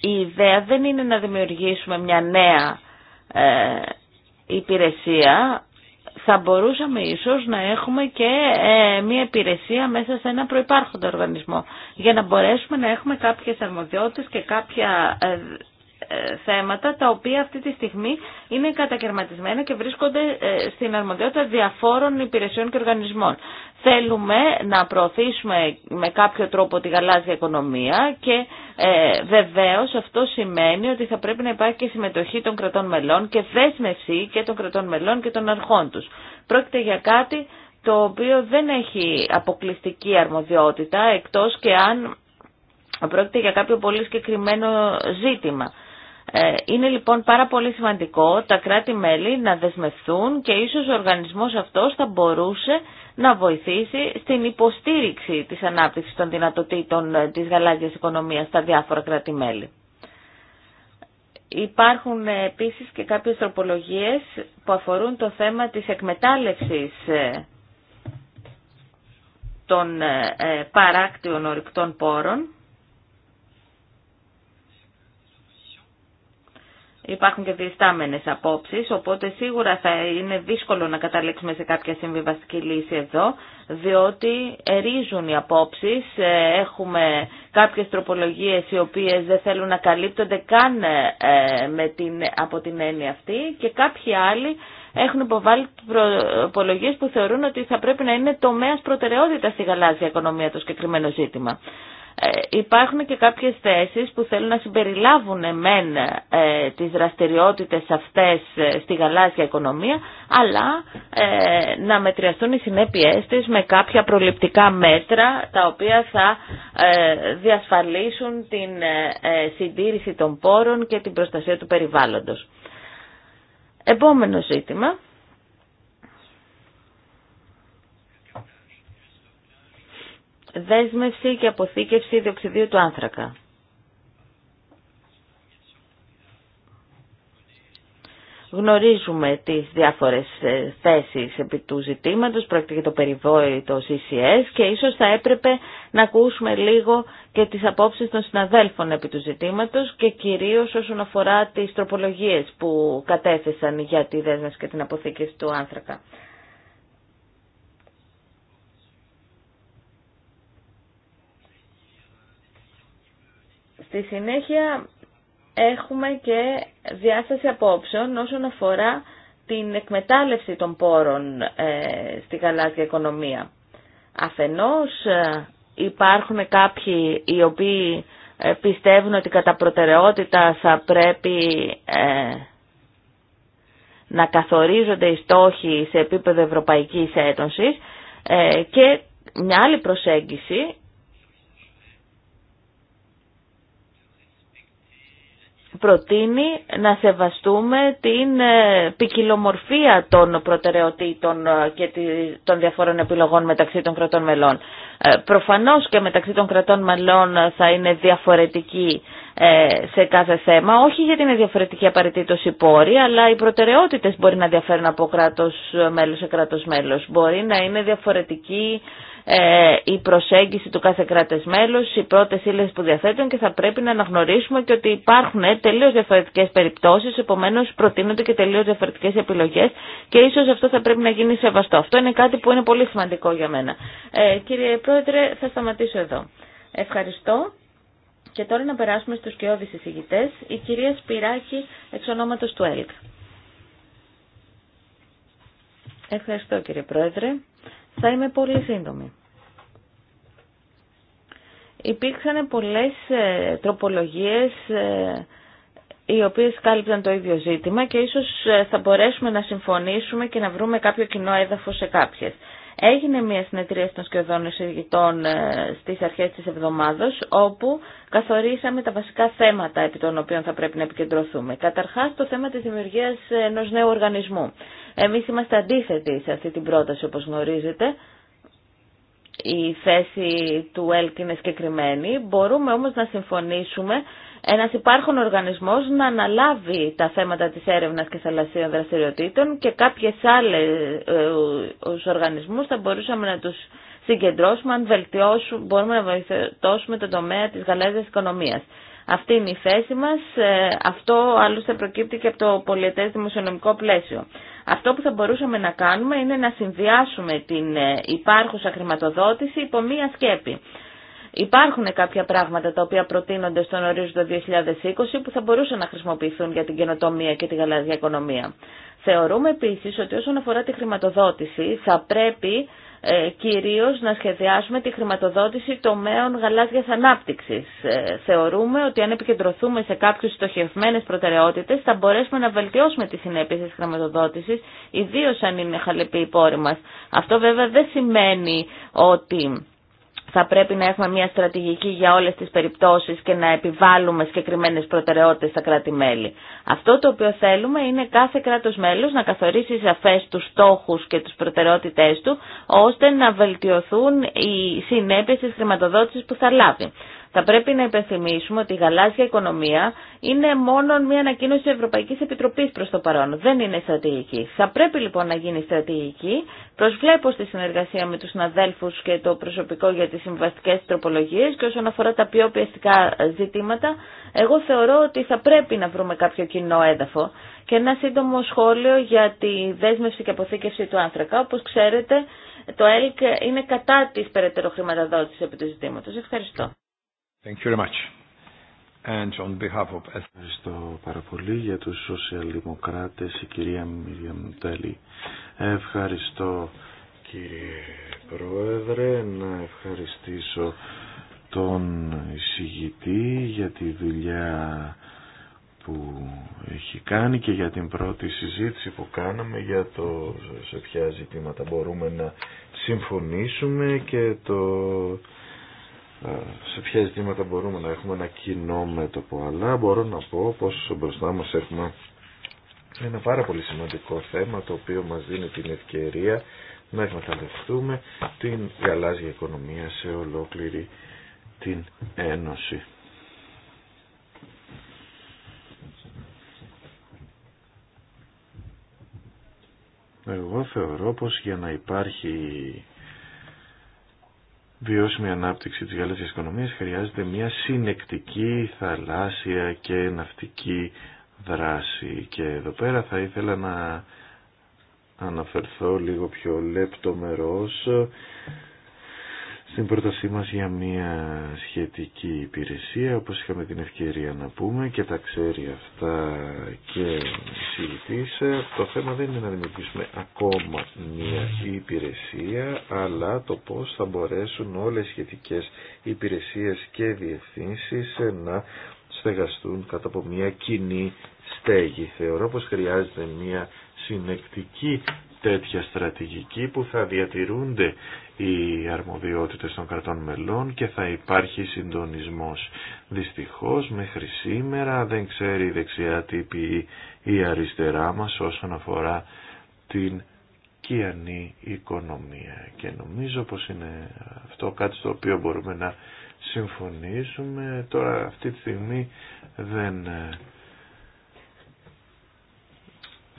η ιδέα δεν είναι να δημιουργήσουμε μια νέα ε, υπηρεσία. Θα μπορούσαμε ίσως να έχουμε και ε, μια υπηρεσία μέσα σε ένα προϋπάρχοντο οργανισμό για να μπορέσουμε να έχουμε κάποιες αρμοδιότητες και κάποια ε, ε, θέματα τα οποία αυτή τη στιγμή είναι κατακαιρματισμένα και βρίσκονται ε, στην αρμοδιότητα διαφόρων υπηρεσιών και οργανισμών. Θέλουμε να προωθήσουμε με κάποιο τρόπο τη γαλάζια οικονομία και ε, βεβαίως αυτό σημαίνει ότι θα πρέπει να υπάρχει και συμμετοχή των κρατών μελών και δέσμευση και των κρατών μελών και των αρχών τους. Πρόκειται για κάτι το οποίο δεν έχει αποκλειστική αρμοδιότητα εκτός και αν πρόκειται για κάποιο πολύ συγκεκριμένο ζήτημα. Ε, είναι λοιπόν πάρα πολύ σημαντικό τα κράτη-μέλη να δεσμευθούν και ίσως ο οργανισμός αυτός θα μπορούσε να βοηθήσει στην υποστήριξη της ανάπτυξης των δυνατοτήτων ε, της γαλάζιας οικονομίας στα διάφορα κράτη-μέλη. Υπάρχουν ε, επίσης και κάποιες τροπολογίες που αφορούν το θέμα της εκμετάλλευσης των παράκτιων ορυκτών πόρων Υπάρχουν και διεστάμενες απόψεις, οπότε σίγουρα θα είναι δύσκολο να καταλήξουμε σε κάποια συμβιβαστική λύση εδώ, διότι ερίζουν οι απόψεις, ε, έχουμε κάποιες τροπολογίες οι οποίες δεν θέλουν να καλύπτονται καν ε, με την, από την έννοια αυτή και κάποιοι άλλοι έχουν υποβάλει προπολογίε που θεωρούν ότι θα πρέπει να είναι τομέα προτεραιότητα στη γαλάζια οικονομία το συγκεκριμένο ζήτημα. Ε, υπάρχουν και κάποιες θέσει που θέλουν να συμπεριλάβουν μεν ε, τις δραστηριότητες αυτές ε, στη γαλάζια οικονομία αλλά ε, να μετριαστούν οι συνέπειές της με κάποια προληπτικά μέτρα τα οποία θα διασφαλίσουν την συντήρηση των πόρων και την προστασία του περιβάλλοντος. Επόμενο ζήτημα. Δέσμευση και αποθήκευση διοξιδίου του άνθρακα. Γνωρίζουμε τις διάφορες ε, θέσεις επί του ζητήματος, πρόκειται για το περιβόητο CCS και ίσως θα έπρεπε να ακούσουμε λίγο και τις απόψεις των συναδέλφων επί του ζητήματος και κυρίως όσον αφορά τις τροπολογίες που κατέθεσαν για τη δέσμευση και την αποθήκευση του άνθρακα. Στη συνέχεια έχουμε και διάσταση απόψεων όσον αφορά την εκμετάλλευση των πόρων ε, στη γαλάζια οικονομία. Αφενός ε, υπάρχουν κάποιοι οι οποίοι ε, πιστεύουν ότι κατά προτεραιότητα θα πρέπει να καθορίζονται οι στόχοι σε επίπεδο Ευρωπαϊκής Ένωσης και μια άλλη προσέγγιση προτείνει να σεβαστούμε την ε, ποικιλομορφία των προτεραιοτήτων ε, και των διαφόρων επιλογών μεταξύ των κρατών μελών. Ε, προφανώς και μεταξύ των κρατών μελών θα είναι διαφορετική ε, σε κάθε θέμα, όχι γιατί είναι διαφορετική απαραίτητο ή πόρη, αλλά οι προτεραιότητες μπορεί να διαφέρουν από κράτο μέλο σε κράτο μέλος. Μπορεί να είναι διαφορετική ε, η προσέγγιση του κάθε κράτο μέλο, οι πρώτε ύλε που διαθέτουν και θα πρέπει να αναγνωρίσουμε και ότι υπάρχουν τελείω διαφορετικέ περιπτώσει, επομένω, προτείνονται και τελείω διαφορετικέ επιλογέ και ίσω αυτό θα πρέπει να γίνει σεβαστό. Αυτό είναι κάτι που είναι πολύ σημαντικό για μένα. Ε, κύριε Πρόεδρε, θα σταματήσω εδώ. Ευχαριστώ. Και τώρα να περάσουμε στους κοιόδης εισηγητές. Η κυρία Σπυράκη, εξ ονόματος του ΕΛΚ. Ευχαριστώ κύριε Πρόεδρε. Θα είμαι πολύ σύντομη. Υπήρξαν πολλές ε, τροπολογίες ε, οι οποίες κάλυπταν το ίδιο ζήτημα και ίσως ε, θα μπορέσουμε να συμφωνήσουμε και να βρούμε κάποιο κοινό έδαφος σε κάποιες. Έγινε μια συνεδρία των σχεδόν εισηγητών ε, στις αρχές της εβδομάδος, όπου καθορίσαμε τα βασικά θέματα επί των οποίων θα πρέπει να επικεντρωθούμε. Καταρχάς, το θέμα της δημιουργίας ενός νέου οργανισμού. Εμείς είμαστε αντίθετοι σε αυτή την πρόταση, όπως γνωρίζετε, η θέση του ΕΛΚ είναι συγκεκριμένη. Μπορούμε όμως να συμφωνήσουμε ένας υπάρχον οργανισμός να αναλάβει τα θέματα της έρευνας και θαλασσίων δραστηριοτήτων και κάποιες άλλες ε, οργανισμούς θα μπορούσαμε να τους συγκεντρώσουμε αν βελτιώσουμε, μπορούμε να βελτιώσουμε το τομέα της γαλάζιας οικονομίας. Αυτή είναι η θέση μας, ε, αυτό άλλωστε προκύπτει και από το πολιετές δημοσιονομικό πλαίσιο. Αυτό που θα μπορούσαμε να κάνουμε είναι να συνδυάσουμε την ε, υπάρχουσα χρηματοδότηση υπό μία σκέπη. Υπάρχουν κάποια πράγματα τα οποία προτείνονται στον ορίζοντα 2020 που θα μπορούσαν να χρησιμοποιηθούν για την καινοτομία και τη γαλάζια οικονομία. Θεωρούμε επίσης ότι όσον αφορά τη χρηματοδότηση θα πρέπει ε, κυρίως να σχεδιάσουμε τη χρηματοδότηση τομέων γαλάζιας ανάπτυξης. Ε, θεωρούμε ότι αν επικεντρωθούμε σε κάποιες στοχευμένες προτεραιότητες θα μπορέσουμε να βελτιώσουμε τις συνέπειες της χρηματοδότησης, ιδίως αν είναι χαλεπή η πόρη μας. Αυτό βέβαια δεν σημαίνει ότι θα πρέπει να έχουμε μια στρατηγική για όλες τις περιπτώσεις και να επιβάλλουμε συγκεκριμένε προτεραιότητες στα κράτη-μέλη. Αυτό το οποίο θέλουμε είναι κάθε κράτος μέλος να καθορίσει σαφές τους στόχους και τις προτεραιότητές του, ώστε να βελτιωθούν οι συνέπειες της χρηματοδότησης που θα λάβει. Θα πρέπει να υπενθυμίσουμε ότι η γαλάζια οικονομία είναι μόνο μια ανακοίνωση της Ευρωπαϊκής Επιτροπής προς το παρόν. Δεν είναι στρατηγική. Θα πρέπει λοιπόν να γίνει στρατηγική. Προσβλέπω στη συνεργασία με τους συναδέλφους και το προσωπικό για τις συμβαστικές τροπολογίες και όσον αφορά τα πιο πιεστικά ζητήματα, εγώ θεωρώ ότι θα πρέπει να βρούμε κάποιο κοινό έδαφο. Και ένα σύντομο σχόλιο για τη δέσμευση και αποθήκευση του άνθρακα. Όπως ξέρετε, το ΕΛΚ είναι κατά της περαιτέρω χρηματοδότηση επί του ζητήματος. Ευχαριστώ. Thank you very much. And on behalf of... Ευχαριστώ πάρα πολύ για τους σοσιαλδημοκράτες, η κυρία Μίριαμ Τέλη. Ευχαριστώ κύριε Πρόεδρε, να ευχαριστήσω τον εισηγητή για τη δουλειά που έχει κάνει και για την πρώτη συζήτηση που κάναμε για το σε ποια ζητήματα μπορούμε να συμφωνήσουμε και το ε, σε ποια ζητήματα μπορούμε να έχουμε ένα κοινό μέτωπο αλλά μπορώ να πω πως μπροστά μας έχουμε ένα πάρα πολύ σημαντικό θέμα το οποίο μας δίνει την ευκαιρία να εκμεταλλευτούμε την γαλάζια οικονομία σε ολόκληρη την Ένωση. Εγώ θεωρώ πως για να υπάρχει βιώσιμη ανάπτυξη της της οικονομίας χρειάζεται μια συνεκτική θαλάσσια και ναυτική δράση. Και εδώ πέρα θα ήθελα να αναφερθώ λίγο πιο λεπτομερώς στην πρότασή μας για μια σχετική υπηρεσία, όπως είχαμε την ευκαιρία να πούμε και τα ξέρει αυτά και συζητής. Το θέμα δεν είναι να δημιουργήσουμε ακόμα μια υπηρεσία, αλλά το πώς θα μπορέσουν όλες οι σχετικές υπηρεσίες και διευθύνσεις να στεγαστούν κατά από μια κοινή στέγη. Θεωρώ πως χρειάζεται μια συνεκτική τέτοια στρατηγική που θα διατηρούνται οι αρμοδιότητες των κρατών μελών και θα υπάρχει συντονισμός. Δυστυχώς μέχρι σήμερα δεν ξέρει η δεξιά τύπη ή η αριστερά μας όσον αφορά την κιανή οικονομία και νομίζω πως είναι αυτό κάτι στο οποίο μπορούμε να συμφωνήσουμε. Τώρα αυτή τη στιγμή δεν ε,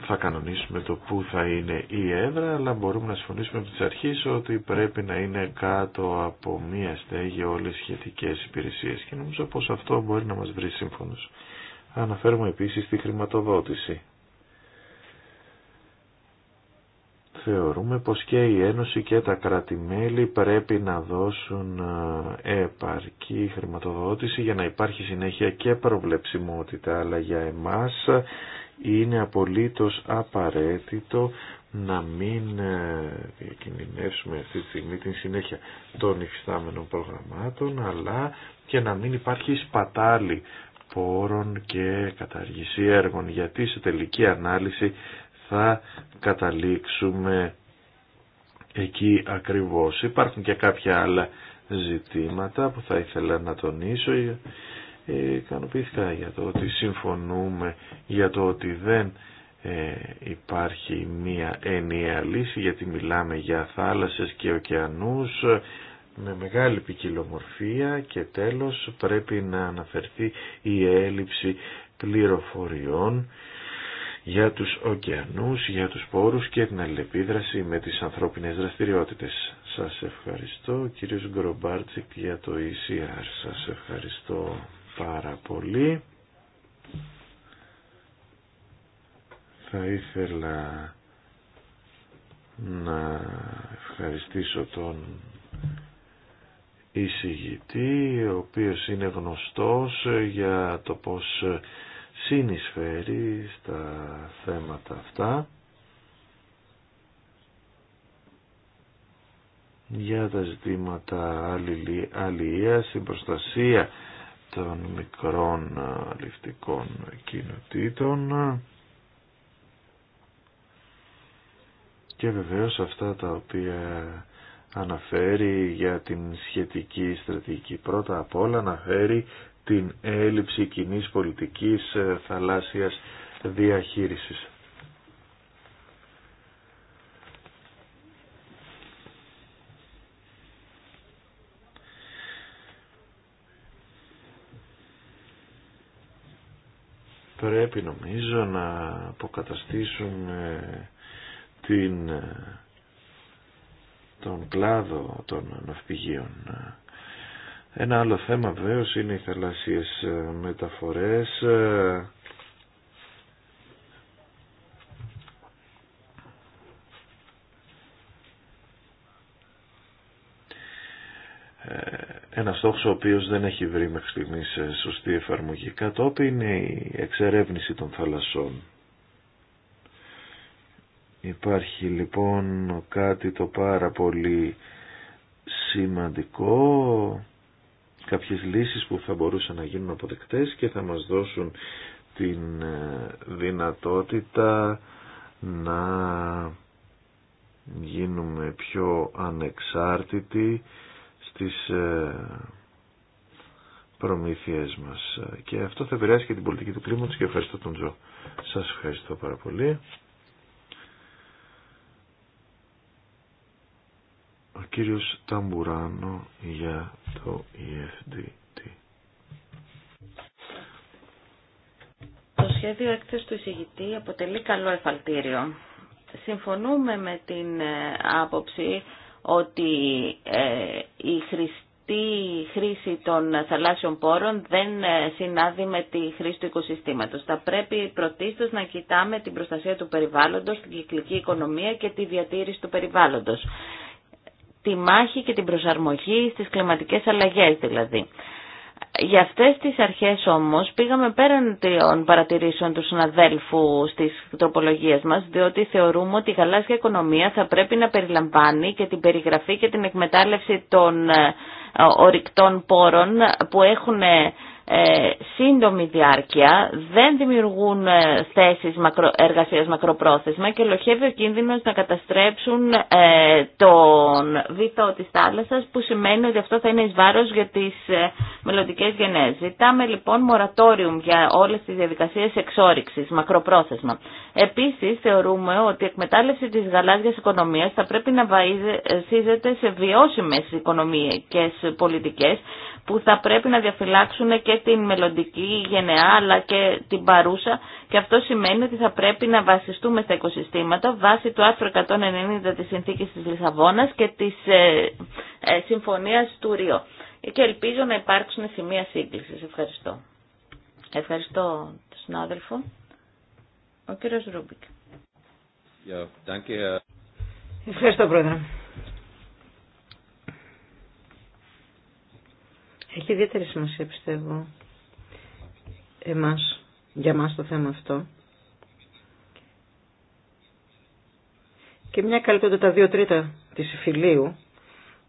θα κανονίσουμε το πού θα είναι η έδρα, αλλά μπορούμε να συμφωνήσουμε από τις αρχές ότι πρέπει να είναι κάτω από μία στέγη όλες οι σχετικές υπηρεσίες και νομίζω πως αυτό μπορεί να μας βρει σύμφωνος. Αναφέρουμε επίσης τη χρηματοδότηση. Θεωρούμε πως και η Ένωση και τα κράτη-μέλη πρέπει να δώσουν ε, επαρκή χρηματοδότηση για να υπάρχει συνέχεια και προβλεψιμότητα, αλλά για εμάς είναι απολύτως απαραίτητο να μην ε, διακινδυνεύσουμε αυτή τη στιγμή την συνέχεια των υφιστάμενων προγραμμάτων αλλά και να μην υπάρχει σπατάλη πόρων και καταργησή έργων γιατί σε τελική ανάλυση θα καταλήξουμε εκεί ακριβώς. Υπάρχουν και κάποια άλλα ζητήματα που θα ήθελα να τονίσω ικανοποιήθηκα για το ότι συμφωνούμε για το ότι δεν ε, υπάρχει μία ενιαία λύση γιατί μιλάμε για θάλασσες και ωκεανούς με μεγάλη ποικιλομορφία και τέλος πρέπει να αναφερθεί η έλλειψη πληροφοριών για τους ωκεανούς, για τους πόρους και την αλληλεπίδραση με τις ανθρώπινες δραστηριότητες. Σας ευχαριστώ κύριος Γκρομπάρτσικ για το ECR. Σας ευχαριστώ πάρα πολύ. Θα ήθελα να ευχαριστήσω τον εισηγητή, ο οποίος είναι γνωστός για το πως συνεισφέρει στα θέματα αυτά. για τα ζητήματα αλληλείας, συμπροστασία προστασία των μικρών ληφτικών κοινοτήτων και βεβαίως αυτά τα οποία αναφέρει για την σχετική στρατηγική. Πρώτα απ' όλα αναφέρει την έλλειψη κοινής πολιτικής ε, θαλάσσιας διαχείρισης. πρέπει νομίζω να αποκαταστήσουμε την, τον κλάδο των ναυπηγείων. Ένα άλλο θέμα βέβαιο είναι οι θαλασσίες μεταφορές. Ε, ένα στόχο ο οποίο δεν έχει βρει μέχρι στιγμή σε σωστή εφαρμογή. Κατόπιν είναι η εξερεύνηση των θαλασσών. Υπάρχει λοιπόν κάτι το πάρα πολύ σημαντικό, κάποιες λύσεις που θα μπορούσαν να γίνουν αποδεκτές και θα μας δώσουν την ε, δυνατότητα να γίνουμε πιο ανεξάρτητοι στις ε, προμήθειές μας. Και αυτό θα επηρεάσει και την πολιτική του κλίματος και ευχαριστώ τον Τζο. Σας ευχαριστώ πάρα πολύ. Ο κύριος Ταμπουράνο για το EFDT. Το σχέδιο έκθεση του εισηγητή αποτελεί καλό εφαλτήριο. Συμφωνούμε με την ε, άποψη ότι ε, η χρηστή χρήση των θαλάσσιων πόρων δεν ε, συνάδει με τη χρήση του οικοσυστήματος. Θα πρέπει πρωτίστως να κοιτάμε την προστασία του περιβάλλοντος, την κυκλική οικονομία και τη διατήρηση του περιβάλλοντος. Τη μάχη και την προσαρμογή στις κλιματικές αλλαγές δηλαδή. Για αυτές τις αρχές όμως πήγαμε πέραν των παρατηρήσεων του συναδέλφου στις τροπολογίες μας, διότι θεωρούμε ότι η γαλάζια οικονομία θα πρέπει να περιλαμβάνει και την περιγραφή και την εκμετάλλευση των ε, ορυκτών πόρων που έχουν ε, ε, σύντομη διάρκεια, δεν δημιουργούν ε, θέσεις εργασίας μακροπρόθεσμα και λοχεύει ο κίνδυνος να καταστρέψουν ε, τον βήθο της θάλασσας που σημαίνει ότι αυτό θα είναι εις βάρος για τις μελλοντικές γενναίες. Ζητάμε λοιπόν μορατόριουμ για όλες τις διαδικασίες εξόριξης μακροπρόθεσμα. Επίσης θεωρούμε ότι η εκμετάλλευση της γαλάζιας οικονομίας θα πρέπει να βαίζεται σε βιώσιμες οικονομίες πολιτικές που θα πρέπει να διαφυλάξουν και την μελλοντική γενεά αλλά και την παρούσα και αυτό σημαίνει ότι θα πρέπει να βασιστούμε στα οικοσυστήματα βάσει του άρθρου 190 της Συνθήκης της Λισαβόνας και της ε, ε Συμφωνίας του Ριό. Και ελπίζω να υπάρξουν σημεία σύγκλησης. Ευχαριστώ. Ευχαριστώ τον συνάδελφο. Ο κύριος Ρούμπικ. Ευχαριστώ πρόεδρε. Έχει ιδιαίτερη σημασία πιστεύω εμάς, για μας το θέμα αυτό. Και μια καλύτερα τα δύο τρίτα της Φιλίου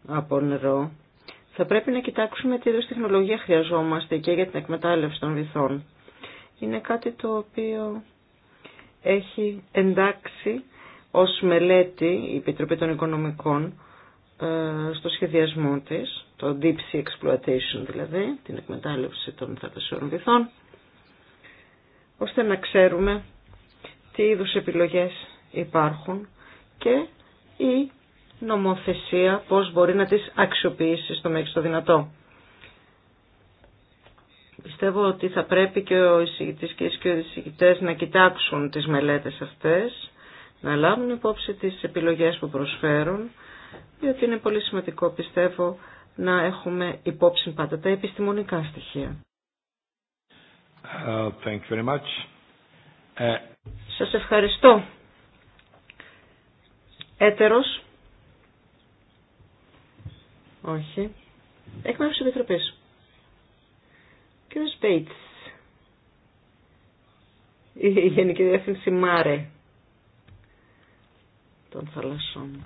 από νερό, θα πρέπει να κοιτάξουμε τι είδους τεχνολογία χρειαζόμαστε και για την εκμετάλλευση των βυθών. Είναι κάτι το οποίο έχει εντάξει ως μελέτη η Επιτροπή των Οικονομικών ε, στο σχεδιασμό της το deep sea exploitation δηλαδή, την εκμετάλλευση των θαλασσιών βυθών, ώστε να ξέρουμε τι είδους επιλογές υπάρχουν και η νομοθεσία πώς μπορεί να τις αξιοποιήσει στο μέγιστο δυνατό. Πιστεύω ότι θα πρέπει και ο εισηγητής και οι εισηγητές να κοιτάξουν τις μελέτες αυτές, να λάβουν υπόψη τις επιλογές που προσφέρουν, διότι είναι πολύ σημαντικό πιστεύω να έχουμε υπόψη πάντα τα επιστημονικά στοιχεία. Uh, uh Σας ευχαριστώ. Έτερος. Όχι. Έχουμε μέρους Επιτροπής. Κύριος Μπέιτς. Η Γενική Διεύθυνση Μάρε των θαλασσών.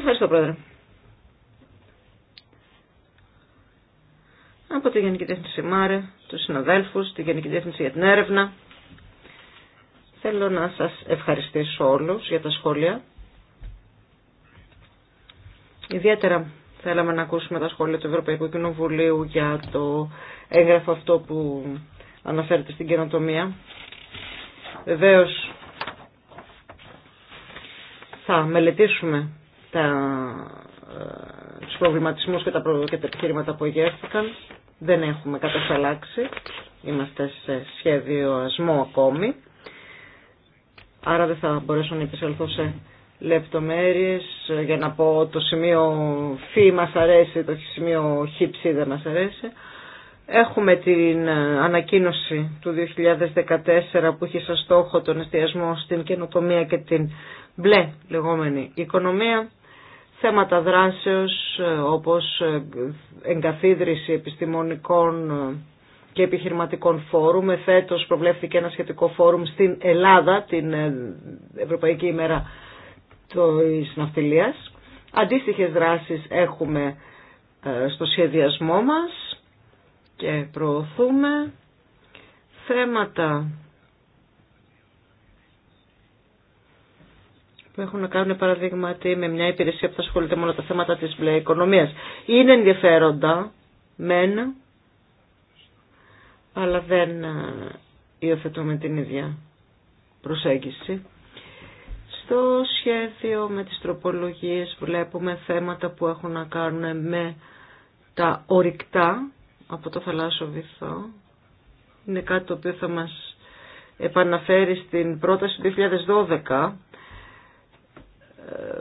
ευχαριστώ πρόεδρε. Από τη Γενική Διεύθυνση ΜΑΡΕ, τους συναδέλφους, τη Γενική Διεύθυνση για την έρευνα. Θέλω να σας ευχαριστήσω όλους για τα σχόλια. Ιδιαίτερα θέλαμε να ακούσουμε τα σχόλια του Ευρωπαϊκού Κοινοβουλίου για το έγγραφο αυτό που αναφέρεται στην καινοτομία. Βεβαίως θα μελετήσουμε τα, ε, τους προβληματισμούς και τα, επιχειρήματα που εγέρθηκαν. Δεν έχουμε κατασταλάξει. Είμαστε σε σχέδιο ασμό ακόμη. Άρα δεν θα μπορέσω να επισελθώ σε λεπτομέρειες ε, για να πω το σημείο φι μας αρέσει, το σημείο χ δεν μας αρέσει. Έχουμε την ε, ανακοίνωση του 2014 που έχει σαν στόχο τον εστιασμό στην καινοτομία και την μπλε λεγόμενη οικονομία θέματα δράσεως ε, όπως ε, εγκαθίδρυση επιστημονικών ε, και επιχειρηματικών φόρουμ. Φέτο προβλέφθηκε ένα σχετικό φόρουμ στην Ελλάδα, την Ευρωπαϊκή ημέρα της ναυτιλίας. Αντίστοιχες δράσεις έχουμε στο σχεδιασμό μας και προωθούμε θέματα που έχουν να κάνουν παραδείγματι με μια υπηρεσία που θα ασχολείται μόνο τα θέματα της μπλε οικονομίας. Είναι ενδιαφέροντα, μεν, αλλά δεν ε, υιοθετούμε την ίδια προσέγγιση. Στο σχέδιο με τις τροπολογίες βλέπουμε θέματα που έχουν να κάνουν με τα ορυκτά από το θαλάσσιο βυθό. Είναι κάτι το οποίο θα μας επαναφέρει στην πρόταση του 2012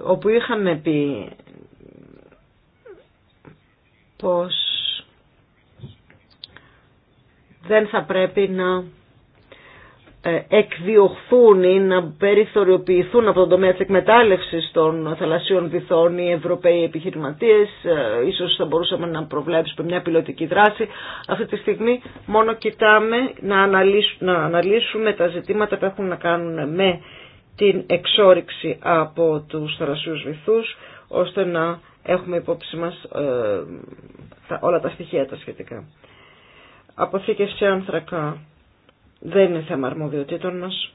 όπου είχαμε πει πως δεν θα πρέπει να ε, εκδιωχθούν ή να περιθωριοποιηθούν από τον τομέα της εκμετάλλευσης των θαλασσίων βυθών οι Ευρωπαίοι επιχειρηματίες. Ε, ίσως θα μπορούσαμε να προβλέψουμε μια πιλωτική δράση. Αυτή τη στιγμή μόνο κοιτάμε να αναλύσουμε, να αναλύσουμε τα ζητήματα που έχουν να κάνουν με την εξόριξη από τους θαλασσιούς βυθούς, ώστε να έχουμε υπόψη μας ε, τα, όλα τα στοιχεία τα σχετικά. Αποθήκευση άνθρακα δεν είναι θέμα αρμοδιοτήτων μας.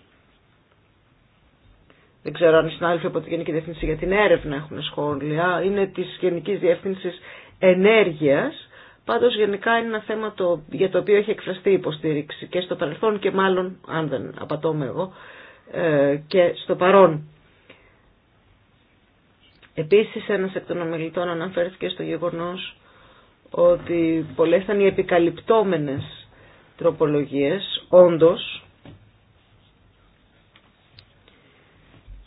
Δεν ξέρω αν οι συνάδελφοι από τη Γενική Διεύθυνση για την έρευνα έχουν σχόλια. Είναι της Γενικής Διεύθυνσης Ενέργειας. Πάντως γενικά είναι ένα θέμα το, για το οποίο έχει εκφραστεί υποστήριξη και στο παρελθόν και μάλλον, αν δεν με εγώ, ε, και στο παρόν. Επίσης ένας εκ των ομιλητών αναφέρθηκε στο γεγονός ότι πολλές ήταν οι επικαλυπτόμενες τροπολογίες, όντως,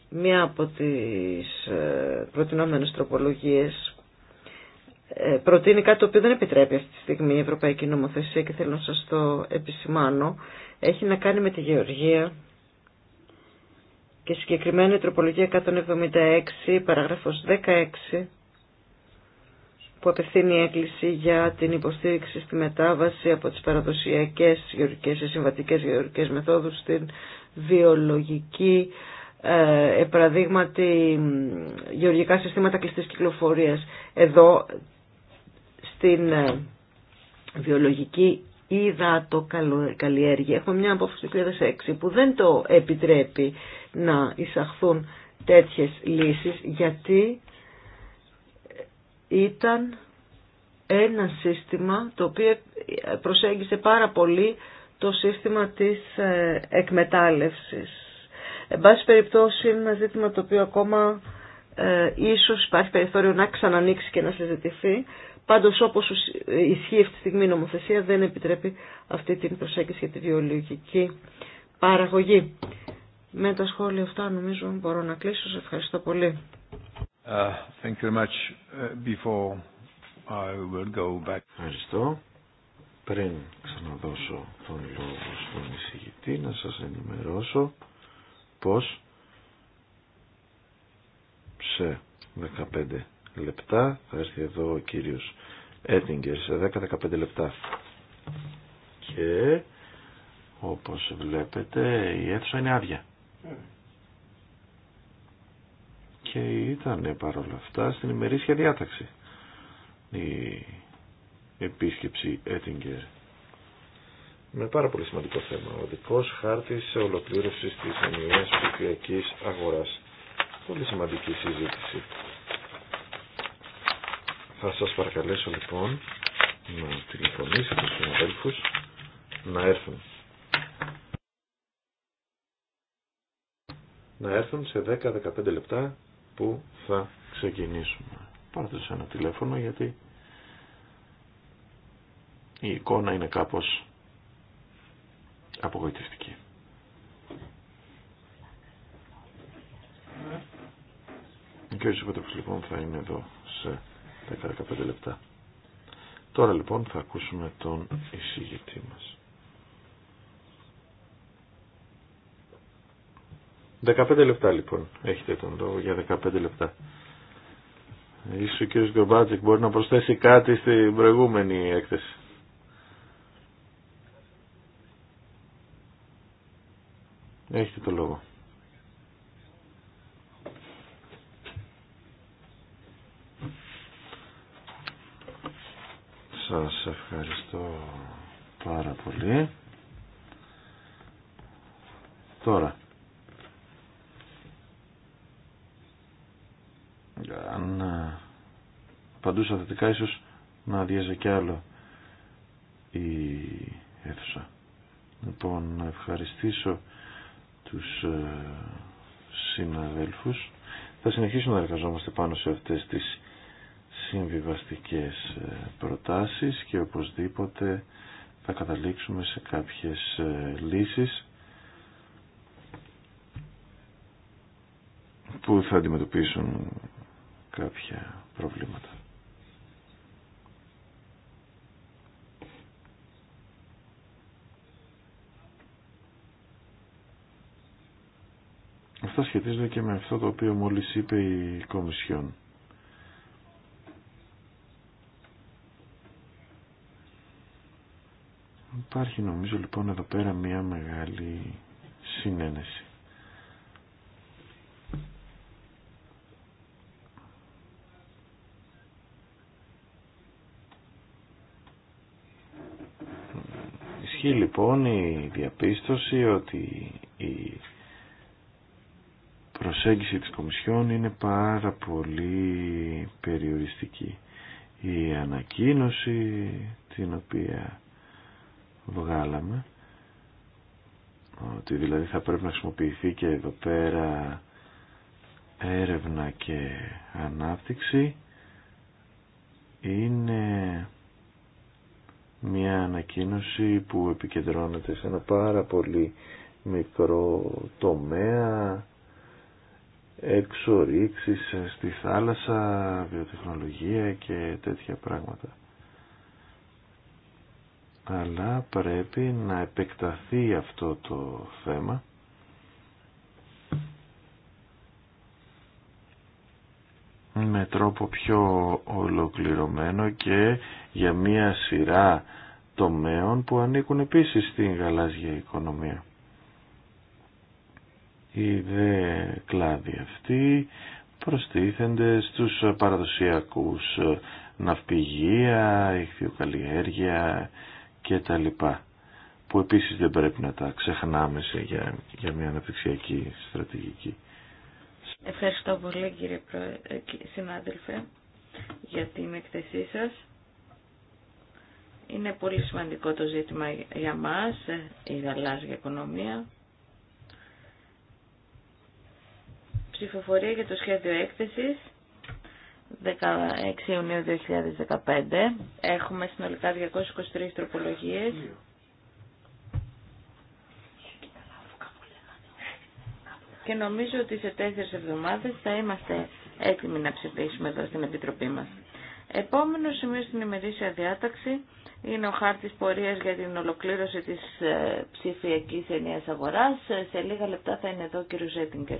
μία από τις ε, προτινόμενες τροπολογίες ε, προτείνει κάτι το οποίο δεν επιτρέπει αυτή τη στιγμή η Ευρωπαϊκή Νομοθεσία και θέλω να σας το επισημάνω. Έχει να κάνει με τη γεωργία, και συγκεκριμένα η τροπολογία 176, παράγραφος 16, που απευθύνει η έκκληση για την υποστήριξη στη μετάβαση από τις παραδοσιακές γεωργικές ή συμβατικές γεωργικές μεθόδους στην βιολογική, ε, παραδείγματι γεωργικά συστήματα κλειστής κυκλοφορίας. Εδώ στην ε, βιολογική υδατοκαλλιέργεια έχουμε μια απόφαση του 2006 που δεν το επιτρέπει να εισαχθούν τέτοιες λύσεις γιατί ήταν ένα σύστημα το οποίο προσέγγισε πάρα πολύ το σύστημα της ε, εκμετάλλευσης. Εν πάση περιπτώσει είναι ένα ζήτημα το οποίο ακόμα ε, ίσως υπάρχει περιθώριο να ξανανοίξει και να συζητηθεί. Πάντως όπως ισχύει αυτή τη στιγμή η νομοθεσία δεν επιτρέπει αυτή την προσέγγιση για τη βιολογική παραγωγή. Με τα σχόλια αυτά νομίζω μπορώ να κλείσω. Σας ευχαριστώ πολύ. Ευχαριστώ. Πριν ξαναδώσω τον λόγο στον εισηγητή να σας ενημερώσω πως σε 15 λεπτά θα έρθει εδώ ο κύριος Έτιγκερ σε 10-15 λεπτά και όπως βλέπετε η αίθουσα είναι άδεια. Και ήταν παρόλα αυτά στην ημερήσια διάταξη η επίσκεψη Έτιγκερ. Με πάρα πολύ σημαντικό θέμα. Ο δικός χάρτης ολοκλήρωσης της ενιαίας ψηφιακή αγοράς. Πολύ σημαντική συζήτηση. Θα σας παρακαλέσω λοιπόν να τηλεφωνήσετε τους αδέλφους να έρθουν. να έρθουν σε 10-15 λεπτά που θα ξεκινήσουμε. Πάρτε σε ένα τηλέφωνο γιατί η εικόνα είναι κάπως απογοητευτική. Ο κ. Ισοπέτροπος λοιπόν θα είναι εδώ σε 10-15 λεπτά. Τώρα λοιπόν θα ακούσουμε τον εισηγητή μας. 15 λεπτά λοιπόν έχετε τον λόγο για 15 λεπτά. Ίσως ο κύριος Γκομπάτζικ μπορεί να προσθέσει κάτι στην προηγούμενη έκθεση. Έχετε το λόγο. Σας ευχαριστώ πάρα πολύ. Τώρα, αν απαντούσα ε, θετικά ίσως να αδειάζει κι άλλο η αίθουσα. Λοιπόν, να ευχαριστήσω τους ε, συναδέλφους. Θα συνεχίσουμε να εργαζόμαστε πάνω σε αυτές τις συμβιβαστικές ε, προτάσεις και οπωσδήποτε θα καταλήξουμε σε κάποιες λύσεις που θα αντιμετωπίσουν κάποια προβλήματα. Αυτά σχετίζονται και με αυτό το οποίο μόλις είπε η Κομισιόν. Υπάρχει νομίζω λοιπόν εδώ πέρα μια μεγάλη συνένεση. Ισχύει λοιπόν η διαπίστωση ότι η προσέγγιση της Κομισιόν είναι πάρα πολύ περιοριστική. Η ανακοίνωση την οποία βγάλαμε ότι δηλαδή θα πρέπει να χρησιμοποιηθεί και εδώ πέρα έρευνα και ανάπτυξη είναι μια ανακοίνωση που επικεντρώνεται σε ένα πάρα πολύ μικρό τομέα εξορίξεις στη θάλασσα, βιοτεχνολογία και τέτοια πράγματα. Αλλά πρέπει να επεκταθεί αυτό το θέμα με τρόπο πιο ολοκληρωμένο και για μία σειρά τομέων που ανήκουν επίσης στην γαλάζια οικονομία. Οι δε κλάδοι αυτοί προστίθενται στους παραδοσιακούς ναυπηγεία, ηχθειοκαλλιέργεια και τα που επίσης δεν πρέπει να τα ξεχνάμε σε για, για μια αναπτυξιακή στρατηγική. Ευχαριστώ πολύ κύριε ε, συνάδελφε για την εκθεσή σας. Είναι πολύ σημαντικό το ζήτημα για μας, ε, η γαλάζια οικονομία. Ψηφοφορία για το σχέδιο έκθεσης 16 Ιουνίου 2015. Έχουμε συνολικά 223 τροπολογίες. και νομίζω ότι σε τέσσερις εβδομάδες θα είμαστε έτοιμοι να ψηφίσουμε εδώ στην Επιτροπή μας. Επόμενο σημείο στην ημερήσια διάταξη είναι ο χάρτης πορείας για την ολοκλήρωση της ε, ψηφιακής ενιαίας αγοράς. Ε, σε λίγα λεπτά θα είναι εδώ ο κ. Ζέτιγκερ.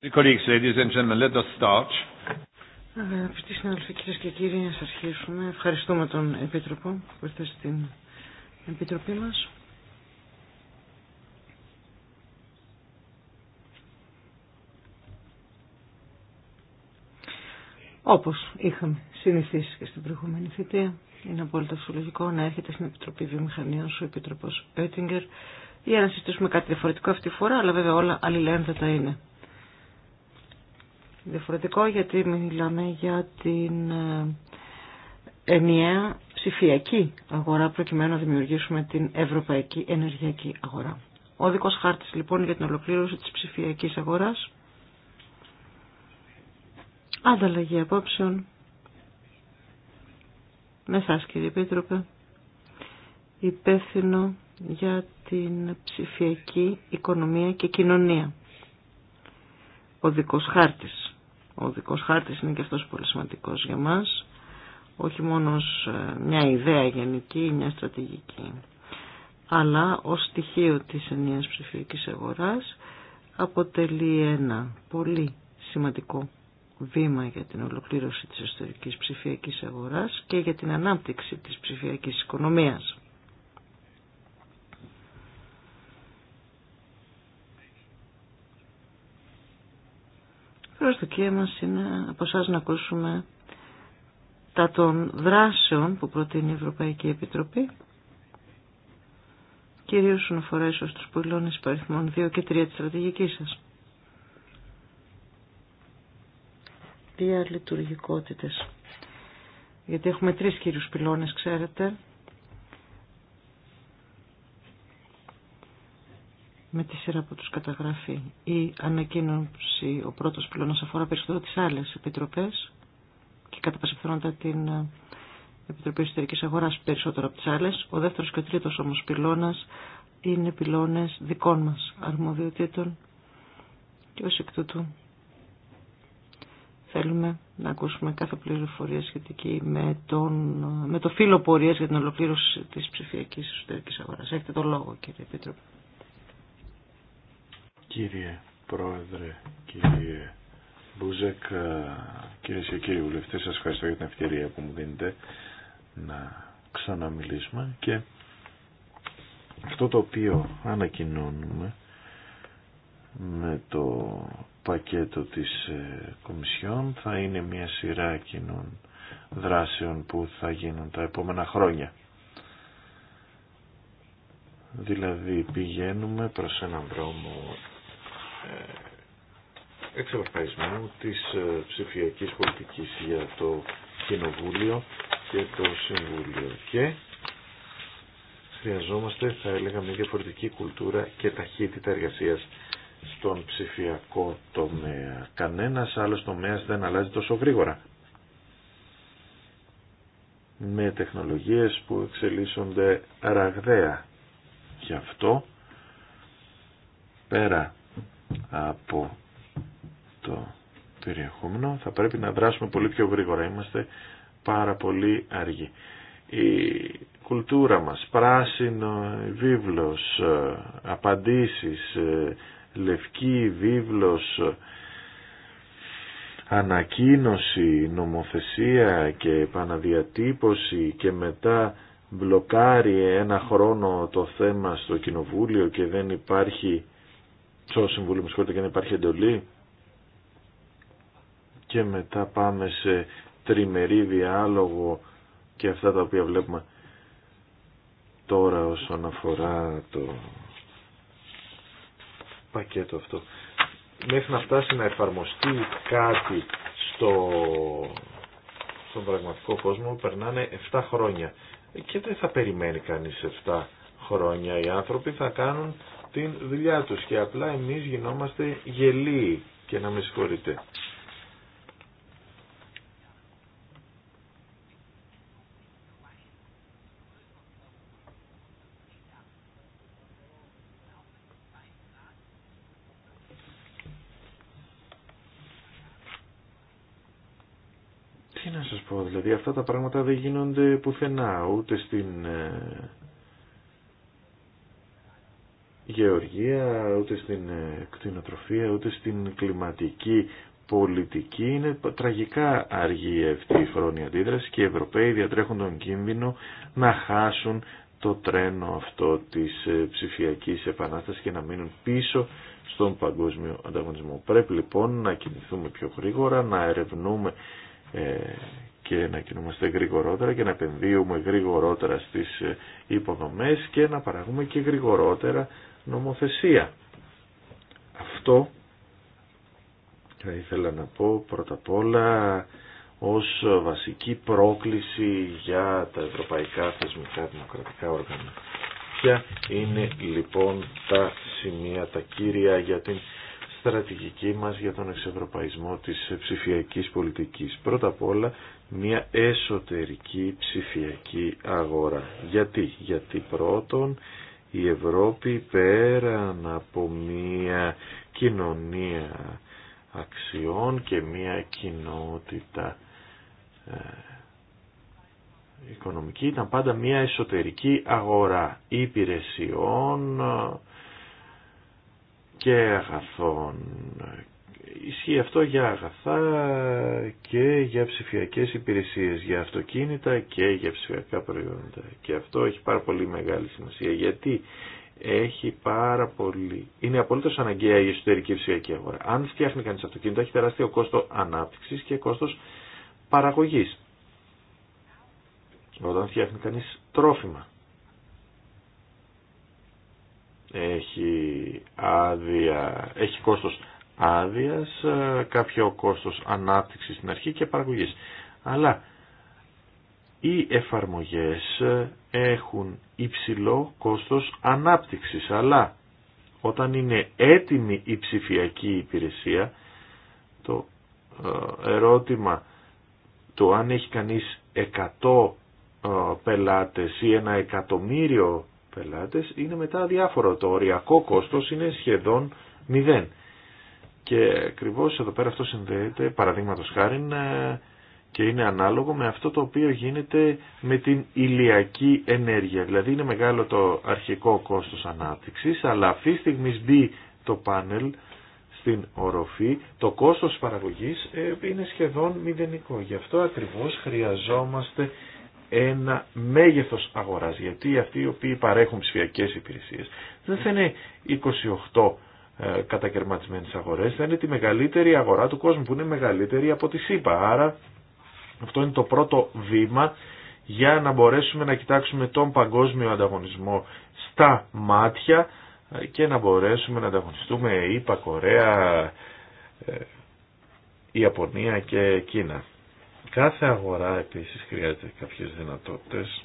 Αγαπητοί συνάδελφοι, κυρίε και κύριοι, α αρχίσουμε. Ευχαριστούμε τον Επίτροπο που ήρθε στην Επιτροπή μα. Όπω είχαμε συνηθίσει και στην προηγούμενη θητεία, είναι απόλυτα φυσιολογικό να έρχεται στην Επιτροπή Βιομηχανία ο Επίτροπο Έτιγκερ για να συζητήσουμε κάτι διαφορετικό αυτή τη φορά, αλλά βέβαια όλα αλληλένδετα είναι διαφορετικό γιατί μιλάμε για την ε, ενιαία ψηφιακή αγορά προκειμένου να δημιουργήσουμε την ευρωπαϊκή ενεργειακή αγορά. Ο δικός χάρτης λοιπόν για την ολοκλήρωση της ψηφιακής αγοράς. Ανταλλαγή απόψεων. Με εσάς κύριε Επίτροπε. Υπεύθυνο για την ψηφιακή οικονομία και κοινωνία. Ο δικός χάρτης. Ο δικός χάρτης είναι και αυτός πολύ σημαντικός για μας, όχι μόνο ε, μια ιδέα γενική μια στρατηγική, αλλά ως στοιχείο της ενιαίας ψηφιακής αγοράς αποτελεί ένα πολύ σημαντικό βήμα για την ολοκλήρωση της ιστορικής ψηφιακής αγοράς και για την ανάπτυξη της ψηφιακής οικονομίας. προσδοκία μας είναι από εσά να ακούσουμε τα των δράσεων που προτείνει η Ευρωπαϊκή Επιτροπή κυρίως όσον αφορά ίσως τους πυλώνες υπαριθμών 2 και 3 της στρατηγικής σας. Διαλειτουργικότητες. Γιατί έχουμε τρεις κύριους πυλώνες, ξέρετε, με τη σειρά που τους καταγράφει η ανακοίνωση, ο πρώτος πυλώνας αφορά περισσότερο τις άλλες επιτροπές και κατά την ε, Επιτροπή Ιστορικής Αγοράς περισσότερο από τις άλλες. Ο δεύτερος και ο τρίτος όμως πυλώνας είναι πυλώνες δικών μας αρμοδιοτήτων και ως εκ τούτου θέλουμε να ακούσουμε κάθε πληροφορία σχετική με, τον, με το φύλλο πορείας για την ολοκλήρωση της ψηφιακής εσωτερική αγοράς. Έχετε τον λόγο κύριε Επίτροπε. Κύριε Πρόεδρε, κύριε Μπούζεκ, κύριε και κύριοι βουλευτές, σας ευχαριστώ για την ευκαιρία που μου δίνετε να ξαναμιλήσουμε και αυτό το οποίο ανακοινώνουμε με το πακέτο της ε, Κομισιόν θα είναι μια σειρά κοινών δράσεων που θα γίνουν τα επόμενα χρόνια. Δηλαδή πηγαίνουμε προς έναν δρόμο ε, εξορθαϊσμού της ε, ψηφιακής πολιτικής για το Κοινοβούλιο και το Συμβούλιο και χρειαζόμαστε θα έλεγα μια διαφορετική κουλτούρα και ταχύτητα εργασίας στον ψηφιακό τομέα. Κανένας άλλος τομέας δεν αλλάζει τόσο γρήγορα. Με τεχνολογίες που εξελίσσονται ραγδαία. Γι' αυτό πέρα από το περιεχόμενο θα πρέπει να δράσουμε πολύ πιο γρήγορα. Είμαστε πάρα πολύ αργοί. Η κουλτούρα μας, πράσινο βίβλος, ε, απαντήσεις, ε, λευκή βίβλος, ε, ανακοίνωση, νομοθεσία και επαναδιατύπωση και μετά μπλοκάρει ένα χρόνο το θέμα στο κοινοβούλιο και δεν υπάρχει στο Συμβούλιο μου συγχωρείτε και να υπάρχει εντολή και μετά πάμε σε τριμερή διάλογο και αυτά τα οποία βλέπουμε τώρα όσον αφορά το πακέτο αυτό. Μέχρι να φτάσει να εφαρμοστεί κάτι στο, στον πραγματικό κόσμο περνάνε 7 χρόνια. Και δεν θα περιμένει κανείς 7 χρόνια. Οι άνθρωποι θα κάνουν την δουλειά τους και απλά εμείς γινόμαστε γελοί και να με συγχωρείτε. Τι να σας πω, δηλαδή αυτά τα πράγματα δεν γίνονται πουθενά, ούτε στην ε, γεωργία, ούτε στην ε, κτηνοτροφία, ούτε στην κλιματική πολιτική. Είναι τραγικά αργή αυτή η φρόνη αντίδραση και οι Ευρωπαίοι διατρέχουν τον κίνδυνο να χάσουν το τρένο αυτό της ε, ψηφιακής επανάστασης και να μείνουν πίσω στον παγκόσμιο ανταγωνισμό. Πρέπει λοιπόν να κινηθούμε πιο γρήγορα, να ερευνούμε ε, και να κινούμαστε γρηγορότερα και να επενδύουμε γρηγορότερα στις υποδομές και να παράγουμε και γρηγορότερα νομοθεσία. Αυτό θα ήθελα να πω πρώτα απ' όλα ως βασική πρόκληση για τα ευρωπαϊκά θεσμικά δημοκρατικά όργανα. Ποια είναι λοιπόν τα σημεία, τα κύρια για την στρατηγική μας για τον εξευρωπαϊσμό της ψηφιακής πολιτικής. Πρώτα απ' όλα μια εσωτερική ψηφιακή αγορά. Γιατί, γιατί πρώτον η Ευρώπη πέραν από μία κοινωνία αξιών και μία κοινότητα ε, οικονομική ήταν πάντα μία εσωτερική αγορά υπηρεσιών ε, και αγαθών Ισχύει αυτό για αγαθά και για ψηφιακές υπηρεσίες, για αυτοκίνητα και για ψηφιακά προϊόντα. Και αυτό έχει πάρα πολύ μεγάλη σημασία γιατί έχει πάρα πολύ... είναι απολύτως αναγκαία η εσωτερική ψηφιακή αγορά. Αν φτιάχνει κανείς αυτοκίνητα έχει τεράστιο κόστο ανάπτυξης και κόστος παραγωγής. Όταν φτιάχνει κανείς τρόφιμα έχει άδεια, έχει κόστος άδεια, ε, κάποιο κόστος ανάπτυξης στην αρχή και παραγωγής. Αλλά οι εφαρμογές ε, έχουν υψηλό κόστος ανάπτυξης, αλλά όταν είναι έτοιμη η ψηφιακή υπηρεσία, το ε, ερώτημα το αν έχει κανείς 100 πελάτες ή ένα εκατομμύριο πελάτες είναι μετά διάφορο. Το οριακό κόστος είναι σχεδόν μηδέν. Και ακριβώ εδώ πέρα αυτό συνδέεται, παραδείγματο χάρη, ε, και είναι ανάλογο με αυτό το οποίο γίνεται με την ηλιακή ενέργεια. Δηλαδή είναι μεγάλο το αρχικό κόστος ανάπτυξη, αλλά αυτή τη στιγμή μπει το πάνελ στην οροφή, το κόστος παραγωγής ε, είναι σχεδόν μηδενικό. Γι' αυτό ακριβώς χρειαζόμαστε ένα μέγεθος αγοράς, γιατί αυτοί οι οποίοι παρέχουν ψηφιακές υπηρεσίες δεν θα είναι 28 ε, κατακαιρματισμένες αγορές θα είναι τη μεγαλύτερη αγορά του κόσμου που είναι μεγαλύτερη από τη ΣΥΠΑ. Άρα αυτό είναι το πρώτο βήμα για να μπορέσουμε να κοιτάξουμε τον παγκόσμιο ανταγωνισμό στα μάτια ε, και να μπορέσουμε να ανταγωνιστούμε ΙΠΑ, Κορέα, ε, Ιαπωνία και Κίνα. Κάθε αγορά επίσης χρειάζεται κάποιες δυνατότητες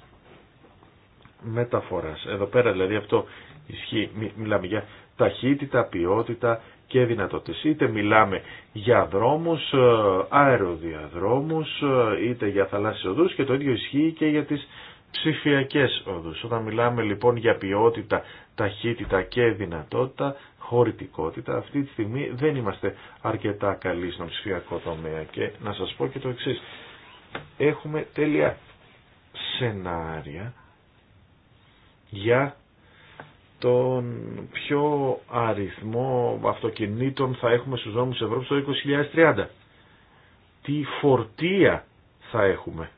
μεταφοράς. Εδώ πέρα δηλαδή αυτό ισχύει, μιλάμε για ταχύτητα, ποιότητα και δυνατότητες. Είτε μιλάμε για δρόμους, ε, αεροδιαδρόμους, ε, είτε για θαλάσσιες οδούς και το ίδιο ισχύει και για τις ψηφιακές οδούς. Όταν μιλάμε λοιπόν για ποιότητα, ταχύτητα και δυνατότητα, χωρητικότητα, αυτή τη στιγμή δεν είμαστε αρκετά καλοί στον ψηφιακό τομέα. Και να σας πω και το εξή. έχουμε τέλεια σενάρια για τον ποιο αριθμό αυτοκινήτων θα έχουμε στους δρόμους της Ευρώπης το 2030. Τι φορτία θα έχουμε.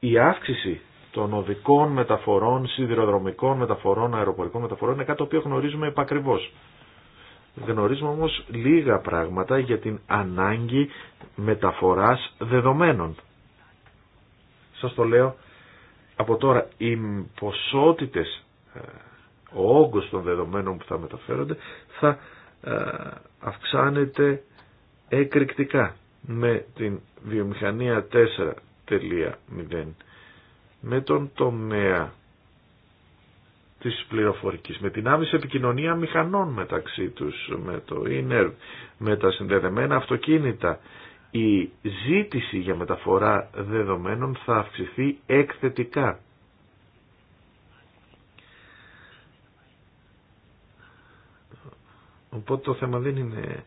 Η αύξηση των οδικών μεταφορών, σιδηροδρομικών μεταφορών, αεροπορικών μεταφορών είναι κάτι το οποίο γνωρίζουμε επακριβώς. Γνωρίζουμε όμως λίγα πράγματα για την ανάγκη μεταφοράς δεδομένων. Σας το λέω από τώρα, οι ποσότητες ε, ο όγκος των δεδομένων που θα μεταφέρονται θα ε, αυξάνεται εκρηκτικά με την βιομηχανία 4.0 με τον τομέα της πληροφορικής, με την άμεση επικοινωνία μηχανών μεταξύ τους, με το ίνερ, με τα συνδεδεμένα αυτοκίνητα. Η ζήτηση για μεταφορά δεδομένων θα αυξηθεί εκθετικά. Οπότε το θέμα δεν είναι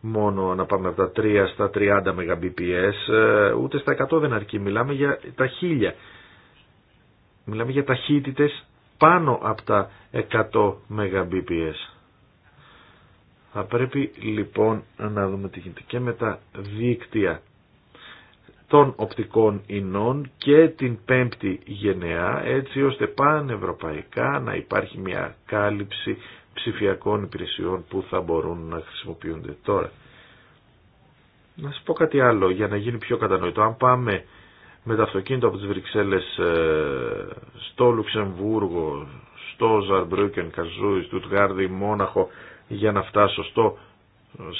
μόνο να πάμε από τα 3 στα 30 Mbps, ε, ούτε στα 100 δεν αρκεί. Μιλάμε για τα χίλια, Μιλάμε για ταχύτητες πάνω από τα 100 Mbps. Θα πρέπει λοιπόν να δούμε τι γίνεται και με τα δίκτυα των οπτικών ινών και την πέμπτη γενεά έτσι ώστε πανευρωπαϊκά να υπάρχει μια κάλυψη ψηφιακών υπηρεσιών που θα μπορούν να χρησιμοποιούνται τώρα. Να σας πω κάτι άλλο για να γίνει πιο κατανοητό. Αν πάμε με τα αυτοκίνητα από τις Βρυξέλλες ε, στο Λουξεμβούργο, στο Ζαρμπρούκεν, Καζούι, Στουτγάρδη, Μόναχο για να φτάσω στο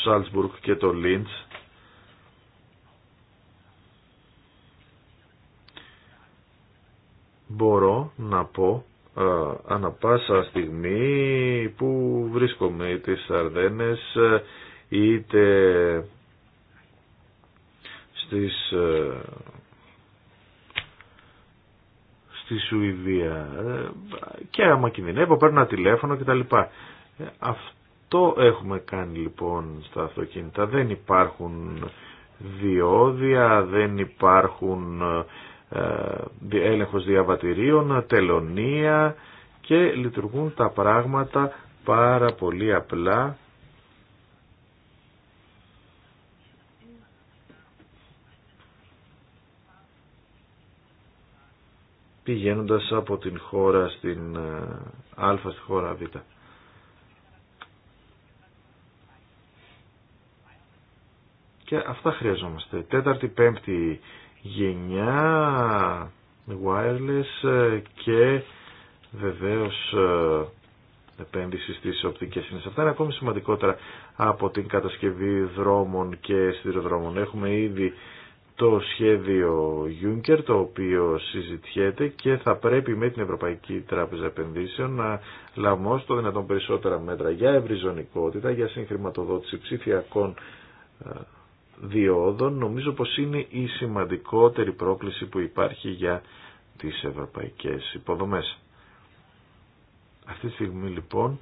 Σάλτσμπουργκ και το Λίντς μπορώ να πω ανα πάσα στιγμή που βρίσκομαι είτε στις Αρδένες είτε στις ε, στη Σουηδία ε, και άμα κινδυνεύω παίρνω ένα τηλέφωνο κτλ. Ε, αυτό έχουμε κάνει λοιπόν στα αυτοκίνητα. Δεν υπάρχουν διόδια, δεν υπάρχουν ε, έλεγχος διαβατηρίων, τελωνία και λειτουργούν τα πράγματα πάρα πολύ απλά πηγαίνοντας από την χώρα στην ε, α στη χώρα β. Και αυτά χρειαζόμαστε. Τέταρτη, πέμπτη γενιά wireless ε, και βεβαίως ε, επένδυση στις οπτικές σύνες. Αυτά είναι ακόμη σημαντικότερα από την κατασκευή δρόμων και σιδηροδρόμων. Έχουμε ήδη το σχέδιο Juncker το οποίο συζητιέται και θα πρέπει με την Ευρωπαϊκή Τράπεζα Επενδύσεων να λαμβάνει το δυνατόν περισσότερα μέτρα για ευρυζωνικότητα, για συγχρηματοδότηση ψηφιακών ε, διόδων νομίζω πως είναι η σημαντικότερη πρόκληση που υπάρχει για τις ευρωπαϊκές υποδομές. Αυτή τη στιγμή λοιπόν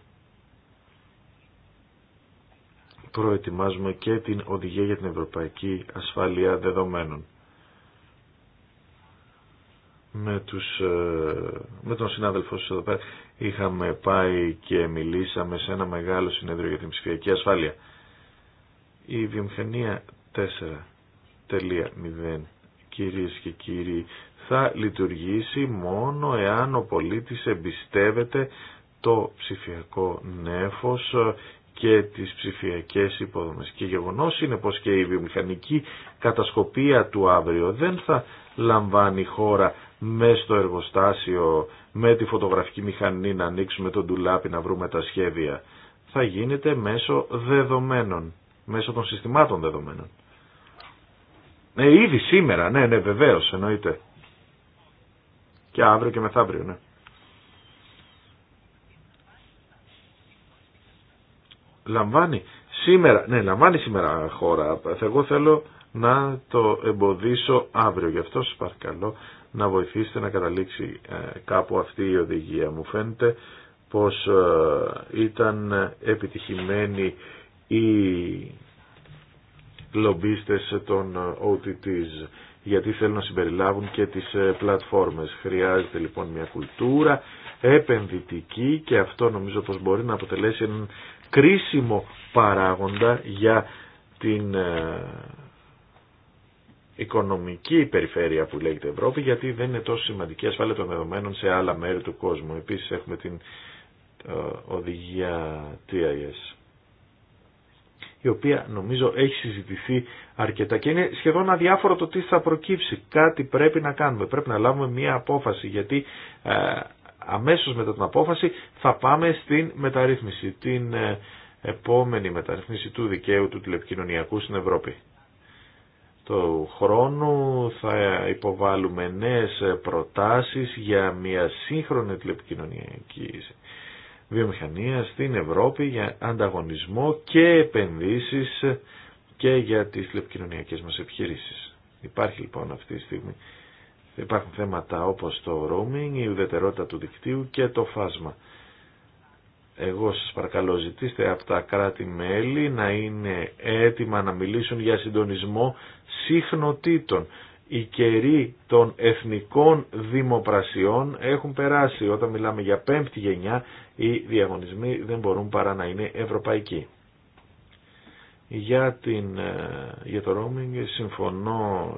προετοιμάζουμε και την οδηγία για την ευρωπαϊκή ασφάλεια δεδομένων. Με, τους, ε, με τον συνάδελφο σας εδώ πέρα είχαμε πάει και μιλήσαμε σε ένα μεγάλο συνέδριο για την ψηφιακή ασφάλεια. Η βιομηχανία 4.0 κυρίες και κύριοι θα λειτουργήσει μόνο εάν ο πολίτης εμπιστεύεται το ψηφιακό νέφος και τις ψηφιακές υποδομές. Και γεγονός είναι πως και η βιομηχανική κατασκοπία του αύριο δεν θα λαμβάνει χώρα μέσα στο εργοστάσιο, με τη φωτογραφική μηχανή να ανοίξουμε τον ντουλάπι να βρούμε τα σχέδια. Θα γίνεται μέσω δεδομένων, μέσω των συστημάτων δεδομένων ναι ήδη σήμερα, ναι, ναι, βεβαίω εννοείται. Και αύριο και μεθαύριο, ναι. Λαμβάνει σήμερα, ναι, λαμβάνει σήμερα χώρα. Εγώ θέλω να το εμποδίσω αύριο. Γι' αυτό σας παρακαλώ να βοηθήσετε να καταλήξει ε, κάπου αυτή η οδηγία. Μου φαίνεται πως ε, ήταν επιτυχημένη η λομπίστες των ε, OTTs γιατί θέλουν να συμπεριλάβουν και τις ε, πλατφόρμες. Χρειάζεται λοιπόν μια κουλτούρα επενδυτική και αυτό νομίζω πως μπορεί να αποτελέσει έναν κρίσιμο παράγοντα για την ε, οικονομική περιφέρεια που λέγεται Ευρώπη γιατί δεν είναι τόσο σημαντική ασφάλεια των δεδομένων σε άλλα μέρη του κόσμου. Επίσης έχουμε την οδηγία TIS η οποία νομίζω έχει συζητηθεί αρκετά και είναι σχεδόν αδιάφορο το τι θα προκύψει. Κάτι πρέπει να κάνουμε, πρέπει να λάβουμε μία απόφαση γιατί ε, αμέσως μετά την απόφαση θα πάμε στην μεταρρύθμιση, την ε, επόμενη μεταρρύθμιση του δικαίου του τηλεπικοινωνιακού στην Ευρώπη. Το χρόνο θα υποβάλουμε νέες προτάσεις για μια σύγχρονη τηλεπικοινωνιακή βιομηχανία στην Ευρώπη για ανταγωνισμό και επενδύσεις και για τις τηλεπικοινωνιακές μας επιχειρήσεις. Υπάρχει λοιπόν αυτή τη στιγμή υπάρχουν θέματα όπως το roaming, η ουδετερότητα του δικτύου και το φάσμα. Εγώ σας παρακαλώ ζητήστε από τα κράτη-μέλη να είναι έτοιμα να μιλήσουν για συντονισμό συχνοτήτων οι καιροί των εθνικών δημοπρασιών έχουν περάσει. Όταν μιλάμε για πέμπτη γενιά, οι διαγωνισμοί δεν μπορούν παρά να είναι ευρωπαϊκοί. Για, την, ε, για το roaming συμφωνώ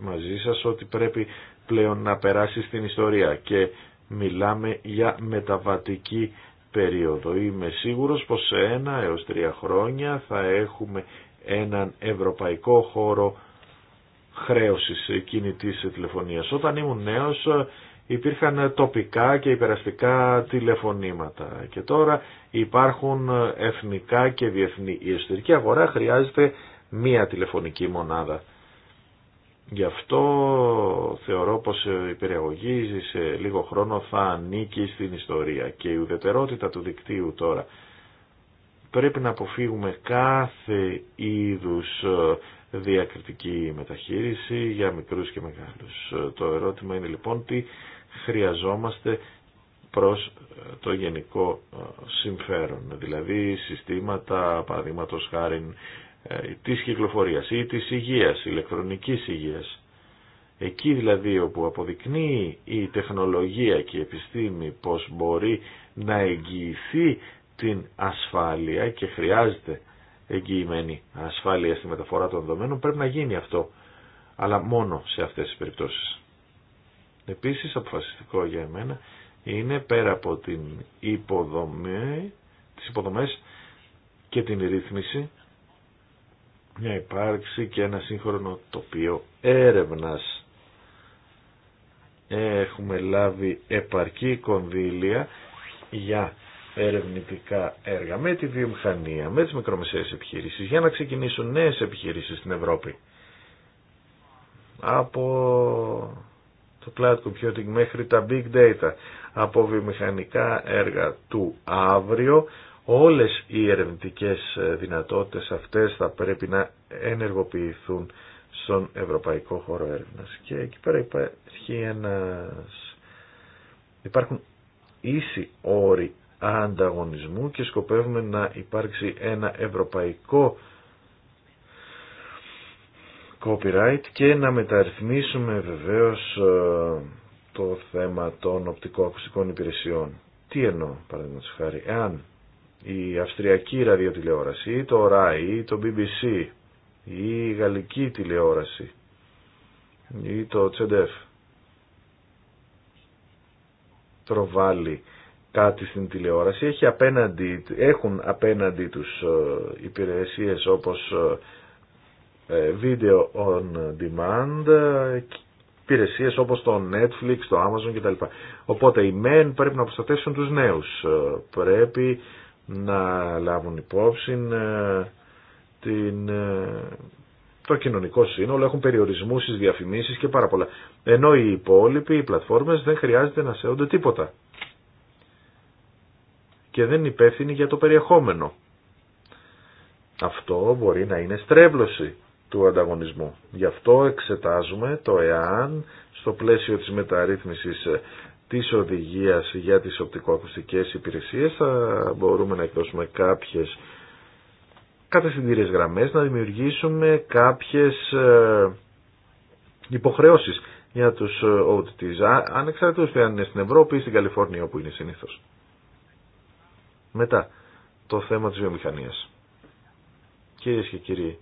μαζί σας ότι πρέπει πλέον να περάσει στην ιστορία και μιλάμε για μεταβατική περίοδο. Είμαι σίγουρος πως σε ένα έως τρία χρόνια θα έχουμε έναν ευρωπαϊκό χώρο χρέωσης κινητής τηλεφωνίας. Όταν ήμουν νέος υπήρχαν τοπικά και υπεραστικά τηλεφωνήματα και τώρα υπάρχουν εθνικά και διεθνή. Η εσωτερική αγορά χρειάζεται μία τηλεφωνική μονάδα. Γι' αυτό θεωρώ πως η περιαγωγή σε λίγο χρόνο θα ανήκει στην ιστορία και η ουδετερότητα του δικτύου τώρα. Πρέπει να αποφύγουμε κάθε είδους ε, διακριτική μεταχείριση για μικρούς και μεγάλους. Το ερώτημα είναι λοιπόν τι χρειαζόμαστε προς το γενικό ε, συμφέρον, δηλαδή συστήματα παραδείγματο χάρη ε, της κυκλοφορίας ή της υγείας, ηλεκτρονικής υγείας. Εκεί δηλαδή όπου αποδεικνύει η τεχνολογία και η επιστήμη πως μπορεί να εγγυηθεί την ασφάλεια και χρειάζεται εγγυημένη ασφάλεια στη μεταφορά των δεδομένων. Πρέπει να γίνει αυτό, αλλά μόνο σε αυτές τις περιπτώσεις. Επίσης, αποφασιστικό για εμένα είναι πέρα από την υποδομή, τις υποδομές και την ρύθμιση μια υπάρξη και ένα σύγχρονο τοπίο έρευνας. Έχουμε λάβει επαρκή κονδύλια για ερευνητικά έργα, με τη βιομηχανία, με τις μικρομεσαίες επιχειρήσεις, για να ξεκινήσουν νέες επιχειρήσεις στην Ευρώπη. Από το cloud computing μέχρι τα big data, από βιομηχανικά έργα του αύριο, όλες οι ερευνητικές δυνατότητες αυτές θα πρέπει να ενεργοποιηθούν στον Ευρωπαϊκό Χώρο Έρευνας. Και εκεί πέρα υπάρχει ένας... υπάρχουν ίσοι όροι ανταγωνισμού και σκοπεύουμε να υπάρξει ένα ευρωπαϊκό copyright και να μεταρρυθμίσουμε βεβαίως ε, το θέμα των οπτικοακουστικών υπηρεσιών. Τι εννοώ παραδείγματος χάρη, εάν η αυστριακή ραδιοτηλεόραση ή το RAI ή το BBC ή η γαλλική τηλεόραση ή το CDF προβάλλει κάτι στην τηλεόραση έχει απέναντι, έχουν απέναντι τους ε, υπηρεσίες όπως ε, ε, video on demand υπηρεσίες όπως το Netflix, το Amazon κτλ. Οπότε οι μεν πρέπει να προστατεύσουν τους νέους. Πρέπει να λάβουν υπόψη την, το κοινωνικό σύνολο, έχουν περιορισμούς στις διαφημίσεις και πάρα πολλά. Ενώ οι υπόλοιποι, οι πλατφόρμες δεν χρειάζεται να σέονται τίποτα και δεν υπεύθυνει για το περιεχόμενο. Αυτό μπορεί να είναι στρέβλωση του ανταγωνισμού. Γι' αυτό εξετάζουμε το εάν στο πλαίσιο της μεταρρύθμισης ε, της οδηγίας για τις οπτικοακουστικές υπηρεσίες θα μπορούμε να εκδώσουμε κάποιες κατευθυντήριες γραμμές, να δημιουργήσουμε κάποιες ε, υποχρεώσεις για τους ε, OTTs, ανεξαρτήτως αν είναι στην Ευρώπη ή στην Καλιφόρνια όπου είναι συνήθως. Μετά, το θέμα της βιομηχανίας. Κυρίε και κύριοι,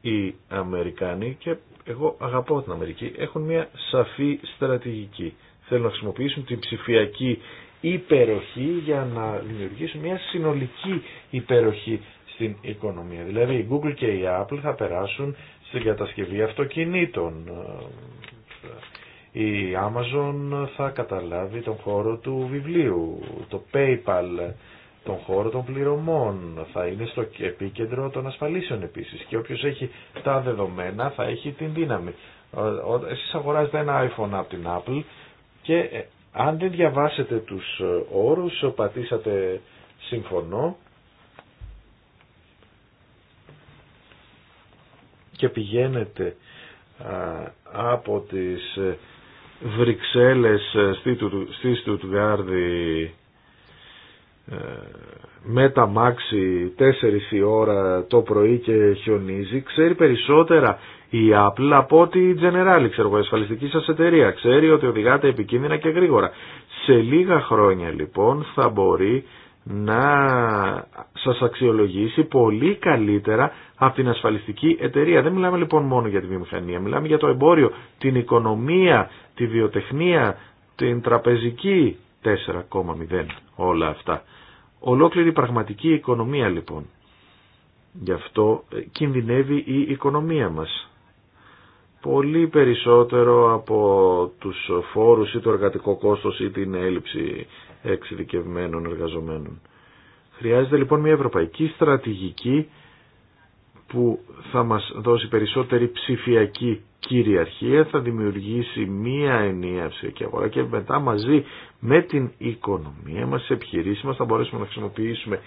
οι Αμερικάνοι, και εγώ αγαπώ την Αμερική, έχουν μια σαφή στρατηγική. Θέλουν να χρησιμοποιήσουν την ψηφιακή υπεροχή για να δημιουργήσουν μια συνολική υπεροχή στην οικονομία. Δηλαδή η Google και η Apple θα περάσουν στην κατασκευή αυτοκινήτων, η Amazon θα καταλάβει τον χώρο του βιβλίου, το PayPal, τον χώρο των πληρωμών, θα είναι στο επίκεντρο των ασφαλίσεων επίσης και όποιος έχει τα δεδομένα θα έχει την δύναμη. Εσείς αγοράζετε ένα iPhone από την Apple και ε, αν δεν διαβάσετε τους ε, όρους, ε, πατήσατε συμφωνώ και πηγαίνετε από τις Βρυξέλλες ε, στη Στουτγκάρδη ε, με τα μάξι 4 η ώρα το πρωί και χιονίζει, ξέρει περισσότερα η Apple από ότι η General η ασφαλιστική σας εταιρεία. Ξέρει ότι οδηγάται επικίνδυνα και γρήγορα. Σε λίγα χρόνια λοιπόν θα μπορεί να σας αξιολογήσει πολύ καλύτερα από την ασφαλιστική εταιρεία. Δεν μιλάμε λοιπόν μόνο για τη βιομηχανία, μιλάμε για το εμπόριο, την οικονομία, τη βιοτεχνία, την τραπεζική 4,0 όλα αυτά. Ολόκληρη πραγματική οικονομία λοιπόν. Γι' αυτό ε, κινδυνεύει η οικονομία μας πολύ περισσότερο από τους φόρους ή το εργατικό κόστος ή την έλλειψη εξειδικευμένων εργαζομένων. Χρειάζεται λοιπόν μια ευρωπαϊκή στρατηγική που θα μας δώσει περισσότερη ψηφιακή κυριαρχία, θα δημιουργήσει μία ενιαία και αγορά και μετά μαζί με την οικονομία μας, τις επιχειρήσεις μας θα μπορέσουμε να χρησιμοποιήσουμε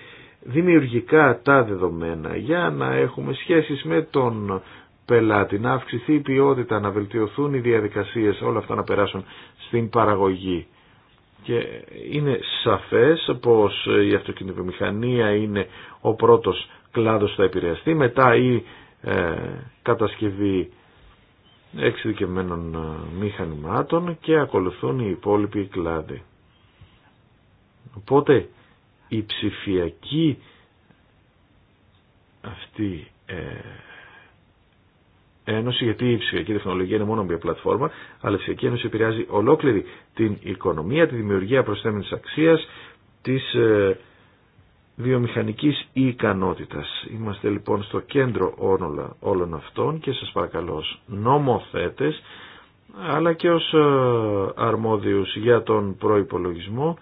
δημιουργικά τα δεδομένα για να έχουμε σχέσεις με τον πελάτη, να αυξηθεί η ποιότητα, να βελτιωθούν οι διαδικασίες, όλα αυτά να περάσουν στην παραγωγή. Και είναι σαφές πως η αυτοκινητομηχανία είναι ο πρώτος κλάδος που θα επηρεαστεί, μετά η ε, κατασκευή εξειδικευμένων ε, μηχανημάτων και ακολουθούν οι υπόλοιποι κλάδοι. Οπότε η ψηφιακή αυτή ε, Ένωση, γιατί η ψηφιακή τεχνολογία είναι μόνο μια πλατφόρμα, αλλά η ψηφιακή ένωση επηρεάζει ολόκληρη την οικονομία, τη δημιουργία προσθέμενης αξίας, της ε, βιομηχανική ικανότητα. Είμαστε λοιπόν στο κέντρο όλων αυτών και σας παρακαλώ ως νομοθέτες, αλλά και ως ε, αρμόδιους για τον προϋπολογισμό,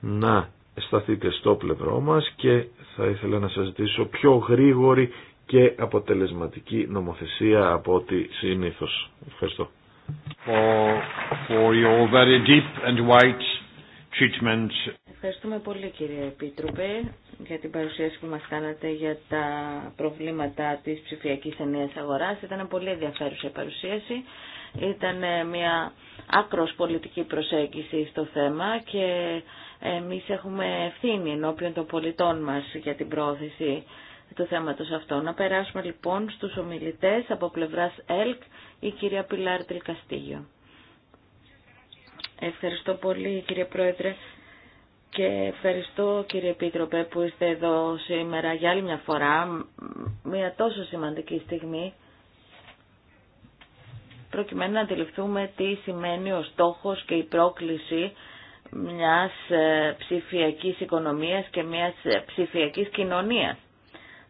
να σταθείτε στο πλευρό μας και θα ήθελα να σας ζητήσω πιο γρήγορη και αποτελεσματική νομοθεσία από ό,τι συνήθως. Ευχαριστώ. Ευχαριστούμε πολύ κύριε Επίτροπε για την παρουσίαση που μας κάνατε για τα προβλήματα της ψηφιακής ενίας αγοράς. Ήταν πολύ ενδιαφέρουσα η παρουσίαση. Ήταν ε, μια άκρος πολιτική προσέγγιση στο θέμα και εμείς έχουμε ευθύνη ενώπιον των πολιτών μας για την πρόθεση του θέματος αυτό. Να περάσουμε λοιπόν στους ομιλητές από πλευράς ΕΛΚ, η κυρία Πιλάρ Τρικαστίγιο. Ευχαριστώ πολύ κύριε Πρόεδρε και ευχαριστώ κύριε Επίτροπε που είστε εδώ σήμερα για άλλη μια φορά, μια τόσο σημαντική στιγμή προκειμένου να αντιληφθούμε τι σημαίνει ο στόχος και η πρόκληση μιας ε, ψηφιακής οικονομίας και μιας ε, ψηφιακής κοινωνίας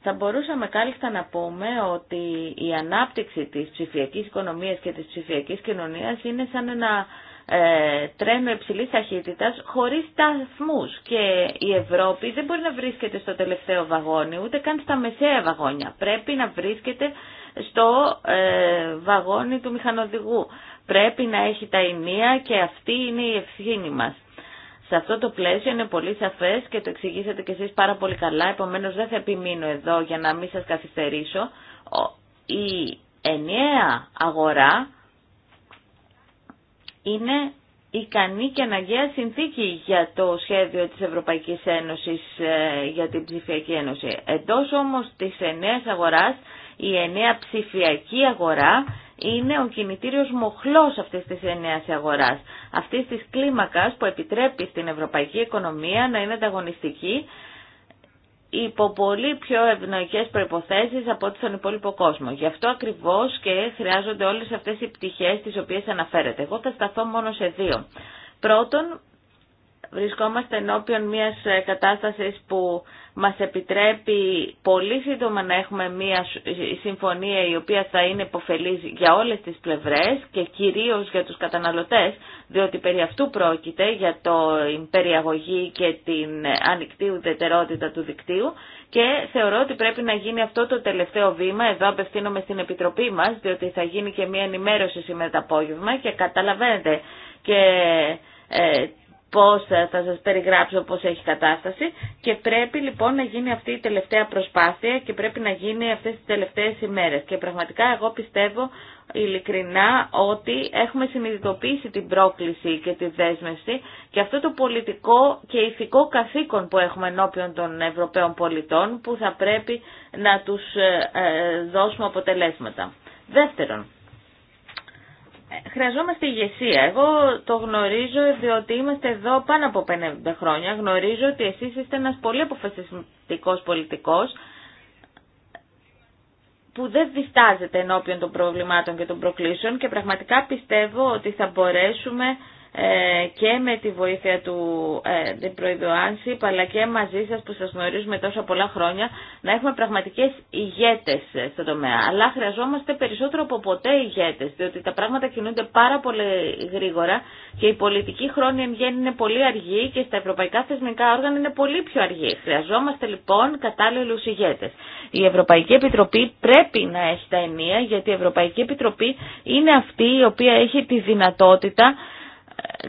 θα μπορούσαμε κάλλιστα να πούμε ότι η ανάπτυξη της ψηφιακής οικονομίας και της ψηφιακής κοινωνίας είναι σαν ένα ε, τρένο υψηλής ταχύτητας χωρίς σταθμούς και η Ευρώπη δεν μπορεί να βρίσκεται στο τελευταίο βαγόνι ούτε καν στα μεσαία βαγόνια. Πρέπει να βρίσκεται στο ε, βαγόνι του μηχανοδηγού. Πρέπει να έχει τα ενία και αυτή είναι η ευθύνη μας. Σε αυτό το πλαίσιο είναι πολύ σαφές και το εξηγήσατε κι εσείς πάρα πολύ καλά, επομένως δεν θα επιμείνω εδώ για να μην σας καθυστερήσω. Η ενιαία αγορά είναι ικανή και αναγκαία συνθήκη για το σχέδιο της Ευρωπαϊκής Ένωσης ε, για την ψηφιακή ένωση. Εντός όμως της ενιαίας αγοράς, η ενιαία ψηφιακή αγορά είναι ο κινητήριος μοχλός αυτής της ενέας αγοράς, αυτής της κλίμακας που επιτρέπει στην ευρωπαϊκή οικονομία να είναι ανταγωνιστική υπό πολύ πιο ευνοϊκές προϋποθέσεις από ό,τι στον υπόλοιπο κόσμο. Γι' αυτό ακριβώς και χρειάζονται όλες αυτές οι πτυχές τις οποίες αναφέρεται. Εγώ θα σταθώ μόνο σε δύο. Πρώτον, Βρισκόμαστε ενώπιον μιας ε, κατάστασης που μας επιτρέπει πολύ σύντομα να έχουμε μια ε, συμφωνία η οποία θα είναι υποφελής για όλες τις πλευρές και κυρίως για τους καταναλωτές, διότι περί αυτού πρόκειται για την περιαγωγή και την ε, ανοιχτή ουδετερότητα του δικτύου και θεωρώ ότι πρέπει να γίνει αυτό το τελευταίο βήμα. Εδώ απευθύνομαι στην Επιτροπή μας, διότι θα γίνει και μια ενημέρωση σήμερα το απόγευμα και καταλαβαίνετε και πώς ε, θα σας περιγράψω πώς έχει κατάσταση και πρέπει λοιπόν να γίνει αυτή η τελευταία προσπάθεια και πρέπει να γίνει αυτές τις τελευταίες ημέρες. Και πραγματικά εγώ πιστεύω ειλικρινά ότι έχουμε συνειδητοποιήσει την πρόκληση και τη δέσμευση και αυτό το πολιτικό και ηθικό καθήκον που έχουμε ενώπιον των Ευρωπαίων πολιτών που θα πρέπει να τους ε, ε, δώσουμε αποτελέσματα. Δεύτερον, Χρειαζόμαστε ηγεσία. Εγώ το γνωρίζω διότι είμαστε εδώ πάνω από 50 χρόνια. Γνωρίζω ότι εσείς είστε ένας πολύ αποφασιστικός πολιτικός που δεν διστάζεται ενώπιον των προβλημάτων και των προκλήσεων και πραγματικά πιστεύω ότι θα μπορέσουμε ε, και με τη βοήθεια του ε, Προειδοάνση, αλλά και μαζί σας που σας γνωρίζουμε τόσα πολλά χρόνια, να έχουμε πραγματικές ηγέτες στο τομέα. Αλλά χρειαζόμαστε περισσότερο από ποτέ ηγέτες, διότι τα πράγματα κινούνται πάρα πολύ γρήγορα και η πολιτική χρόνια εν γέννη είναι πολύ αργή και στα ευρωπαϊκά θεσμικά όργανα είναι πολύ πιο αργή. Χρειαζόμαστε λοιπόν κατάλληλους ηγέτες. Η Ευρωπαϊκή Επιτροπή πρέπει να έχει τα ενία, γιατί η Ευρωπαϊκή Επιτροπή είναι αυτή η οποία έχει τη δυνατότητα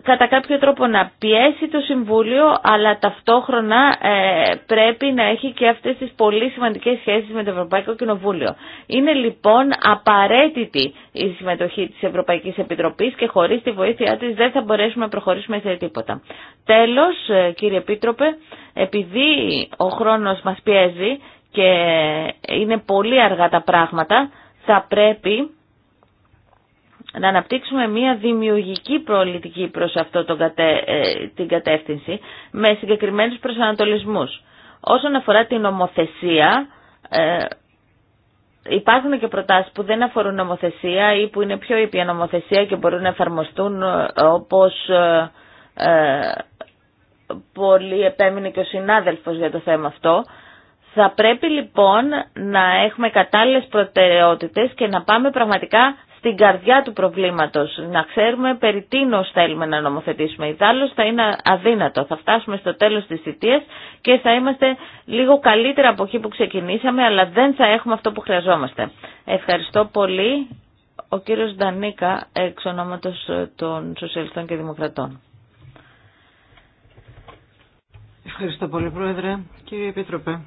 κατά κάποιο τρόπο να πιέσει το Συμβούλιο, αλλά ταυτόχρονα ε, πρέπει να έχει και αυτές τις πολύ σημαντικές σχέσεις με το Ευρωπαϊκό Κοινοβούλιο. Είναι λοιπόν απαραίτητη η συμμετοχή της Ευρωπαϊκής Επιτροπής και χωρίς τη βοήθειά της δεν θα μπορέσουμε να προχωρήσουμε σε τίποτα. Τέλος, ε, κύριε Επίτροπε, επειδή ο χρόνος μας πιέζει και είναι πολύ αργά τα πράγματα, θα πρέπει να αναπτύξουμε μια δημιουργική προλητική προς αυτό ε, την κατεύθυνση με συγκεκριμένους προσανατολισμούς. Όσον αφορά την νομοθεσία, ε, υπάρχουν και προτάσεις που δεν αφορούν νομοθεσία ή που είναι πιο ήπια νομοθεσία και μπορούν να εφαρμοστούν ε, όπως ε, πολύ επέμεινε και ο συνάδελφος για το θέμα αυτό. Θα πρέπει λοιπόν να έχουμε κατάλληλες προτεραιότητες και να πάμε πραγματικά στην καρδιά του προβλήματος, να ξέρουμε περί τίνος θέλουμε να νομοθετήσουμε. Ιδάλλως θα είναι αδύνατο, θα φτάσουμε στο τέλος της θητείας και θα είμαστε λίγο καλύτερα από εκεί που ξεκινήσαμε, αλλά δεν θα έχουμε αυτό που χρειαζόμαστε. Ευχαριστώ πολύ ο κύριος Ντανίκα, εξ ονόματος των Σοσιαλιστών και Δημοκρατών. Ευχαριστώ πολύ, Πρόεδρε. Κύριε Επίτροπε,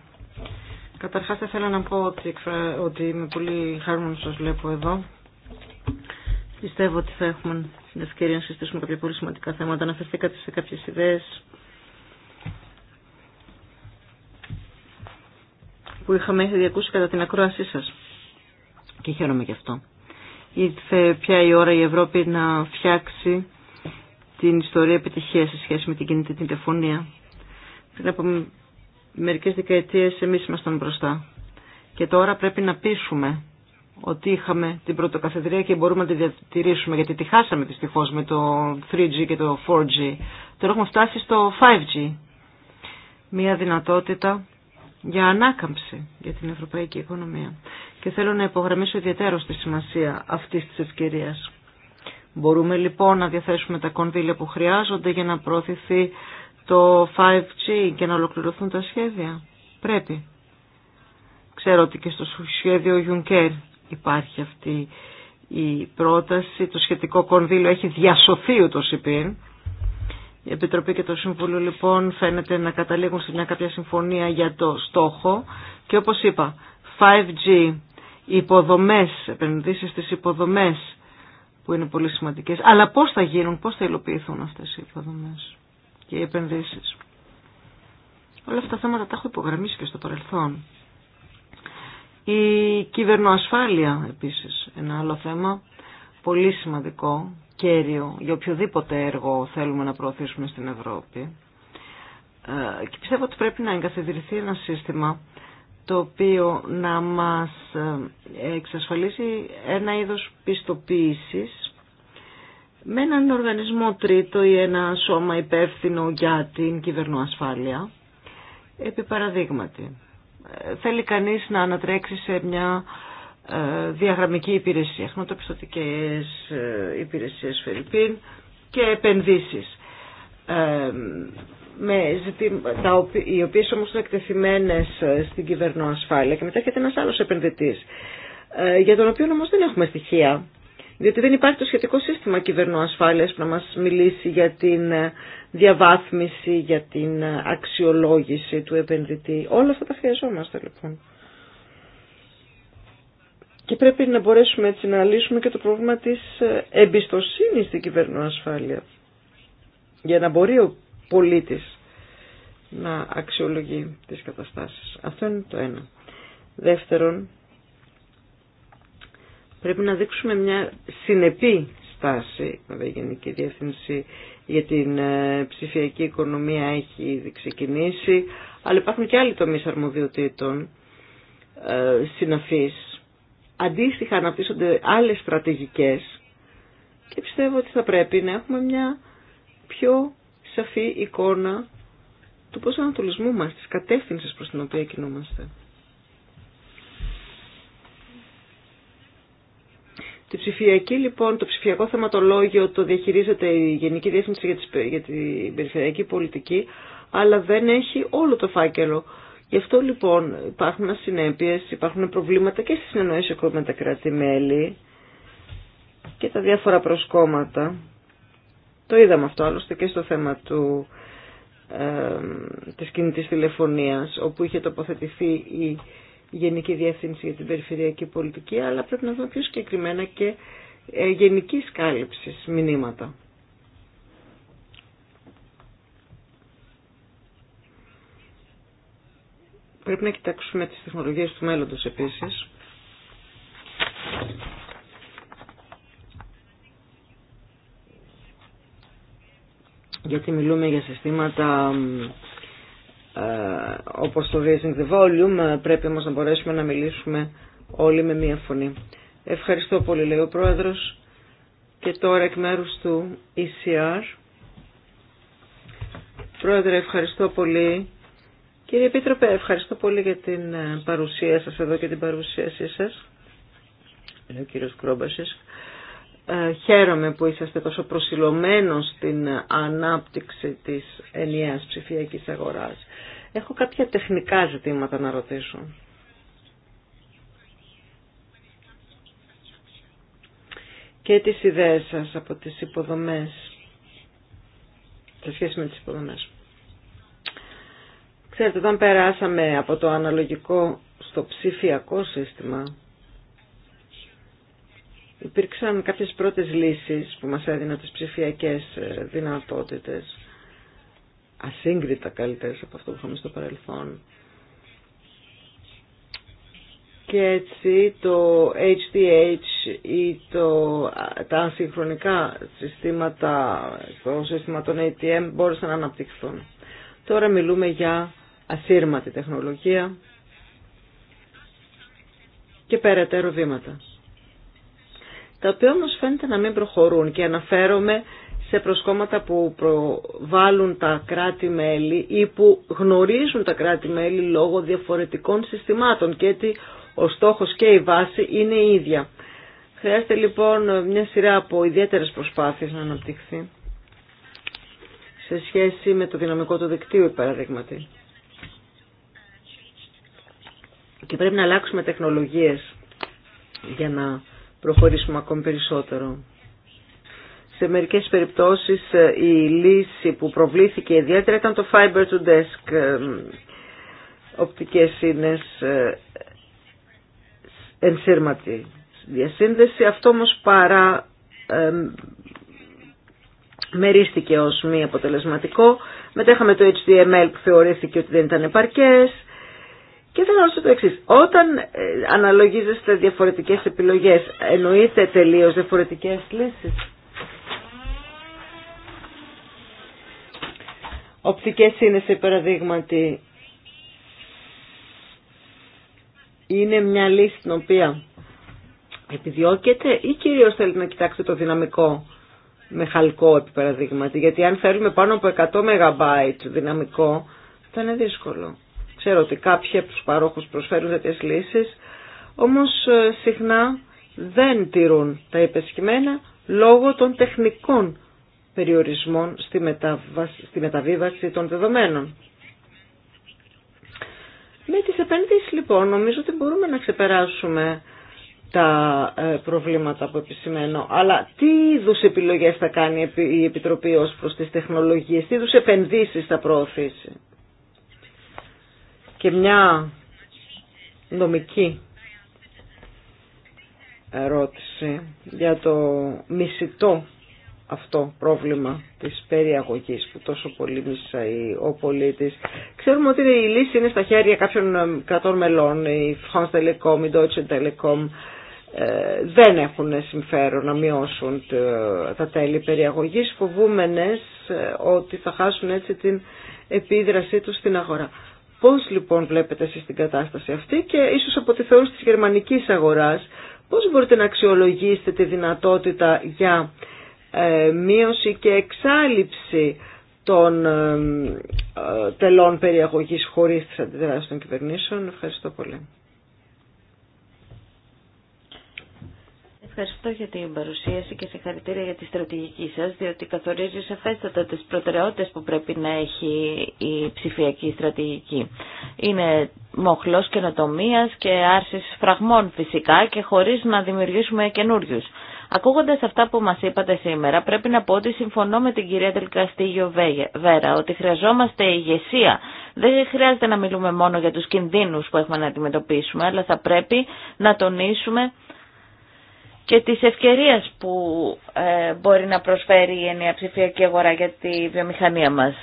καταρχάς θα ήθελα να πω ότι, ότι είμαι πολύ χαρούμενος σας βλέπω εδώ. Πιστεύω ότι θα έχουμε την ευκαιρία να συζητήσουμε κάποια πολύ σημαντικά θέματα. Αναφερθήκατε σε κάποιες ιδέες που είχαμε διακούσει κατά την ακρόασή σας. Και χαίρομαι γι' αυτό. Ήρθε πια η ώρα η Ευρώπη να φτιάξει την ιστορία επιτυχία σε σχέση με την κινητή τηλεφωνία. Πριν από μερικέ δεκαετίε εμεί ήμασταν μπροστά. Και τώρα πρέπει να πείσουμε ότι είχαμε την πρωτοκαθεδρία και μπορούμε να τη διατηρήσουμε γιατί τη χάσαμε δυστυχώ με το 3G και το 4G. Τώρα έχουμε φτάσει στο 5G. Μία δυνατότητα για ανάκαμψη για την ευρωπαϊκή οικονομία. Και θέλω να υπογραμμίσω ιδιαίτερο τη σημασία αυτή τη ευκαιρία. Μπορούμε λοιπόν να διαθέσουμε τα κονδύλια που χρειάζονται για να προωθηθεί το 5G και να ολοκληρωθούν τα σχέδια. Πρέπει. Ξέρω ότι και στο σχέδιο Juncker υπάρχει αυτή η πρόταση. Το σχετικό κονδύλιο έχει διασωθεί ούτως πίν. Η Επιτροπή και το Συμβούλιο λοιπόν φαίνεται να καταλήγουν σε μια κάποια συμφωνία για το στόχο και όπως είπα 5G, υποδομές, επενδύσεις στις υποδομές που είναι πολύ σημαντικές. Αλλά πώς θα γίνουν, πώς θα υλοποιηθούν αυτές οι υποδομές και οι επενδύσεις. Όλα αυτά τα θέματα τα έχω υπογραμμίσει και στο παρελθόν. Η κυβερνοασφάλεια επίσης, ένα άλλο θέμα, πολύ σημαντικό, κέριο για οποιοδήποτε έργο θέλουμε να προωθήσουμε στην Ευρώπη. Ε, και πιστεύω ότι πρέπει να εγκαθιδρυθεί ένα σύστημα το οποίο να μας ε, εξασφαλίσει ένα είδος πιστοποίησης με έναν οργανισμό τρίτο ή ένα σώμα υπεύθυνο για την κυβερνοασφάλεια. Επί θέλει κανείς να ανατρέξει σε μια ε, διαγραμμική υπηρεσία, χρηματοπιστωτικές ε, υπηρεσίες Φελπίν, και επενδύσεις. Ε, με ζητήματα, οι οποίε όμω είναι εκτεθειμένες στην κυβερνοασφάλεια και μετά έρχεται ένα άλλο επενδυτή, για τον οποίο όμως δεν έχουμε στοιχεία διότι δεν υπάρχει το σχετικό σύστημα κυβερνοασφάλειας που να μας μιλήσει για την ε, διαβάθμιση, για την ε, αξιολόγηση του επενδυτή. Όλα αυτά τα χρειαζόμαστε λοιπόν. Και πρέπει να μπορέσουμε έτσι να λύσουμε και το πρόβλημα της ε, εμπιστοσύνης στην κυβερνοασφάλεια. Για να μπορεί ο πολίτης να αξιολογεί τις καταστάσεις. Αυτό είναι το ένα. Δεύτερον, Πρέπει να δείξουμε μια συνεπή στάση. Βέβαια, η Γενική Διεύθυνση για την ε, ψηφιακή οικονομία έχει ήδη ξεκινήσει, αλλά υπάρχουν και άλλοι τομείς αρμοδιοτήτων ε, συναφής. Αντίστοιχα αναπτύσσονται άλλες στρατηγικές και πιστεύω ότι θα πρέπει να έχουμε μια πιο σαφή εικόνα του ανατολισμού μας, της κατεύθυνσης προς την οποία κινούμαστε. Τη ψηφιακή λοιπόν, το ψηφιακό θεματολόγιο το διαχειρίζεται η Γενική Διεύθυνση για την Περιφερειακή Πολιτική, αλλά δεν έχει όλο το φάκελο. Γι' αυτό λοιπόν υπάρχουν ασυνέπειε, υπάρχουν προβλήματα και στις συνεννόηση ακόμα με τα κράτη-μέλη και τα διάφορα προσκόμματα. Το είδαμε αυτό άλλωστε και στο θέμα του, ε, της κινητής τηλεφωνίας, όπου είχε τοποθετηθεί η Γενική Διεύθυνση για την Περιφερειακή Πολιτική, αλλά πρέπει να δούμε πιο συγκεκριμένα και ε, γενική κάλυψη μηνύματα. Πρέπει να κοιτάξουμε τις τεχνολογίες του μέλλοντος επίσης. Γιατί μιλούμε για συστήματα ε, όπως το Raising the Volume, ε, πρέπει όμως να μπορέσουμε να μιλήσουμε όλοι με μία φωνή. Ευχαριστώ πολύ, λέει ο Πρόεδρος. Και τώρα εκ μέρους του ECR. Πρόεδρε, ευχαριστώ πολύ. Κύριε Επίτροπε, ευχαριστώ πολύ για την ε, παρουσία σας εδώ και την παρουσίασή σας. Είναι ο κύριος Κρόμπασης. Ε, χαίρομαι που είσαστε τόσο προσιλωμένος στην ανάπτυξη της ενιαίας ψηφιακής αγοράς. Έχω κάποια τεχνικά ζητήματα να ρωτήσω. Και τις ιδέες σας από τις υποδομές, σε σχέση με τις υποδομές. Ξέρετε, όταν περάσαμε από το αναλογικό στο ψηφιακό σύστημα, υπήρξαν κάποιες πρώτες λύσεις που μας έδιναν τις ψηφιακές ε, δυνατότητες ασύγκριτα καλύτερες από αυτό που είχαμε στο παρελθόν και έτσι το HDH ή το, τα ασυγχρονικά συστήματα το σύστημα των ATM μπόρεσαν να αναπτυχθούν. Τώρα μιλούμε για ασύρματη τεχνολογία και περαιτέρω βήματα τα οποία όμως φαίνεται να μην προχωρούν και αναφέρομαι σε προσκόμματα που προβάλλουν τα κράτη-μέλη ή που γνωρίζουν τα κράτη-μέλη λόγω διαφορετικών συστημάτων και ότι ο στόχος και η βάση είναι η ίδια. Χρειάζεται λοιπόν μια σειρά από ιδιαίτερες προσπάθειες να αναπτυχθεί σε σχέση με το δυναμικό του δικτύου, παραδείγματι. Και πρέπει να αλλάξουμε τεχνολογίες για να προχωρήσουμε ακόμη περισσότερο. Σε μερικές περιπτώσεις ε, η λύση που προβλήθηκε ιδιαίτερα ήταν το fiber to desk, ε, οπτικές σύνες ε, ενσύρματη διασύνδεση. Αυτό όμως παρά μερίστηκε ως μη αποτελεσματικό. Μετά είχαμε το HTML που θεωρήθηκε ότι δεν ήταν επαρκές και θέλω να ρωτήσω το εξή. Όταν ε, αναλογίζεστε διαφορετικές επιλογές, εννοείται τελείως διαφορετικές λύσεις. Οπτικές είναι σε παραδείγματι. Είναι μια λύση την οποία επιδιώκεται ή κυρίως θέλει να κοιτάξετε το δυναμικό με χαλκό επί παραδείγματι. Γιατί αν θέλουμε πάνω από 100 MB δυναμικό θα είναι δύσκολο. Ξέρω ότι κάποιοι από τους παρόχους προσφέρουν τέτοιες λύσεις, όμως ε, συχνά δεν τηρούν τα υπεσχημένα λόγω των τεχνικών περιορισμών στη, στη μεταβίβαση των δεδομένων. Με τις επενδύσεις λοιπόν νομίζω ότι μπορούμε να ξεπεράσουμε τα ε, προβλήματα που επισημαίνω. Αλλά τι είδου επιλογές θα κάνει η Επιτροπή ως προς τις τεχνολογίες, τι είδου επενδύσεις θα προωθήσει και μια νομική ερώτηση για το μισητό αυτό πρόβλημα της περιαγωγής που τόσο πολύ μισάει ο πολίτης. Ξέρουμε ότι η λύση είναι στα χέρια κάποιων ε, κρατών μελών, η France Telecom, η Deutsche Telekom, ε, δεν έχουν συμφέρον να μειώσουν τα τέλη περιαγωγής, φοβούμενες ε, ότι θα χάσουν έτσι την επίδρασή τους στην αγορά. Πώς λοιπόν βλέπετε εσείς την κατάσταση αυτή και ίσως από τη θεώρηση της γερμανικής αγοράς πώς μπορείτε να αξιολογήσετε τη δυνατότητα για ε, μείωση και εξάλληψη των ε, ε, τελών περιαγωγής χωρίς τις αντιδράσεις των κυβερνήσεων. Ευχαριστώ πολύ. ευχαριστώ για την παρουσίαση και συγχαρητήρια για τη στρατηγική σας, διότι καθορίζει σαφέστατα τις προτεραιότητες που πρέπει να έχει η ψηφιακή στρατηγική. Είναι μοχλός καινοτομία και άρσης φραγμών φυσικά και χωρίς να δημιουργήσουμε καινούριου. Ακούγοντα αυτά που μα είπατε σήμερα, πρέπει να πω ότι συμφωνώ με την κυρία Τελικαστήγιο Βέρα ότι χρειαζόμαστε ηγεσία. Δεν χρειάζεται να μιλούμε μόνο για του κινδύνου που έχουμε να αντιμετωπίσουμε, αλλά θα πρέπει να τονίσουμε και της ευκαιρίας που ε, μπορεί να προσφέρει η ενιαία ψηφιακή αγορά για τη βιομηχανία μας.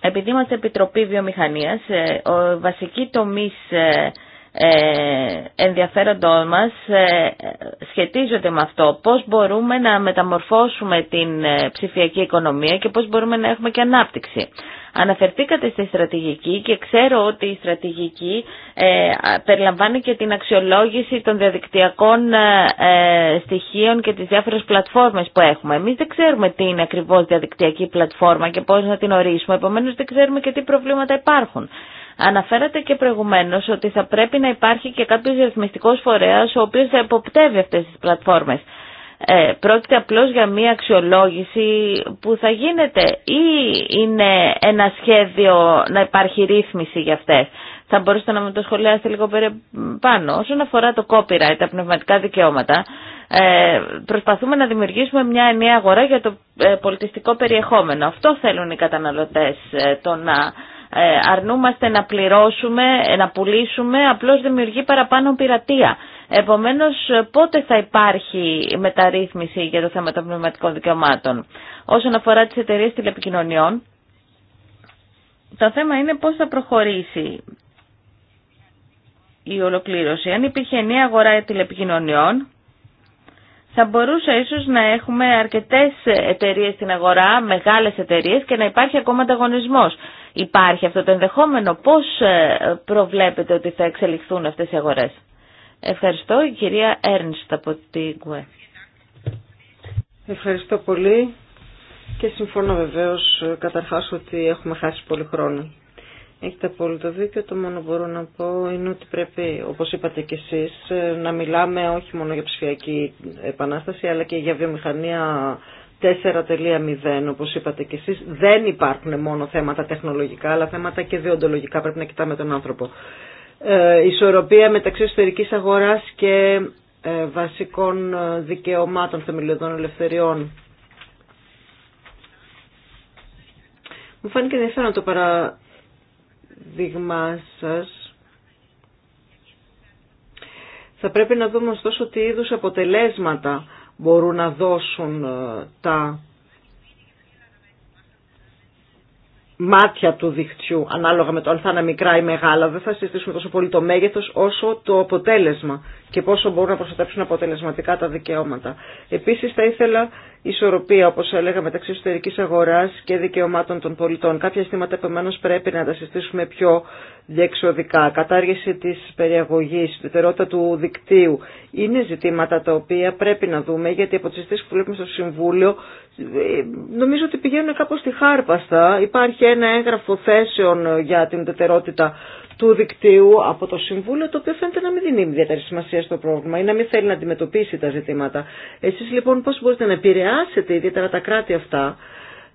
Επειδή είμαστε Επιτροπή Βιομηχανίας, ε, ο βασική τομής ε, ε, Ενδιαφέροντό μας ε, σχετίζονται με αυτό. Πώς μπορούμε να μεταμορφώσουμε την ε, ψηφιακή οικονομία και πώς μπορούμε να έχουμε και ανάπτυξη. Αναφερθήκατε στη στρατηγική και ξέρω ότι η στρατηγική περιλαμβάνει και την αξιολόγηση των διαδικτυακών στοιχείων και τις διάφορες πλατφόρμες που έχουμε. Εμείς δεν ξέρουμε τι είναι ακριβώς διαδικτυακή πλατφόρμα και πώς να την ορίσουμε, επομένως δεν ξέρουμε και τι προβλήματα υπάρχουν. Αναφέρατε και προηγουμένως ότι θα πρέπει να υπάρχει και κάποιος ρυθμιστικός φορέας ο οποίος θα υποπτεύει αυτές τις πλατφόρμες. Ε, πρόκειται απλώς για μία αξιολόγηση που θα γίνεται ή είναι ένα σχέδιο να υπάρχει ρύθμιση για αυτές. Θα μπορούσατε να με το σχολιάσετε λίγο πάνω. Όσον αφορά το copyright, τα πνευματικά δικαιώματα, ε, προσπαθούμε να δημιουργήσουμε μια ενιαία αγορά για το ε, πολιτιστικό περιεχόμενο. Αυτό θέλουν οι καταναλωτές, ε, το να ε, αρνούμαστε να πληρώσουμε, ε, να πουλήσουμε, απλώς δημιουργεί παραπάνω πειρατεία. Επομένως, πότε θα υπάρχει μεταρρύθμιση για το θέμα των πνευματικών δικαιωμάτων. Όσον αφορά τις εταιρείες τηλεπικοινωνιών, το θέμα είναι πώς θα προχωρήσει η ολοκλήρωση. Αν υπήρχε νέα αγορά τηλεπικοινωνιών, θα μπορούσα ίσως να έχουμε αρκετές εταιρείες στην αγορά, μεγάλες εταιρείες και να υπάρχει ακόμα ανταγωνισμός. Υπάρχει αυτό το ενδεχόμενο. Πώς ε, προβλέπετε ότι θα εξελιχθούν αυτές οι αγορές. Ευχαριστώ. Η κυρία Έρνστ από την ΚΟΕ. Ευχαριστώ πολύ και συμφωνώ βεβαίως καταρχάς ότι έχουμε χάσει πολύ χρόνο. Έχετε απόλυτο δίκιο. Το μόνο μπορώ να πω είναι ότι πρέπει, όπως είπατε κι εσείς, να μιλάμε όχι μόνο για ψηφιακή επανάσταση, αλλά και για βιομηχανία 4.0, όπως είπατε κι εσείς. Δεν υπάρχουν μόνο θέματα τεχνολογικά, αλλά θέματα και διοντολογικά. Πρέπει να κοιτάμε τον άνθρωπο. Ε, ισορροπία μεταξύ εσωτερική αγοράς και ε, βασικών δικαιωμάτων θεμελιωδών ελευθεριών. Μου φάνηκε ενδιαφέρον το παρα παράδειγμά σας θα πρέπει να δούμε ωστόσο τι είδους αποτελέσματα μπορούν να δώσουν ε, τα μάτια του δικτυού, ανάλογα με το αν θα είναι μικρά ή μεγάλα, δεν θα συζητήσουμε τόσο πολύ το μέγεθος όσο το αποτέλεσμα και πόσο μπορούν να προστατεύσουν αποτελεσματικά τα δικαιώματα. Επίσης θα ήθελα ισορροπία, όπως έλεγα, μεταξύ εσωτερικής αγοράς και δικαιωμάτων των πολιτών. Κάποια αισθήματα επομένως πρέπει να τα συζητήσουμε πιο διεξοδικά. Κατάργηση της περιαγωγής, ιδιαιτερότητα του δικτύου είναι ζητήματα τα οποία πρέπει να δούμε γιατί από τις που βλέπουμε στο Συμβούλιο νομίζω ότι πηγαίνουν κάπως στη χάρπαστα. Υπάρχει ένα έγγραφο θέσεων για την ουδετερότητα του δικτύου από το Συμβούλιο, το οποίο φαίνεται να μην δίνει ιδιαίτερη σημασία στο πρόβλημα ή να μην θέλει να αντιμετωπίσει τα ζητήματα. Εσείς λοιπόν πώς μπορείτε να επηρεάσετε ιδιαίτερα τα κράτη αυτά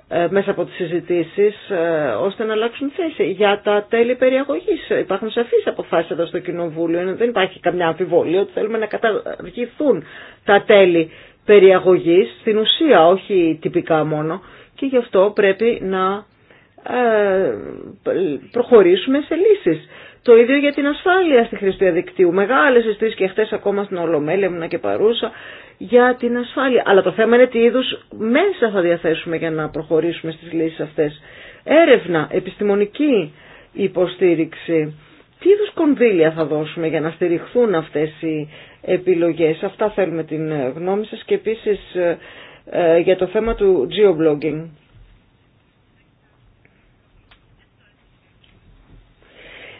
ε, μέσα από τις συζητήσεις ε, ώστε να αλλάξουν θέση. Για τα τέλη περιαγωγής υπάρχουν σαφείς αποφάσεις εδώ στο Κοινοβούλιο, δεν υπάρχει καμιά αμφιβολία ότι θέλουμε να καταργηθούν τα τέλη περιαγωγής στην ουσία, όχι τυπικά μόνο και γι' αυτό πρέπει να ε, προχωρήσουμε σε λύσεις. Το ίδιο για την ασφάλεια στη του διαδικτύου, Μεγάλε συστήσει και χτε ακόμα στην Ολομέλεια και παρούσα για την ασφάλεια. Αλλά το θέμα είναι τι είδου μέσα θα διαθέσουμε για να προχωρήσουμε στις λύσεις αυτές. Έρευνα, επιστημονική υποστήριξη. Τι είδους κονδύλια θα δώσουμε για να στηριχθούν αυτές οι επιλογές. Αυτά θέλουμε την γνώμη σας και επίσης ε, ε, για το θέμα του geoblogging.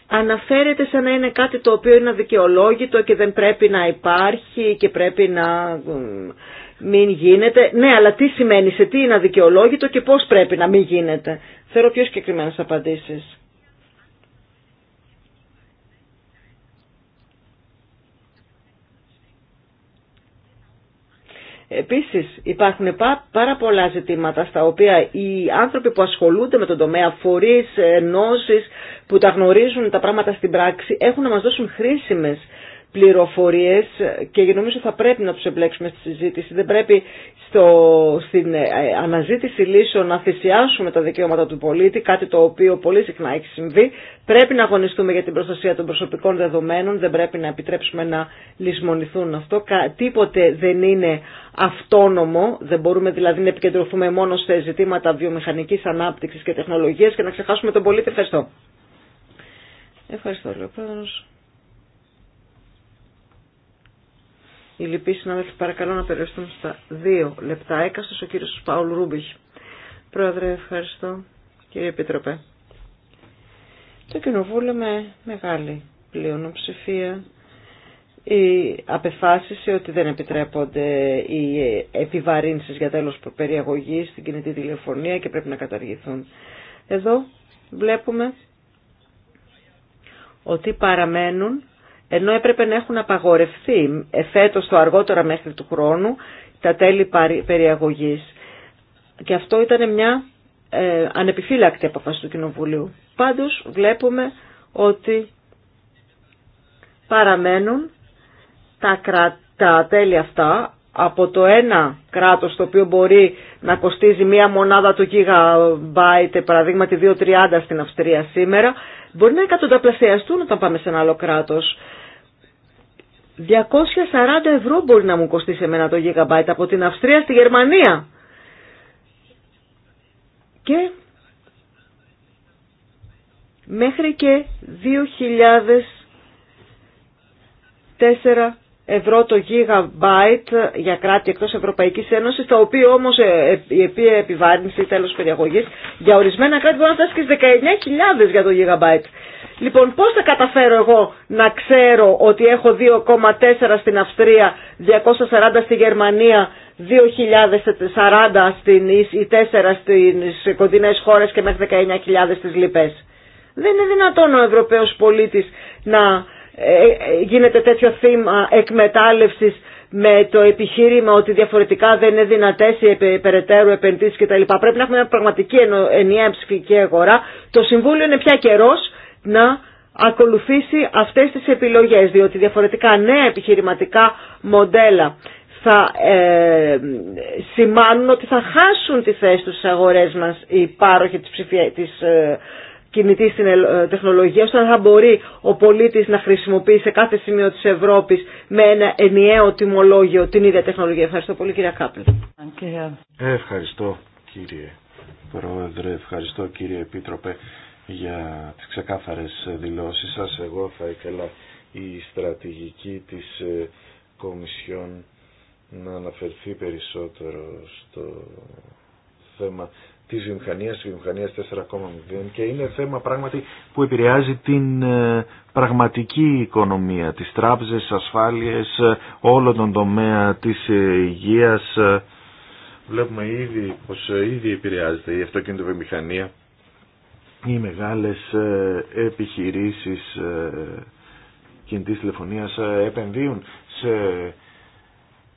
Αναφέρεται σαν να είναι κάτι το οποίο είναι αδικαιολόγητο και δεν πρέπει να υπάρχει και πρέπει να ε, μην γίνεται. Ναι, αλλά τι σημαίνει, σε τι είναι αδικαιολόγητο και πώς πρέπει να μην γίνεται. Θέλω πιο συγκεκριμένες απαντήσεις. Επίσης υπάρχουν πάρα πολλά ζητήματα στα οποία οι άνθρωποι που ασχολούνται με τον τομέα, φορείς, ενώσεις που τα γνωρίζουν τα πράγματα στην πράξη έχουν να μας δώσουν χρήσιμες πληροφορίες και νομίζω θα πρέπει να τους εμπλέξουμε στη συζήτηση. Δεν πρέπει στο, στην ε, αναζήτηση λύσεων να θυσιάσουμε τα δικαιώματα του πολίτη, κάτι το οποίο πολύ συχνά έχει συμβεί. Πρέπει να αγωνιστούμε για την προστασία των προσωπικών δεδομένων, δεν πρέπει να επιτρέψουμε να λησμονηθούν αυτό. Τίποτε δεν είναι αυτόνομο, δεν μπορούμε δηλαδή να επικεντρωθούμε μόνο σε ζητήματα βιομηχανικής ανάπτυξης και τεχνολογίας και να ξεχάσουμε τον πολίτη. Ευχαριστώ. Ευχαριστώ, Λεωπρόεδρος. Οι λοιποί συνάδελφοι παρακαλώ να περιοριστούν στα δύο λεπτά. Έκαστος ο κύριος Παουλ Ρούμπιχ. Πρόεδρε, ευχαριστώ. Κύριε Επίτροπε. Το κοινοβούλιο με μεγάλη πλειονοψηφία η απεφάσισε ότι δεν επιτρέπονται οι επιβαρύνσεις για τέλος περιαγωγής στην κινητή τηλεφωνία και πρέπει να καταργηθούν. Εδώ βλέπουμε ότι παραμένουν ενώ έπρεπε να έχουν απαγορευτεί εφέτος το αργότερα μέχρι του χρόνου τα τέλη περιαγωγής. Και αυτό ήταν μια ε, ανεπιφύλακτη αποφάση του Κοινοβουλίου. Πάντως βλέπουμε ότι παραμένουν τα, τα τέλη αυτά από το ένα κράτος το οποίο μπορεί να κοστίζει μία μονάδα του gigabyte, παραδείγματι 2.30 στην Αυστρία σήμερα, μπορεί να εκατονταπλασιαστούν όταν πάμε σε ένα άλλο κράτος. 240 ευρώ μπορεί να μου κοστίσει εμένα το γιγαμπάιτ από την Αυστρία στη Γερμανία. Και μέχρι και 2004 ευρώ το gigabyte για κράτη εκτός Ευρωπαϊκής Ένωσης, το οποίο όμως ε, ε, η οποία επιβάρυνση ή τέλος περιαγωγής για ορισμένα κράτη μπορεί να φτάσει και 19.000 για το gigabyte. Λοιπόν, πώς θα καταφέρω εγώ να ξέρω ότι έχω 2,4 στην Αυστρία, 240 στη Γερμανία, 2.040 στην, ή 4 στις κοντινές χώρες και μέχρι 19.000 στις λοιπές. Δεν είναι δυνατόν ο Ευρωπαίος πολίτης να ε, ε, γίνεται τέτοιο θύμα εκμετάλλευσης με το επιχείρημα ότι διαφορετικά δεν είναι δυνατές οι περαιτέρω επενδύσει κτλ. Πρέπει να έχουμε μια πραγματική ενιαία ψηφιακή αγορά. Το Συμβούλιο είναι πια καιρό να ακολουθήσει αυτές τις επιλογές, διότι διαφορετικά νέα επιχειρηματικά μοντέλα θα ε, σημάνουν ότι θα χάσουν τη θέση τους στις αγορές μας οι πάροχοι της, ψηφια... της ε, κινητή στην ε, τεχνολογία, ώστε να θα μπορεί ο πολίτης να χρησιμοποιεί σε κάθε σημείο της Ευρώπης με ένα ενιαίο τιμολόγιο την ίδια τεχνολογία. Ευχαριστώ πολύ κυρία Κάπελ. Ευχαριστώ κύριε Πρόεδρε, ευχαριστώ κύριε Επίτροπε για τις ξεκάθαρες δηλώσεις σας. Εγώ θα ήθελα η στρατηγική της ε, Κομισιόν να αναφερθεί περισσότερο στο θέμα τη βιομηχανία, τη βιομηχανία 4,0 και είναι θέμα πράγματι που επηρεάζει την ε, πραγματική οικονομία, τις τράπεζες, ασφάλειες, ε, όλο τον τομέα της ε, υγεία. Βλέπουμε ήδη πω ήδη επηρεάζεται η αυτοκίνητο βιομηχανία, οι μεγάλες επιχειρήσεις κινητής τηλεφωνίας επενδύουν σε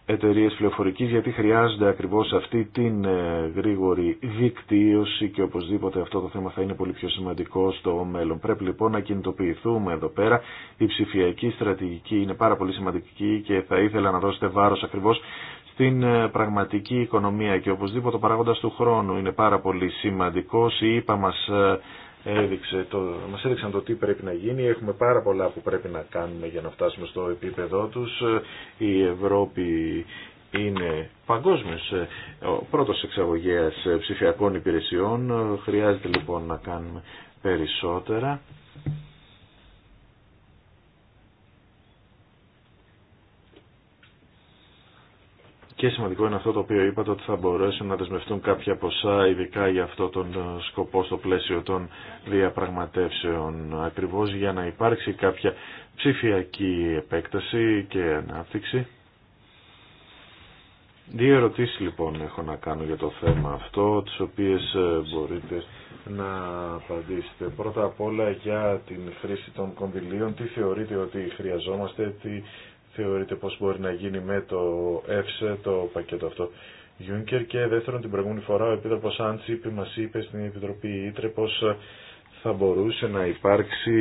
Εταιρείε πληροφορικής γιατί χρειάζονται ακριβώς αυτή την ε, γρήγορη δικτύωση και οπωσδήποτε αυτό το θέμα θα είναι πολύ πιο σημαντικό στο μέλλον. Πρέπει λοιπόν να κινητοποιηθούμε εδώ πέρα. Η ψηφιακή στρατηγική είναι πάρα πολύ σημαντική και θα ήθελα να δώσετε βάρος ακριβώς στην ε, πραγματική οικονομία και οπωσδήποτε ο παράγοντας του χρόνου είναι πάρα πολύ σημαντικός. Η ΕΠΑ μας ε, έδειξε το, μας έδειξαν το τι πρέπει να γίνει. Έχουμε πάρα πολλά που πρέπει να κάνουμε για να φτάσουμε στο επίπεδό τους. Η Ευρώπη είναι παγκόσμιος ε, ο πρώτος εξαγωγέας ε, ψηφιακών υπηρεσιών. Χρειάζεται λοιπόν να κάνουμε περισσότερα Και σημαντικό είναι αυτό το οποίο είπατε ότι θα μπορέσουν να δεσμευτούν κάποια ποσά ειδικά για αυτό τον ε, σκοπό στο πλαίσιο των διαπραγματεύσεων ακριβώς για να υπάρξει κάποια ψηφιακή επέκταση και ανάπτυξη. Δύο ερωτήσεις λοιπόν έχω να κάνω για το θέμα αυτό, τις οποίες ε, μπορείτε να απαντήσετε. Πρώτα απ' όλα για την χρήση των κονδυλίων, τι θεωρείτε ότι χρειαζόμαστε, τι θεωρείτε πως μπορεί να γίνει με το ΕΦΣΕ το πακέτο αυτό. Γιούνκερ και δεύτερον την προηγούμενη φορά ο Επίτροπος Αντσίπη μας είπε στην Επιτροπή Ήτρε πως θα μπορούσε να υπάρξει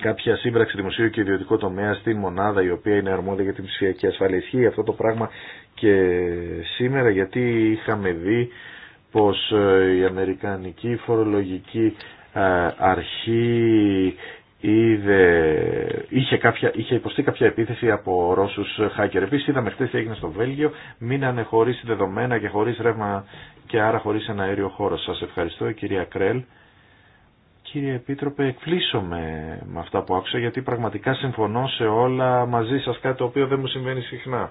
κάποια σύμπραξη δημοσίου και ιδιωτικό τομέα στη μονάδα η οποία είναι αρμόδια για την ψηφιακή ασφάλεια. αυτό το πράγμα και σήμερα γιατί είχαμε δει πως η Αμερικανική φορολογική ε, αρχή είδε, είχε, κάποια, είχε υποστεί κάποια επίθεση από Ρώσους hacker. Επίσης είδαμε χτες τι έγινε στο Βέλγιο, μείνανε χωρίς δεδομένα και χωρίς ρεύμα και άρα χωρίς ένα αέριο χώρο. Σας ευχαριστώ κυρία Κρέλ. Κύριε Επίτροπε, εκπλήσωμαι με αυτά που άκουσα γιατί πραγματικά συμφωνώ σε όλα μαζί σας κάτι το οποίο δεν μου συμβαίνει συχνά.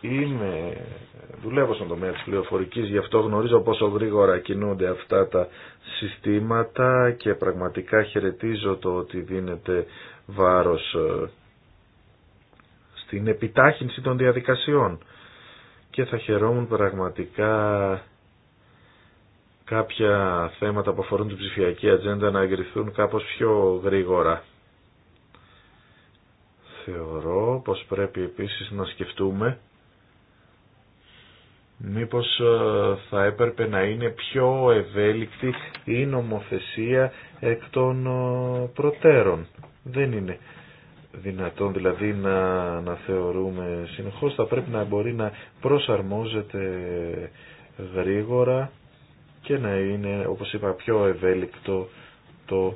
Είμαι, δουλεύω στον τομέα της πληροφορικής, γι' αυτό γνωρίζω πόσο γρήγορα κινούνται αυτά τα συστήματα και πραγματικά χαιρετίζω το ότι δίνεται βάρος ε, στην επιτάχυνση των διαδικασιών. Και θα χαιρόμουν πραγματικά κάποια θέματα που αφορούν την ψηφιακή ατζέντα να εγκριθούν κάπως πιο γρήγορα. Θεωρώ πως πρέπει επίσης να σκεφτούμε Μήπως ε, θα έπρεπε να είναι πιο ευέλικτη η νομοθεσία εκ των ε, προτέρων. Δεν είναι δυνατόν δηλαδή να, να θεωρούμε συνεχώς. Θα πρέπει να μπορεί να προσαρμόζεται γρήγορα και να είναι, όπως είπα, πιο ευέλικτο το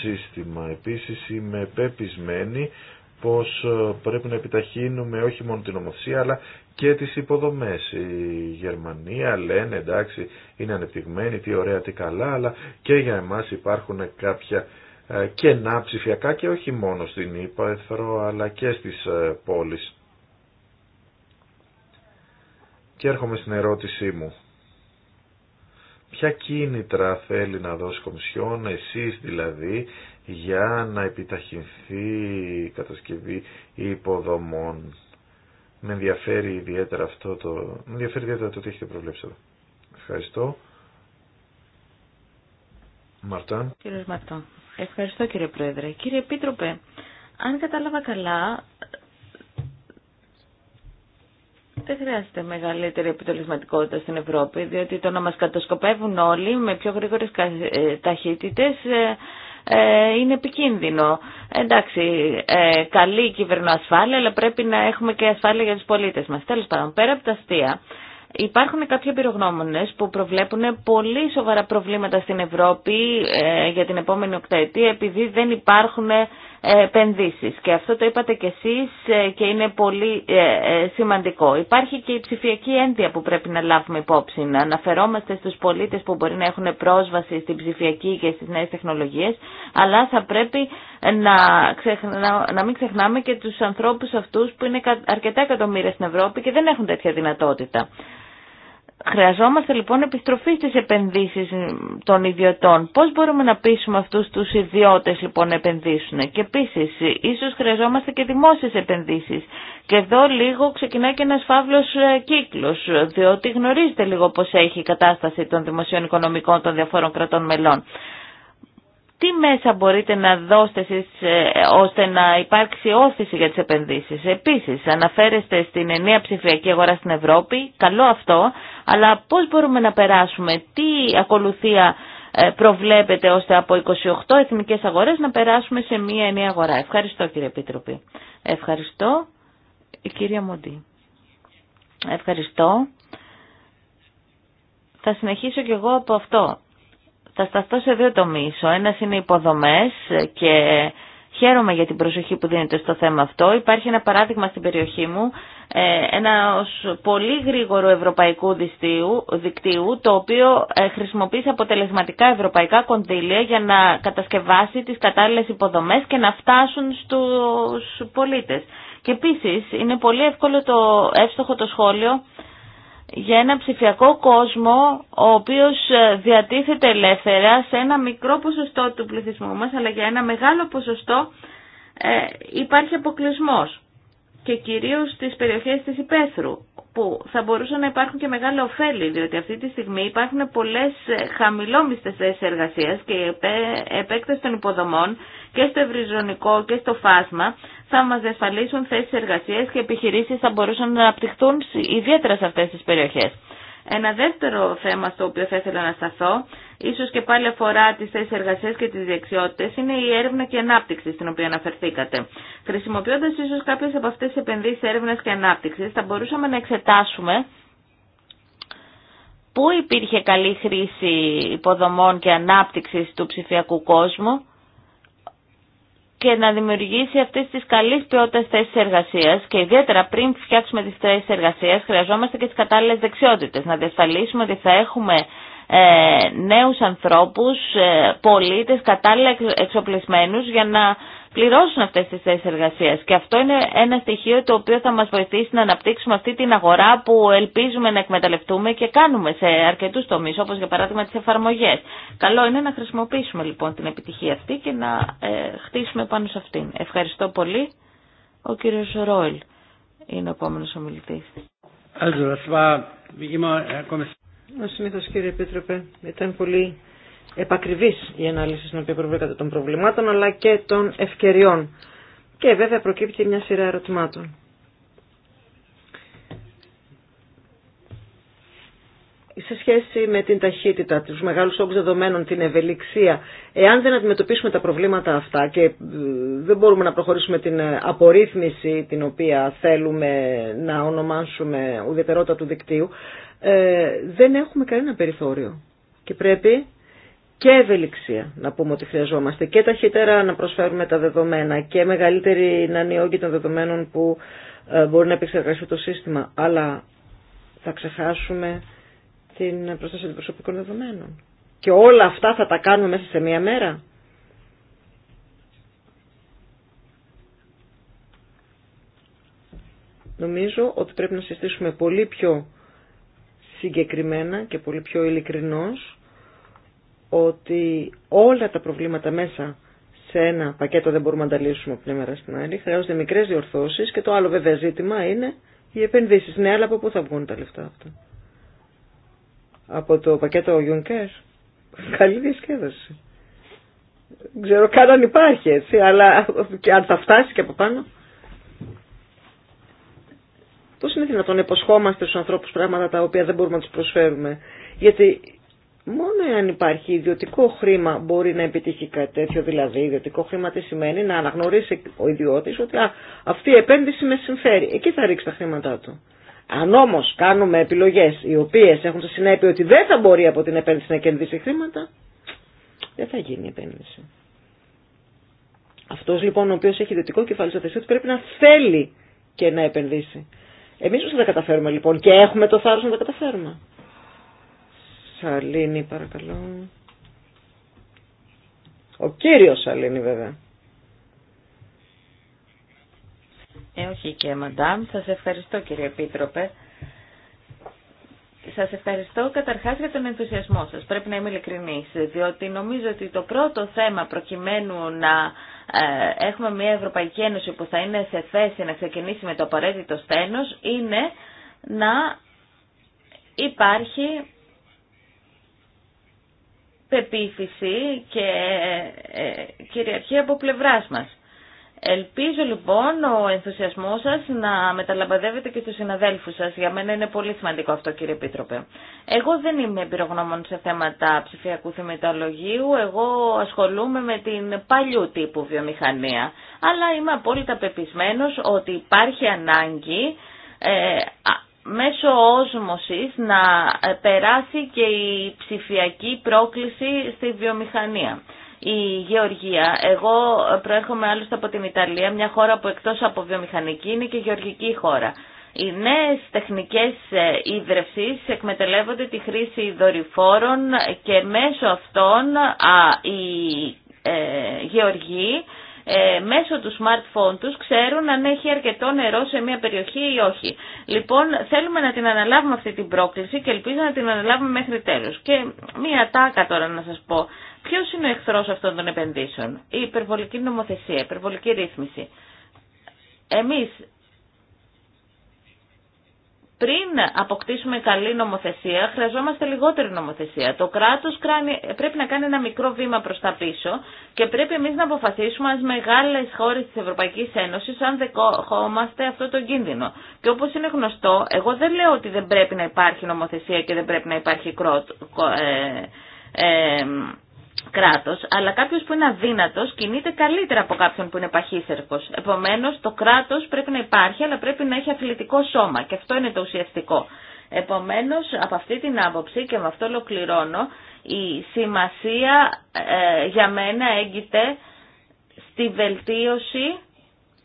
σύστημα. Επίσης είμαι πεπισμένη πως ε, πρέπει να επιταχύνουμε όχι μόνο την νομοθεσία αλλά και τις υποδομές. Η Γερμανία λένε εντάξει είναι ανεπτυγμένη, τι ωραία, τι καλά, αλλά και για εμάς υπάρχουν κάποια ε, κενά ψηφιακά και όχι μόνο στην ύπαθρο αλλά και στις ε, πόλεις. Και έρχομαι στην ερώτησή μου. Ποια κίνητρα θέλει να δώσει Κομισιόν, εσείς δηλαδή, για να επιταχυνθεί η κατασκευή υποδομών με ενδιαφέρει ιδιαίτερα αυτό το... Με ενδιαφέρει ιδιαίτερα το τι έχετε προβλέψει εδώ. Ευχαριστώ. Μαρτάν. Κύριε Μαρτά. Ευχαριστώ κύριε Πρόεδρε. Κύριε Επίτροπε, αν κατάλαβα καλά, δεν χρειάζεται μεγαλύτερη επιτελεσματικότητα στην Ευρώπη, διότι το να μας κατασκοπεύουν όλοι με πιο γρήγορες ε, ταχύτητες ε, ε, είναι επικίνδυνο. Εντάξει, ε, καλή κυβερνοασφάλεια, αλλά πρέπει να έχουμε και ασφάλεια για τους πολίτες μας. Τέλος πάντων, πέρα από τα αστεία, Υπάρχουν κάποιοι πυρογνώμονες που προβλέπουν πολύ σοβαρά προβλήματα στην Ευρώπη ε, για την επόμενη οκταετία επειδή δεν υπάρχουν και αυτό το είπατε κι εσείς ε, και είναι πολύ ε, ε, σημαντικό. Υπάρχει και η ψηφιακή ένδυα που πρέπει να λάβουμε υπόψη. Να αναφερόμαστε στους πολίτες που μπορεί να έχουν πρόσβαση στην ψηφιακή και στις νέες τεχνολογίες, αλλά θα πρέπει να, να μην ξεχνάμε και τους ανθρώπους αυτούς που είναι αρκετά εκατομμύρια στην Ευρώπη και δεν έχουν τέτοια δυνατότητα. Χρειαζόμαστε λοιπόν επιστροφή στις επενδύσεις των ιδιωτών. Πώς μπορούμε να πείσουμε αυτούς τους ιδιώτες λοιπόν να επενδύσουν. Και επίσης ίσως χρειαζόμαστε και δημόσιες επενδύσεις. Και εδώ λίγο ξεκινάει και ένας φαύλος ε, κύκλος, διότι γνωρίζετε λίγο πώς έχει η κατάσταση των δημοσίων οικονομικών των διαφόρων κρατών μελών τι μέσα μπορείτε να δώσετε ε, ώστε να υπάρξει όθηση για τις επενδύσεις. Επίσης, αναφέρεστε στην ενιαία ψηφιακή αγορά στην Ευρώπη, καλό αυτό, αλλά πώς μπορούμε να περάσουμε, τι ακολουθία ε, προβλέπετε ώστε από 28 εθνικές αγορές να περάσουμε σε μία ενιαία αγορά. Ευχαριστώ κύριε Επίτροπη. Ευχαριστώ η κυρία Μοντή. Ευχαριστώ. Θα συνεχίσω κι εγώ από αυτό. Θα σταθώ σε δύο τομείς. Ο ένας είναι υποδομές και χαίρομαι για την προσοχή που δίνεται στο θέμα αυτό. Υπάρχει ένα παράδειγμα στην περιοχή μου, ε, ένα πολύ γρήγορο ευρωπαϊκού δικτύου, το οποίο ε, χρησιμοποιεί αποτελεσματικά ευρωπαϊκά κονδύλια για να κατασκευάσει τις κατάλληλες υποδομές και να φτάσουν στους πολίτες. Και επίσης είναι πολύ εύκολο το εύστοχο το σχόλιο για ένα ψηφιακό κόσμο ο οποίος ε, διατίθεται ελεύθερα σε ένα μικρό ποσοστό του πληθυσμού μας αλλά για ένα μεγάλο ποσοστό ε, υπάρχει αποκλεισμός και κυρίως στις περιοχές της Υπέθρου, που θα μπορούσαν να υπάρχουν και μεγάλα ωφέλη διότι αυτή τη στιγμή υπάρχουν πολλές ε, χαμηλόμιστες θέσεις εργασίας και επέκταση των υποδομών και στο ευρυζωνικό και στο φάσμα θα μας διασφαλίσουν θέσεις εργασίας και επιχειρήσεις θα μπορούσαν να αναπτυχθούν ιδιαίτερα σε αυτές τις περιοχές. Ένα δεύτερο θέμα στο οποίο θα ήθελα να σταθώ ίσως και πάλι αφορά τις θέσεις εργασίας και τις δεξιότητες, είναι η έρευνα και η ανάπτυξη στην οποία αναφερθήκατε. Χρησιμοποιώντας ίσως κάποιες από αυτές τις επενδύσεις έρευνας και ανάπτυξης, θα μπορούσαμε να εξετάσουμε πού υπήρχε καλή χρήση υποδομών και ανάπτυξης του ψηφιακού κόσμου, και να δημιουργήσει αυτέ τι καλή ποιότητα θέσει εργασία και ιδιαίτερα πριν φτιάξουμε τι θέσει εργασία χρειαζόμαστε και τι κατάλληλε δεξιότητε. Να διασφαλίσουμε ότι θα έχουμε ε, νέους ανθρώπους, ε, πολίτες κατάλληλα εξοπλισμένους για να πληρώσουν αυτές τις θέσεις εργασίας. Και αυτό είναι ένα στοιχείο το οποίο θα μας βοηθήσει να αναπτύξουμε αυτή την αγορά που ελπίζουμε να εκμεταλλευτούμε και κάνουμε σε αρκετούς τομείς, όπως για παράδειγμα τις εφαρμογές. Καλό είναι να χρησιμοποιήσουμε λοιπόν την επιτυχία αυτή και να ε, χτίσουμε πάνω σε αυτήν. Ευχαριστώ πολύ. Ο κύριος Ρόιλ είναι ο επόμενος ομιλητής. Ο συνήθω κύριε Επίτροπε ήταν πολύ επακριβής η ανάλυση στην οποία προβλήκατε των προβλημάτων αλλά και των ευκαιριών. Και βέβαια προκύπτει μια σειρά ερωτημάτων. σε σχέση με την ταχύτητα, τους μεγάλους όγκους δεδομένων, την ευελιξία, εάν δεν αντιμετωπίσουμε τα προβλήματα αυτά και ε, δεν μπορούμε να προχωρήσουμε την ε, απορρίθμιση την οποία θέλουμε να ονομάσουμε ουδετερότητα του δικτύου, ε, δεν έχουμε κανένα περιθώριο και πρέπει και ευελιξία να πούμε ότι χρειαζόμαστε και ταχύτερα να προσφέρουμε τα δεδομένα και μεγαλύτερη να είναι των δεδομένων που ε, μπορεί να επεξεργαστεί το σύστημα αλλά θα ξεχάσουμε την προστασία των προσωπικών δεδομένων. Και όλα αυτά θα τα κάνουμε μέσα σε μία μέρα. Νομίζω ότι πρέπει να συστήσουμε πολύ πιο συγκεκριμένα και πολύ πιο ειλικρινώς ότι όλα τα προβλήματα μέσα σε ένα πακέτο δεν μπορούμε να τα λύσουμε από την στην άλλη. Χρειάζονται μικρέ διορθώσει και το άλλο βέβαια ζήτημα είναι οι επενδύσει. Ναι, αλλά από πού θα βγουν τα λεφτά αυτά. Από το πακέτο Juncker. Καλή διασκέδαση. Ξέρω καν αν υπάρχει έτσι, αλλά και αν θα φτάσει και από πάνω. Πώς είναι δυνατόν να υποσχόμαστε στους ανθρώπους πράγματα τα οποία δεν μπορούμε να τους προσφέρουμε. Γιατί μόνο αν υπάρχει ιδιωτικό χρήμα μπορεί να επιτύχει κάτι τέτοιο. Δηλαδή ιδιωτικό χρήμα τι σημαίνει να αναγνωρίσει ο ιδιώτης ότι αυτή η επένδυση με συμφέρει. Εκεί θα ρίξει τα χρήματά του. Αν όμω κάνουμε επιλογέ οι οποίε έχουν το συνέπειο ότι δεν θα μπορεί από την επένδυση να κερδίσει χρήματα, δεν θα γίνει επένδυση. Αυτό λοιπόν ο οποίο έχει ιδιωτικό κεφάλαιο στα πρέπει να θέλει και να επενδύσει. Εμείς πώς θα τα καταφέρουμε λοιπόν και έχουμε το θάρρος να τα καταφέρουμε. Σαλίνη παρακαλώ. Ο κύριος Σαλίνη βέβαια. Ε, όχι και μαντάμ. Σας ευχαριστώ κύριε Επίτροπε. Σας ευχαριστώ καταρχάς για τον ενθουσιασμό σας. Πρέπει να είμαι ειλικρινής, διότι νομίζω ότι το πρώτο θέμα προκειμένου να ε, έχουμε μια Ευρωπαϊκή Ένωση που θα είναι σε θέση να ξεκινήσει με το απαραίτητο στένος είναι να υπάρχει πεποίθηση και ε, ε, κυριαρχία από πλευράς μας. Ελπίζω λοιπόν ο ενθουσιασμός σας να μεταλαμπαδεύετε και στους συναδέλφους σας. Για μένα είναι πολύ σημαντικό αυτό κύριε Επίτροπε. Εγώ δεν είμαι εμπειρογνώμων σε θέματα ψηφιακού θεμετολογίου. Εγώ ασχολούμαι με την παλιού τύπου βιομηχανία. Αλλά είμαι απόλυτα πεπισμένος ότι υπάρχει ανάγκη ε, μέσω όσμωσης να ε, περάσει και η ψηφιακή πρόκληση στη βιομηχανία η γεωργία. Εγώ προέρχομαι άλλωστε από την Ιταλία, μια χώρα που εκτός από βιομηχανική είναι και γεωργική χώρα. Οι νέες τεχνικές ε, ίδρευσης εκμεταλλεύονται τη χρήση δορυφόρων και μέσω αυτών οι ε, γεωργοί ε, μέσω του smartphone τους ξέρουν αν έχει αρκετό νερό σε μια περιοχή ή όχι. Λοιπόν, θέλουμε να την αναλάβουμε αυτή την πρόκληση και ελπίζω να την αναλάβουμε μέχρι τέλους. Και μια τάκα τώρα να σας πω. Ποιος είναι ο εχθρός αυτών των επενδύσεων. Η υπερβολική νομοθεσία, η υπερβολική ρύθμιση. Εμείς πριν αποκτήσουμε καλή νομοθεσία, χρειαζόμαστε λιγότερη νομοθεσία. Το κράτος πρέπει να κάνει ένα μικρό βήμα προς τα πίσω και πρέπει εμεί να αποφασίσουμε ω μεγάλε χώρε της Ευρωπαϊκής Ένωσης αν δεχόμαστε αυτό το κίνδυνο. Και όπως είναι γνωστό, εγώ δεν λέω ότι δεν πρέπει να υπάρχει νομοθεσία και δεν πρέπει να υπάρχει κρότ, ε, ε, κράτος, αλλά κάποιος που είναι αδύνατος κινείται καλύτερα από κάποιον που είναι παχύσερκος. Επομένως, το κράτος πρέπει να υπάρχει, αλλά πρέπει να έχει αθλητικό σώμα και αυτό είναι το ουσιαστικό. Επομένως, από αυτή την άποψη και με αυτό ολοκληρώνω, η σημασία ε, για μένα έγκυται στη βελτίωση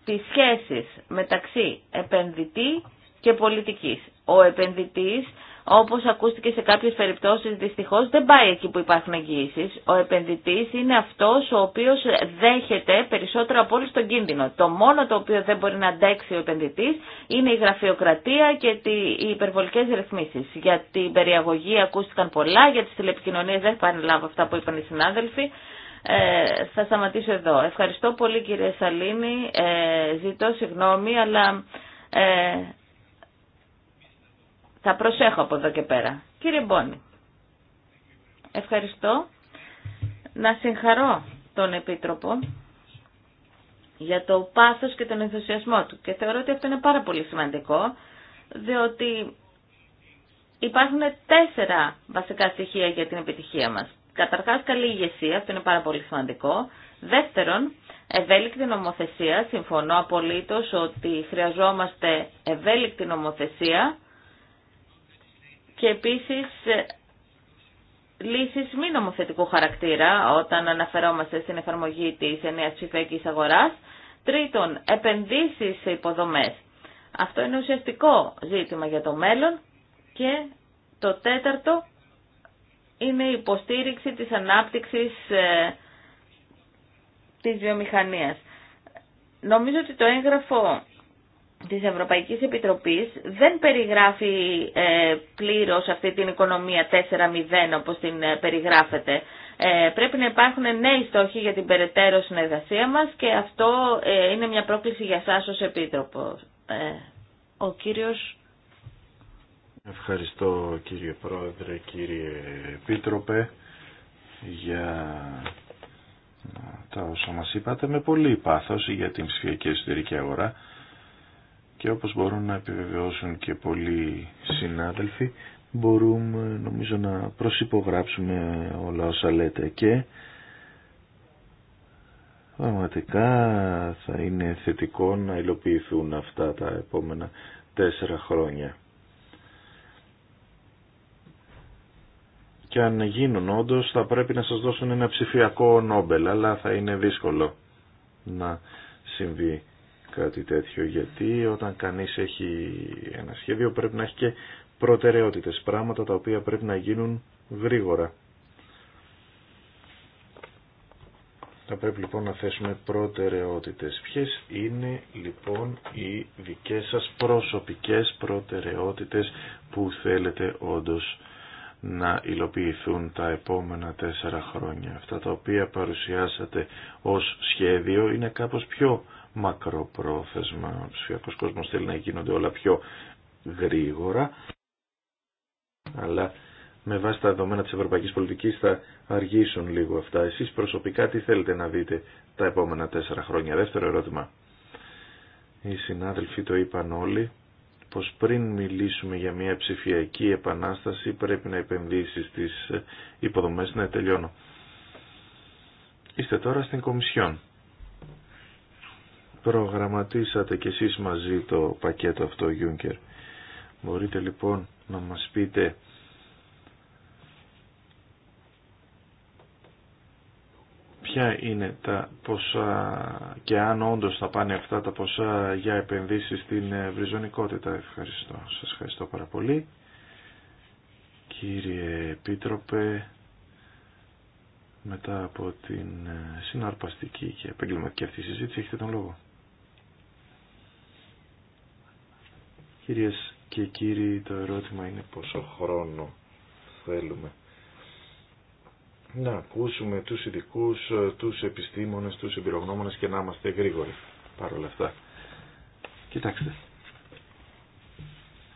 της σχέσης μεταξύ επενδυτή και πολιτικής. Ο επενδυτής όπως ακούστηκε σε κάποιες περιπτώσεις δυστυχώς δεν πάει εκεί που υπάρχουν εγγύησεις. Ο επενδυτής είναι αυτός ο οποίος δέχεται περισσότερο από όλους τον κίνδυνο. Το μόνο το οποίο δεν μπορεί να αντέξει ο επενδυτής είναι η γραφειοκρατία και οι υπερβολικές ρυθμίσεις. Για την περιαγωγή ακούστηκαν πολλά, για τις τηλεπικοινωνίες δεν επαναλάβω αυτά που είπαν οι συνάδελφοι. Ε, θα σταματήσω εδώ. Ευχαριστώ πολύ κύριε Σαλίνη. Ε, ζητώ συγγνώμη αλλά... Ε, θα προσέχω από εδώ και πέρα. Κύριε Μπόνη, ευχαριστώ. Να συγχαρώ τον Επίτροπο για το πάθος και τον ενθουσιασμό του. Και θεωρώ ότι αυτό είναι πάρα πολύ σημαντικό, διότι υπάρχουν τέσσερα βασικά στοιχεία για την επιτυχία μας. Καταρχάς καλή ηγεσία, αυτό είναι πάρα πολύ σημαντικό. Δεύτερον, ευέλικτη νομοθεσία. Συμφωνώ απολύτως ότι χρειαζόμαστε ευέλικτη νομοθεσία και επίσης λύσεις μη νομοθετικού χαρακτήρα όταν αναφερόμαστε στην εφαρμογή της ενέας ψηφιακής αγοράς. Τρίτον, επενδύσεις σε υποδομές. Αυτό είναι ουσιαστικό ζήτημα για το μέλλον και το τέταρτο είναι η υποστήριξη της ανάπτυξης ε, της βιομηχανίας. Νομίζω ότι το έγγραφο της Ευρωπαϊκής Επιτροπής δεν περιγράφει ε, πλήρως αυτή την οικονομία 4.0 όπως την ε, περιγράφεται. Ε, πρέπει να υπάρχουν νέοι στόχοι για την περαιτέρω συνεργασία μας και αυτό ε, είναι μια πρόκληση για σας ως Επίτροπο. Ε, ο κύριος... Ευχαριστώ κύριε Πρόεδρε, κύριε Επίτροπε για τα όσα μας είπατε με πολύ πάθος για την ψηφιακή εσωτερική αγορά και όπως μπορούν να επιβεβαιώσουν και πολλοί συνάδελφοι μπορούμε νομίζω να προσυπογράψουμε όλα όσα λέτε και πραγματικά θα είναι θετικό να υλοποιηθούν αυτά τα επόμενα τέσσερα χρόνια. Και αν γίνουν όντως θα πρέπει να σας δώσουν ένα ψηφιακό νόμπελ αλλά θα είναι δύσκολο να συμβεί κάτι τέτοιο γιατί όταν κανείς έχει ένα σχέδιο πρέπει να έχει και προτεραιότητες, πράγματα τα οποία πρέπει να γίνουν γρήγορα. Θα πρέπει λοιπόν να θέσουμε προτεραιότητες. Ποιες είναι λοιπόν οι δικές σας προσωπικές προτεραιότητες που θέλετε όντως να υλοποιηθούν τα επόμενα τέσσερα χρόνια. Αυτά τα οποία παρουσιάσατε ως σχέδιο είναι κάπως πιο μακροπρόθεσμα. Ο ψηφιακό κόσμος θέλει να γίνονται όλα πιο γρήγορα, αλλά με βάση τα δεδομένα τη Ευρωπαϊκή πολιτικής θα αργήσουν λίγο αυτά. Εσείς προσωπικά τι θέλετε να δείτε τα επόμενα τέσσερα χρόνια. Δεύτερο ερώτημα. Οι συνάδελφοι το είπαν όλοι πως πριν μιλήσουμε για μια ψηφιακή επανάσταση πρέπει να επενδύσεις τις υποδομές. να τελειώνω. Είστε τώρα στην Κομισιόν προγραμματίσατε κι εσείς μαζί το πακέτο αυτό Γιούγκερ. Μπορείτε λοιπόν να μας πείτε ποια είναι τα ποσά και αν όντως θα πάνε αυτά τα ποσά για επενδύσεις στην ε, βριζονικότητα. Ευχαριστώ. Σας ευχαριστώ πάρα πολύ. Κύριε Επίτροπε, μετά από την ε, συναρπαστική και επαγγελματική αυτή συζήτηση έχετε τον λόγο. Κυρίες και κύριοι, το ερώτημα είναι πόσο χρόνο θέλουμε να ακούσουμε τους ειδικού, τους επιστήμονες, τους εμπειρογνώμονες και να είμαστε γρήγοροι παρόλα αυτά. Κοιτάξτε.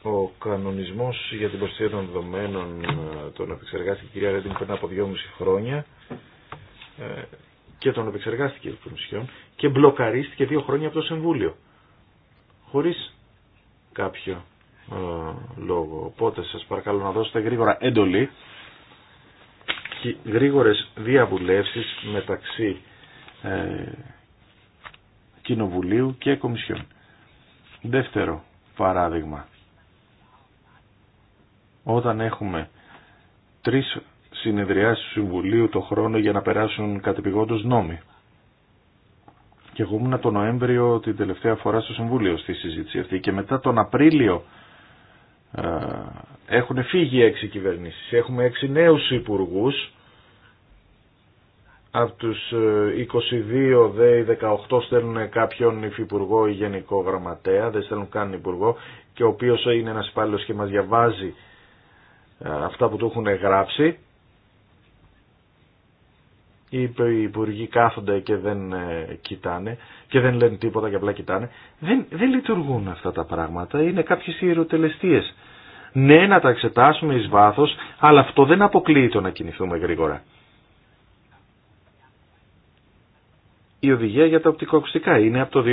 Ο κανονισμός για την προστασία των δεδομένων τον επεξεργάστηκε η κυρία Ρέντιν πριν από 2,5 χρόνια ε, και τον επεξεργάστηκε η και μπλοκαρίστηκε δύο χρόνια από το Συμβούλιο. Χωρίς κάποιο ε, λόγο. Οπότε σας παρακαλώ να δώσετε γρήγορα έντολη και γρήγορες διαβουλεύσεις μεταξύ ε, Κοινοβουλίου και Κομισιόν. Δεύτερο παράδειγμα. Όταν έχουμε τρεις συνεδριάσεις του Συμβουλίου το χρόνο για να περάσουν κατεπηγόντως νόμοι. Και εγώ ήμουν τον Νοέμβριο την τελευταία φορά στο Συμβούλιο στη συζήτηση αυτή και μετά τον Απρίλιο ε, έχουν φύγει έξι κυβερνήσεις. Έχουμε έξι νέους υπουργούς, Από τους 22 δε 18 στέλνουν κάποιον υφυπουργό ή γενικό γραμματέα, δεν στέλνουν καν υπουργό και ο οποίος είναι ένας υπάλληλος και μας διαβάζει ε, αυτά που του έχουν γράψει οι υπουργοί κάθονται και δεν ε, κοιτάνε και δεν λένε τίποτα και απλά κοιτάνε. Δεν, δεν λειτουργούν αυτά τα πράγματα. Είναι κάποιε ιεροτελεστίες. Ναι, να τα εξετάσουμε ει βάθο αλλά αυτό δεν αποκλείει το να κινηθούμε γρήγορα. Η οδηγία για τα οπτικοακουστικά είναι από το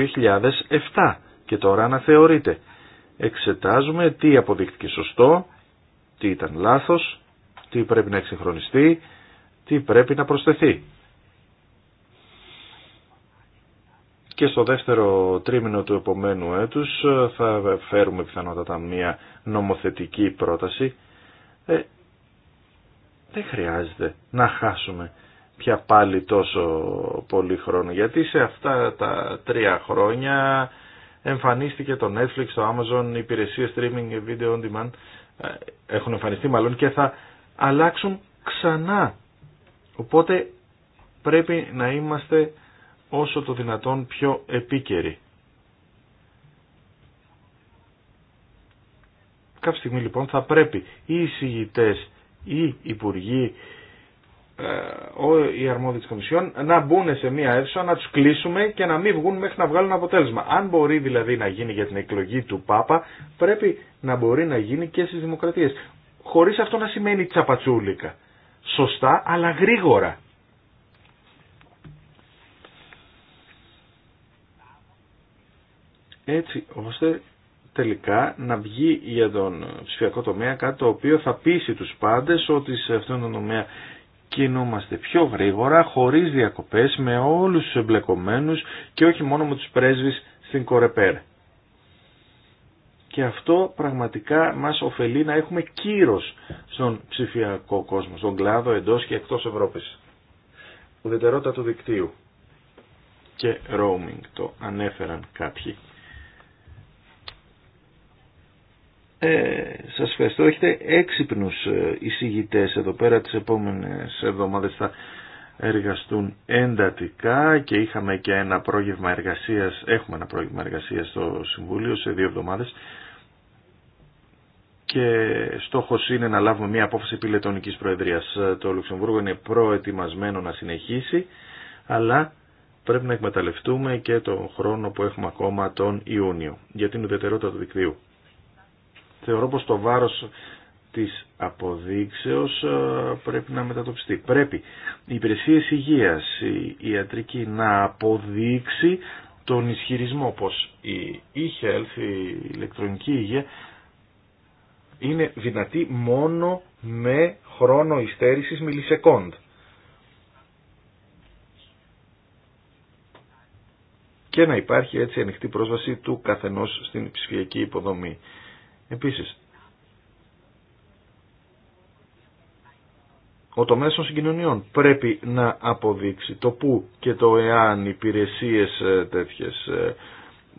2007 και τώρα αναθεωρείται. Εξετάζουμε τι αποδείχθηκε σωστό, τι ήταν λάθος, τι πρέπει να εξυγχρονιστεί, τι πρέπει να προσθεθεί. Και στο δεύτερο τρίμηνο του επομένου έτους ε, θα φέρουμε πιθανότατα μια νομοθετική πρόταση. Ε, δεν χρειάζεται να χάσουμε πια πάλι τόσο πολύ χρόνο. Γιατί σε αυτά τα τρία χρόνια εμφανίστηκε το Netflix, το Amazon, οι υπηρεσίες streaming, video on demand ε, έχουν εμφανιστεί μάλλον και θα αλλάξουν ξανά Οπότε πρέπει να είμαστε όσο το δυνατόν πιο επίκαιροι. Κάποια στιγμή λοιπόν θα πρέπει οι ή οι υπουργοί, ε, οι αρμόδιοι της να μπουν σε μία αίθουσα, να τους κλείσουμε και να μην βγουν μέχρι να βγάλουν αποτέλεσμα. Αν μπορεί δηλαδή να γίνει για την εκλογή του Πάπα, πρέπει να μπορεί να γίνει και στις δημοκρατίες. Χωρίς αυτό να σημαίνει τσαπατσούλικα σωστά αλλά γρήγορα. Έτσι ώστε τελικά να βγει για τον ψηφιακό τομέα κάτι το οποίο θα πείσει τους πάντες ότι σε αυτόν τον τομέα κινούμαστε πιο γρήγορα, χωρίς διακοπές, με όλους τους εμπλεκομένους και όχι μόνο με τους πρέσβεις στην Κορεπέρ. Και αυτό πραγματικά μας ωφελεί να έχουμε κύρος στον ψηφιακό κόσμο, στον κλάδο εντός και εκτός Ευρώπης. Ουδετερότητα του δικτύου και roaming το ανέφεραν κάποιοι. Ε, σας ευχαριστώ. Έχετε έξυπνους ε, εισηγητές εδώ πέρα τις επόμενες εβδομάδες θα εργαστούν εντατικά και είχαμε και ένα πρόγευμα εργασίας, έχουμε ένα πρόγευμα εργασίας στο Συμβούλιο σε δύο εβδομάδες και στόχος είναι να λάβουμε μια απόφαση επί Προεδρίας. Το Λουξεμβούργο είναι προετοιμασμένο να συνεχίσει, αλλά πρέπει να εκμεταλλευτούμε και τον χρόνο που έχουμε ακόμα τον Ιούνιο για την ουδετερότητα του δικτύου. Θεωρώ πως το βάρος της αποδείξεως ε, πρέπει να μετατοπιστεί. Πρέπει οι υπηρεσίε υγείας, η ιατρική να αποδείξει τον ισχυρισμό πως η e-health, η ηλεκτρονική υγεία είναι δυνατή μόνο με χρόνο υστέρησης μιλισεκόντ. Και να υπάρχει έτσι ανοιχτή πρόσβαση του καθενός στην ψηφιακή υποδομή. Επίσης, ο τομέας των συγκοινωνιών πρέπει να αποδείξει το πού και το εάν υπηρεσίες ε, τέτοιες ε,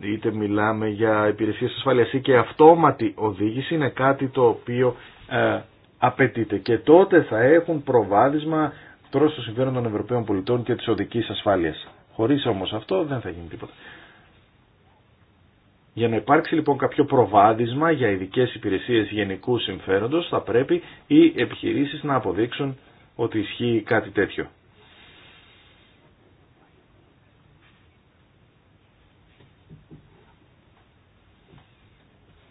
είτε μιλάμε για υπηρεσίες ασφαλείας ή και αυτόματη οδήγηση είναι κάτι το οποίο ε, απαιτείται και τότε θα έχουν προβάδισμα προς το συμφέρον των Ευρωπαίων πολιτών και της οδικής ασφάλειας. Χωρίς όμως αυτό δεν θα γίνει τίποτα. Για να υπάρξει λοιπόν κάποιο προβάδισμα για ειδικέ υπηρεσίες γενικού συμφέροντος θα πρέπει οι επιχειρήσεις να αποδείξουν ότι ισχύει κάτι τέτοιο.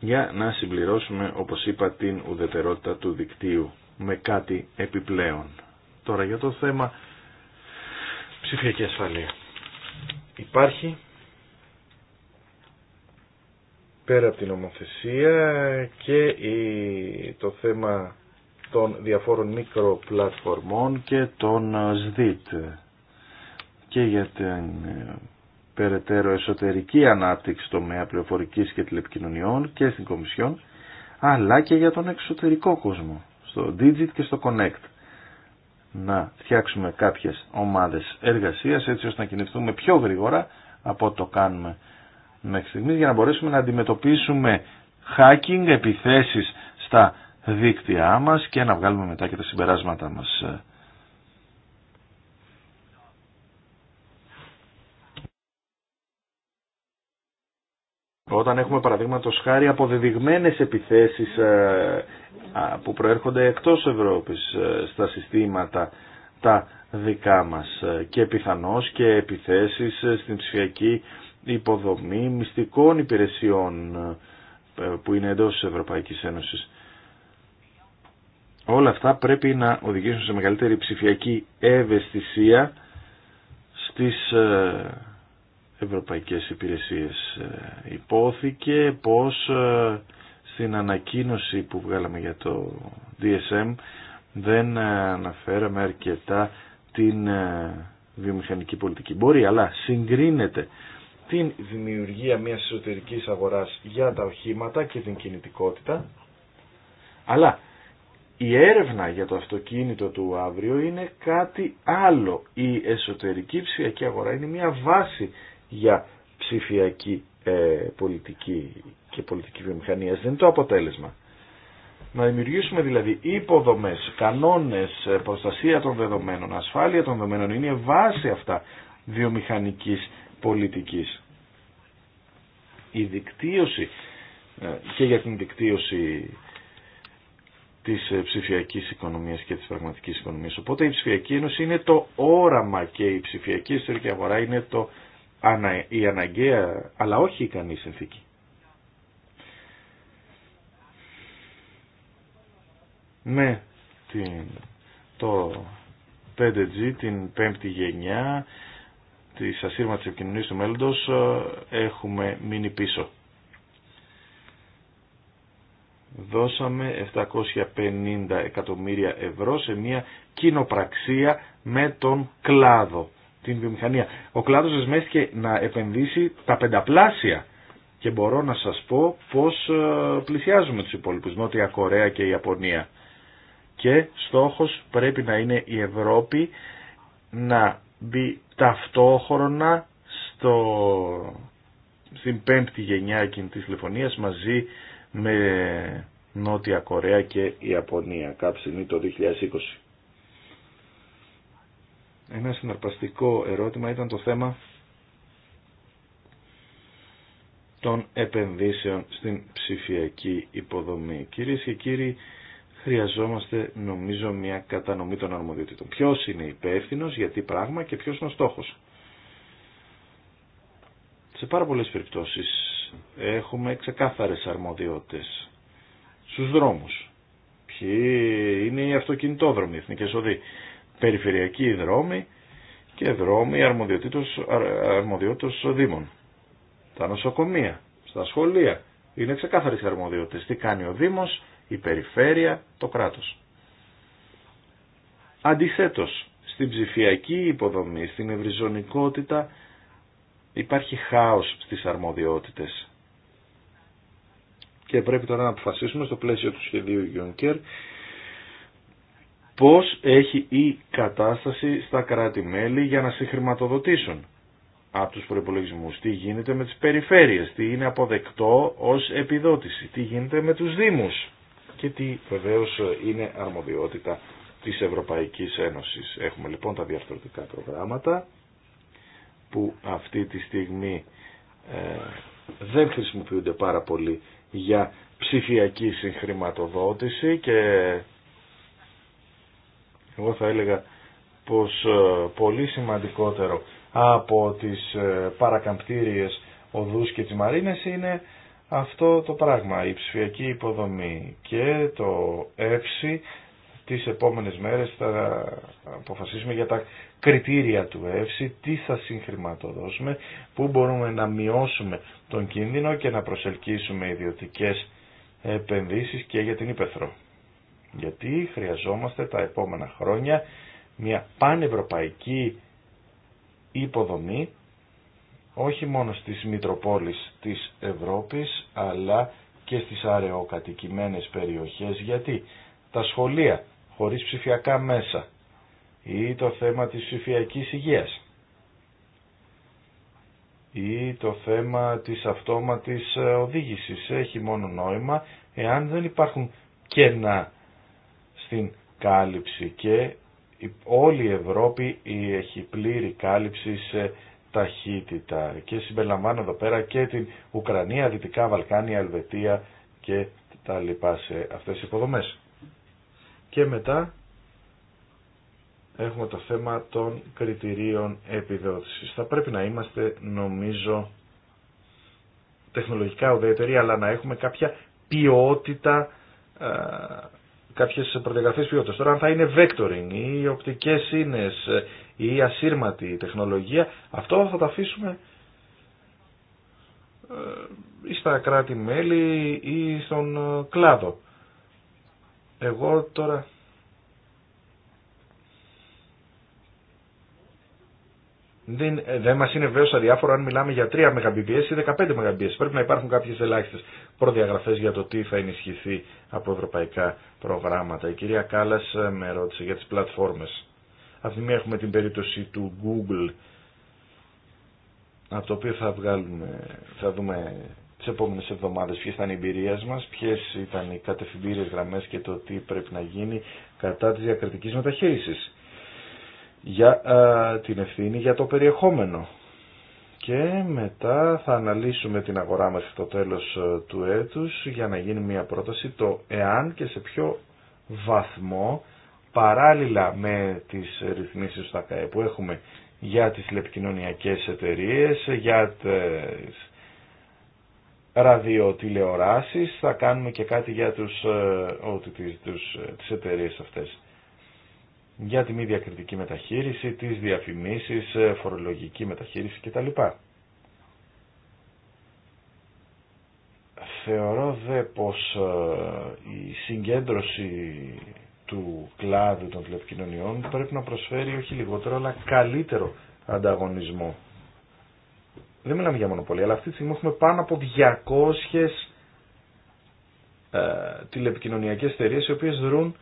για να συμπληρώσουμε, όπως είπα, την ουδετερότητα του δικτύου με κάτι επιπλέον. Τώρα για το θέμα ψηφιακή ασφαλεία. Υπάρχει πέρα από την νομοθεσία και η, το θέμα των διαφόρων μικροπλατφορμών και των ΣΔΙΤ και για περαιτέρω εσωτερική ανάπτυξη τομέα πληροφορικής και τηλεπικοινωνιών και στην Κομισιόν, αλλά και για τον εξωτερικό κόσμο, στο Digit και στο Connect. Να φτιάξουμε κάποιες ομάδες εργασίας έτσι ώστε να κινηθούμε πιο γρήγορα από ό,τι το κάνουμε μέχρι στιγμής για να μπορέσουμε να αντιμετωπίσουμε hacking, επιθέσεις στα δίκτυά μας και να βγάλουμε μετά και τα συμπεράσματα μας. Όταν έχουμε παραδείγματο χάρη αποδεδειγμένες επιθέσεις ε, που προέρχονται εκτός Ευρώπης ε, στα συστήματα τα δικά μας ε, και πιθανώ και επιθέσεις στην ψηφιακή υποδομή μυστικών υπηρεσιών που είναι εντό τη ευρωπαϊκή Ένωσης. Όλα αυτά πρέπει να οδηγήσουν σε μεγαλύτερη ψηφιακή ευαισθησία στις ευρωπαϊκές υπηρεσίες. Ε, υπόθηκε πως ε, στην ανακοίνωση που βγάλαμε για το DSM δεν ε, αναφέραμε αρκετά την βιομηχανική πολιτική. Μπορεί, αλλά συγκρίνεται την δημιουργία μιας εσωτερικής αγοράς για τα οχήματα και την κινητικότητα, αλλά η έρευνα για το αυτοκίνητο του αύριο είναι κάτι άλλο. Η εσωτερική ψηφιακή αγορά είναι μια βάση για ψηφιακή ε, πολιτική και πολιτική βιομηχανία. Δεν είναι το αποτέλεσμα. Να δημιουργήσουμε δηλαδή υποδομές, κανόνες, ε, προστασία των δεδομένων, ασφάλεια των δεδομένων είναι βάση αυτά βιομηχανικής πολιτικής. Η δικτύωση ε, και για την δικτύωση της ψηφιακής οικονομίας και της πραγματικής οικονομίας. Οπότε η ψηφιακή ένωση είναι το όραμα και η ψηφιακή ιστορική αγορά είναι το η αναγκαία αλλά όχι η ικανή συνθήκη. Με την, το 5G, την πέμπτη γενιά της ασύρματης επικοινωνίας του μέλλοντος έχουμε μείνει πίσω. Δώσαμε 750 εκατομμύρια ευρώ σε μια κοινοπραξία με τον κλάδο την βιομηχανία. Ο κλάδος δεσμεύτηκε να επενδύσει τα πενταπλάσια και μπορώ να σας πω πώς ε, πλησιάζουμε του υπόλοιπου Νότια Κορέα και η Ιαπωνία. Και στόχος πρέπει να είναι η Ευρώπη να μπει ταυτόχρονα στο, στην πέμπτη γενιά τη τηλεφωνία μαζί με Νότια Κορέα και Ιαπωνία, κάποια στιγμή το 2020. Ένα συναρπαστικό ερώτημα ήταν το θέμα των επενδύσεων στην ψηφιακή υποδομή. Κυρίε και κύριοι, χρειαζόμαστε νομίζω μια κατανομή των αρμοδιοτήτων. Ποιο είναι υπεύθυνο γιατί πράγμα και ποιο είναι ο στόχο. Σε πάρα πολλέ περιπτώσει έχουμε ξεκάθαρε αρμοδιότητες στους δρόμους. Ποιοι είναι οι αυτοκινητόδρομοι, οι εθνικέ οδοί περιφερειακοί δρόμοι και δρόμοι αρμοδιότητος, αρμοδιότητος δήμων. Τα νοσοκομεία, στα σχολεία, είναι ξεκάθαρες οι αρμοδιότητες. Τι κάνει ο Δήμος, η περιφέρεια, το κράτος. Αντιθέτως, στην ψηφιακή υποδομή, στην ευρυζωνικότητα, υπάρχει χάος στις αρμοδιότητες. Και πρέπει τώρα να αποφασίσουμε στο πλαίσιο του σχεδίου Juncker πώς έχει η κατάσταση στα κράτη-μέλη για να συγχρηματοδοτήσουν από τους προϋπολογισμούς, τι γίνεται με τις περιφέρειες, τι είναι αποδεκτό ως επιδότηση, τι γίνεται με τους Δήμους και τι βεβαίως είναι αρμοδιότητα της Ευρωπαϊκής Ένωσης. Έχουμε λοιπόν τα διαφορετικά προγράμματα που αυτή τη στιγμή ε, δεν χρησιμοποιούνται πάρα πολύ για ψηφιακή συγχρηματοδότηση και εγώ θα έλεγα πως ε, πολύ σημαντικότερο από τις ε, παρακαμπτήριες οδούς και τις μαρίνες είναι αυτό το πράγμα, η ψηφιακή υποδομή και το ΕΦΣΙ τις επόμενες μέρες θα αποφασίσουμε για τα κριτήρια του ΕΦΣΙ, τι θα συγχρηματοδώσουμε, πού μπορούμε να μειώσουμε τον κίνδυνο και να προσελκύσουμε ιδιωτικές επενδύσεις και για την υπεθρό. Γιατί χρειαζόμαστε τα επόμενα χρόνια μια πανευρωπαϊκή υποδομή όχι μόνο στις Μητροπόλεις της Ευρώπης αλλά και στις αραιοκατοικημένες περιοχές γιατί τα σχολεία χωρίς ψηφιακά μέσα ή το θέμα της ψηφιακής υγείας ή το θέμα της αυτόματης ε, οδήγησης έχει μόνο νόημα εάν δεν υπάρχουν κενά στην κάλυψη και όλη η Ευρώπη έχει πλήρη κάλυψη σε ταχύτητα και συμπεριλαμβάνω εδώ πέρα και την Ουκρανία, Δυτικά Βαλκάνια, Ελβετία και τα λοιπά σε αυτές τις υποδομές. Και μετά έχουμε το θέμα των κριτηρίων επιδότησης. Θα πρέπει να είμαστε νομίζω τεχνολογικά ουδέτεροι αλλά να έχουμε κάποια ποιότητα κάποιες προδιαγραφές ποιότητας. Τώρα αν θα είναι vectoring ή οπτικές ίνες ή ασύρματη τεχνολογία, αυτό θα το αφήσουμε ε, ή στα κράτη-μέλη ή στον ε, κλάδο. Εγώ τώρα... Δεν, ε, δεν μας είναι βέβαιος αδιάφορο αν μιλάμε για 3 Mbps ή 15 Mbps. Πρέπει να υπάρχουν κάποιες ελάχιστες προδιαγραφές για το τι θα ενισχυθεί από ευρωπαϊκά προγράμματα. Η κυρία Κάλλας ε, με ρώτησε για τις πλατφόρμες. Αυτή μία έχουμε την περίπτωση του Google, από το οποίο θα, βγάλουμε, θα δούμε τις επόμενες εβδομάδες ποιες ήταν οι εμπειρίες μας, ποιες ήταν οι κατευθυντήριες γραμμές και το τι πρέπει να γίνει κατά της διακριτικής μεταχείρισης για ε, την ευθύνη για το περιεχόμενο και μετά θα αναλύσουμε την αγορά μας στο τέλος ε, του έτους για να γίνει μια πρόταση το εάν και σε ποιο βαθμό παράλληλα με τις ρυθμίσεις στα που έχουμε για τις λεπικοινωνιακές εταιρείες, για τις ραδιοτηλεοράσεις, θα κάνουμε και κάτι για τους, ε, ό, τις, τις ε, αυτές για τη μη διακριτική μεταχείριση, τις διαφημίσεις, ε, φορολογική μεταχείριση κτλ. Θεωρώ δε πως ε, η συγκέντρωση του κλάδου των τηλεπικοινωνιών πρέπει να προσφέρει όχι λιγότερο αλλά καλύτερο ανταγωνισμό. Δεν μιλάμε για μονοπολία, αλλά αυτή τη στιγμή έχουμε πάνω από 200 ε, τηλεπικοινωνιακές εταιρείε οι οποίες δρούν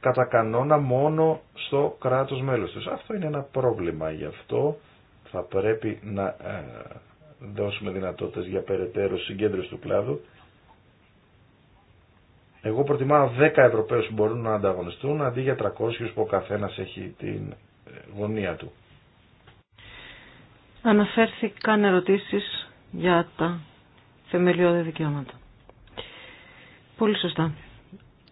κατά κανόνα μόνο στο κράτος μέλος τους. Αυτό είναι ένα πρόβλημα. Γι' αυτό θα πρέπει να ε, δώσουμε δυνατότητες για περαιτέρω συγκέντρωση του κλάδου. Εγώ προτιμάω 10 Ευρωπαίους που μπορούν να ανταγωνιστούν αντί για 300 που ο καθένας έχει την ε, γωνία του. Αναφέρθηκαν ερωτήσεις για τα θεμελιώδη δικαιώματα. Πολύ σωστά.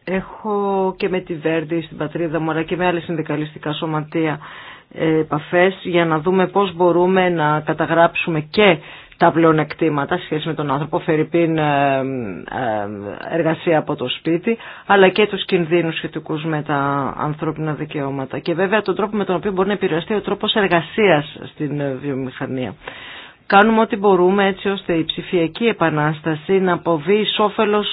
Έχω και με τη Βέρντι στην πατρίδα μου αλλά και με άλλες συνδικαλιστικά σωματεία ε, επαφές για να δούμε πώς μπορούμε να καταγράψουμε και τα πλεονεκτήματα σχέση με τον άνθρωπο, φερειπίν ε, ε, εργασία από το σπίτι, αλλά και τους κινδύνους σχετικούς με τα ανθρώπινα δικαιώματα. Και βέβαια τον τρόπο με τον οποίο μπορεί να επηρεαστεί ο τρόπος εργασίας στην βιομηχανία. Κάνουμε ό,τι μπορούμε έτσι ώστε η ψηφιακή επανάσταση να αποβεί εις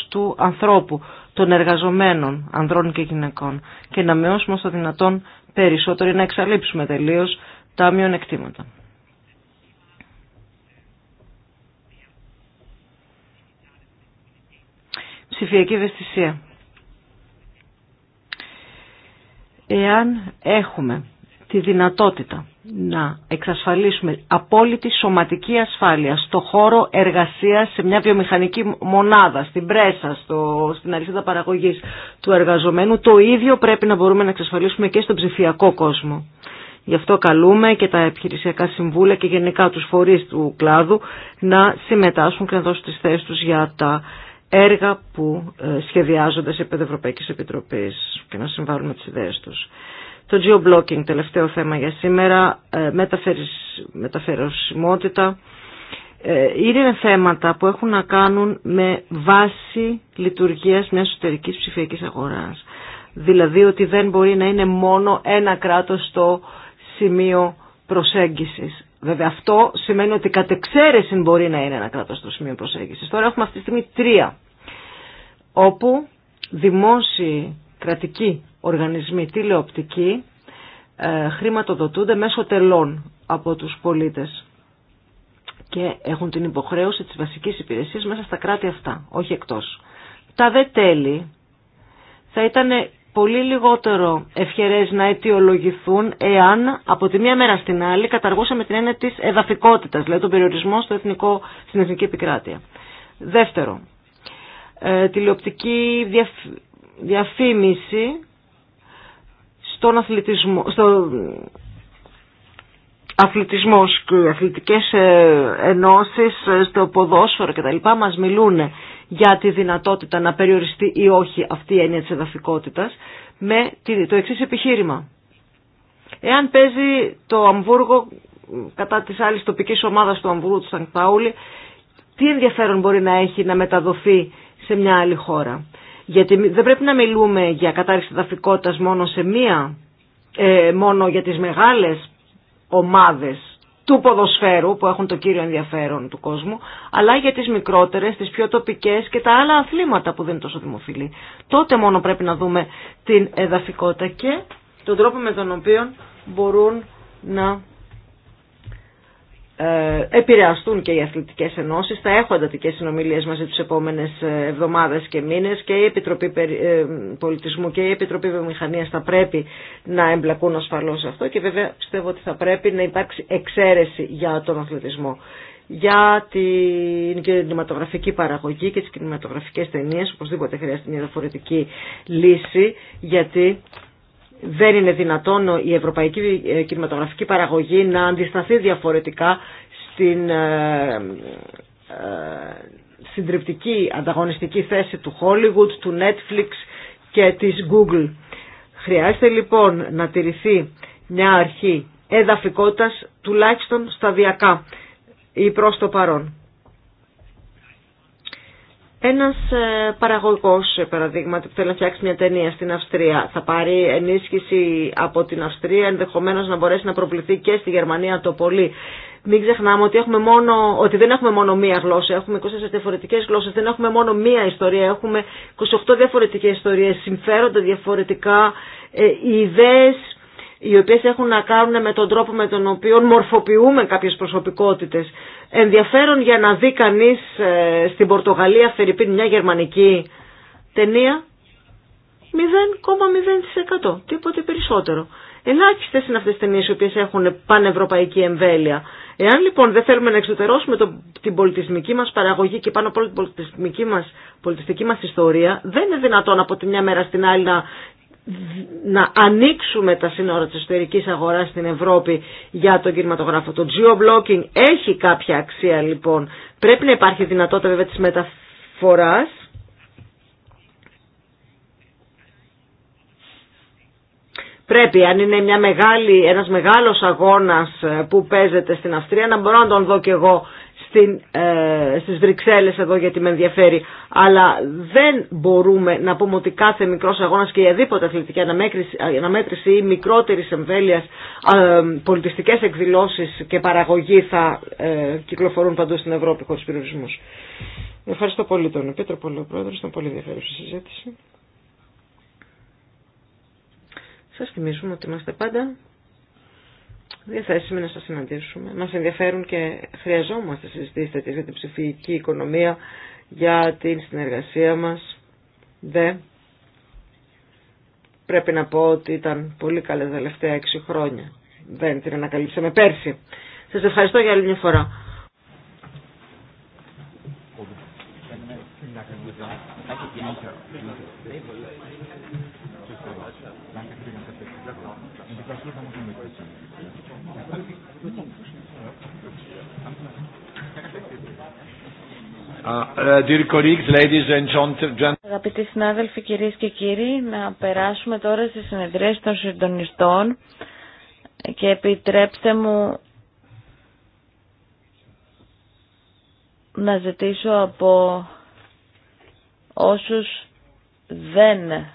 του ανθρώπου, των εργαζομένων ανδρών και γυναικών και να μειώσουμε όσο δυνατόν περισσότερο ή να εξαλείψουμε τελείως τα μειονεκτήματα. Ψηφιακή ευαισθησία. Εάν έχουμε τη δυνατότητα να εξασφαλίσουμε απόλυτη σωματική ασφάλεια στο χώρο εργασίας, σε μια βιομηχανική μονάδα, στην πρέσα, στο, στην αλυσίδα παραγωγής του εργαζομένου, το ίδιο πρέπει να μπορούμε να εξασφαλίσουμε και στον ψηφιακό κόσμο. Γι' αυτό καλούμε και τα επιχειρησιακά συμβούλια και γενικά τους φορείς του κλάδου να συμμετάσχουν και να δώσουν τις θέσεις τους για τα έργα που ε, σχεδιάζονται σε επίπεδο και να συμβάλλουν με τις ιδέες τους. Το geo-blocking, τελευταίο θέμα για σήμερα, ε, μεταφεροσιμότητα, ε, είναι θέματα που έχουν να κάνουν με βάση λειτουργίας μιας εσωτερικής ψηφιακής αγοράς. Δηλαδή ότι δεν μπορεί να είναι μόνο ένα κράτος το σημείο προσέγγισης. Βέβαια αυτό σημαίνει ότι κατ' εξαίρεση μπορεί να είναι ένα κράτος το σημείο προσέγγισης. Τώρα έχουμε αυτή τη στιγμή τρία, όπου δημόσιοι κρατικοί οργανισμοί τηλεοπτικοί ε, χρηματοδοτούνται μέσω τελών από τους πολίτες και έχουν την υποχρέωση της βασικής υπηρεσίας μέσα στα κράτη αυτά, όχι εκτός. Τα δε τέλη θα ήταν πολύ λιγότερο ευχερές να αιτιολογηθούν εάν από τη μία μέρα στην άλλη καταργούσαμε την έννοια της εδαφικότητας, δηλαδή τον περιορισμό στο εθνικό, στην εθνική επικράτεια. Δεύτερο, ε, τηλεοπτική διαφήμιση στον αθλητισμό, στο αθλητισμός και αθλητικές ε, ενώσεις, ε, στο ποδόσφαιρο λοιπά μας μιλούν για τη δυνατότητα να περιοριστεί ή όχι αυτή η έννοια της εδαφικότητας με το εξής επιχείρημα. Εάν παίζει το Αμβούργο κατά της άλλης τοπικής ομάδας του Αμβούργου του Σανκ τι ενδιαφέρον μπορεί να έχει να μεταδοθεί σε μια άλλη χώρα. Γιατί δεν πρέπει να μιλούμε για κατάρριξη εδαφικότητας μόνο σε μία, ε, μόνο για τις μεγάλες ομάδες του ποδοσφαίρου που έχουν το κύριο ενδιαφέρον του κόσμου, αλλά για τις μικρότερες, τις πιο τοπικές και τα άλλα αθλήματα που δεν είναι τόσο δημοφιλή. Τότε μόνο πρέπει να δούμε την εδαφικότητα και τον τρόπο με τον οποίο μπορούν να ε, επηρεαστούν και οι αθλητικές ενώσεις. Θα έχω αντατικέ συνομιλίες μαζί τους επόμενες ε, εβδομάδες και μήνες και η Επιτροπή ε, Πολιτισμού και η Επιτροπή Βιομηχανίας θα πρέπει να εμπλακούν ασφαλώς αυτό και βέβαια πιστεύω ότι θα πρέπει να υπάρξει εξαίρεση για τον αθλητισμό για την κινηματογραφική παραγωγή και τις κινηματογραφικές ταινίες, οπωσδήποτε χρειάζεται μια διαφορετική λύση, γιατί δεν είναι δυνατόν η ευρωπαϊκή ε, κινηματογραφική παραγωγή να αντισταθεί διαφορετικά στην ε, ε, συντριπτική ανταγωνιστική θέση του Hollywood, του Netflix και της Google. Χρειάζεται λοιπόν να τηρηθεί μια αρχή εδαφικότητας τουλάχιστον σταδιακά ή προς το παρόν ένας ε, παραγωγός, ε, παραδείγματι, που θέλει να φτιάξει μια ταινία στην Αυστρία, θα πάρει ενίσχυση από την Αυστρία, ενδεχομένως να μπορέσει να προβληθεί και στη Γερμανία το πολύ. Μην ξεχνάμε ότι, έχουμε μόνο, ότι δεν έχουμε μόνο μία γλώσσα, έχουμε 24 διαφορετικές γλώσσες, δεν έχουμε μόνο μία ιστορία, έχουμε 28 διαφορετικές ιστορίες, συμφέροντα διαφορετικά, ε, ιδέες, οι οποίες έχουν να κάνουν με τον τρόπο με τον οποίο μορφοποιούμε κάποιες προσωπικότητες. Ενδιαφέρον για να δει κανείς ε, στην Πορτογαλία, Φερρυπίν, μια γερμανική ταινία, 0,0%. Τίποτε περισσότερο. Ελάχιστε είναι αυτέ τι ταινίε οι οποίε έχουν πανευρωπαϊκή εμβέλεια. Εάν λοιπόν δεν θέλουμε να εξωτερώσουμε το, την πολιτισμική μα παραγωγή και πάνω από όλη την πολιτισμική πολιτιστική μα ιστορία, δεν είναι δυνατόν από τη μια μέρα στην άλλη να να ανοίξουμε τα σύνορα της εσωτερικής αγοράς στην Ευρώπη για τον κινηματογράφο. Το geo-blocking έχει κάποια αξία λοιπόν. Πρέπει να υπάρχει δυνατότητα βέβαια της μεταφοράς. Πρέπει, αν είναι μια μεγάλη, ένας μεγάλος αγώνας ε, που παίζεται στην Αυστρία, να μπορώ να τον δω κι εγώ στην, ε, στις Βρυξέλλες εδώ γιατί με ενδιαφέρει. Αλλά δεν μπορούμε να πούμε ότι κάθε μικρός αγώνας και οποιαδήποτε αθλητική αναμέτρηση, αναμέτρηση ή μικρότερης εμβέλειας ε, πολιτιστικές εκδηλώσεις και παραγωγή θα ε, κυκλοφορούν παντού στην Ευρώπη χωρίς περιορισμούς. Ευχαριστώ πολύ τον Πέτρο Λεοπρόεδρο, ήταν πολύ ενδιαφέρουσα συζήτηση. Σας θυμίζουμε ότι είμαστε πάντα διαθέσιμοι να σας συναντήσουμε. Μας ενδιαφέρουν και χρειαζόμαστε συζητήσεις τέτοιες για την ψηφιακή οικονομία, για την συνεργασία μας. Δε. Πρέπει να πω ότι ήταν πολύ καλή τα τελευταία έξι χρόνια. Δεν την ανακαλύψαμε πέρσι. Σας ευχαριστώ για άλλη μια φορά. Uh, uh, Αγαπητοί συνάδελφοι, κυρίε και κύριοι, να περάσουμε τώρα στι συνεδρίες των συντονιστών και επιτρέψτε μου να ζητήσω από όσους δεν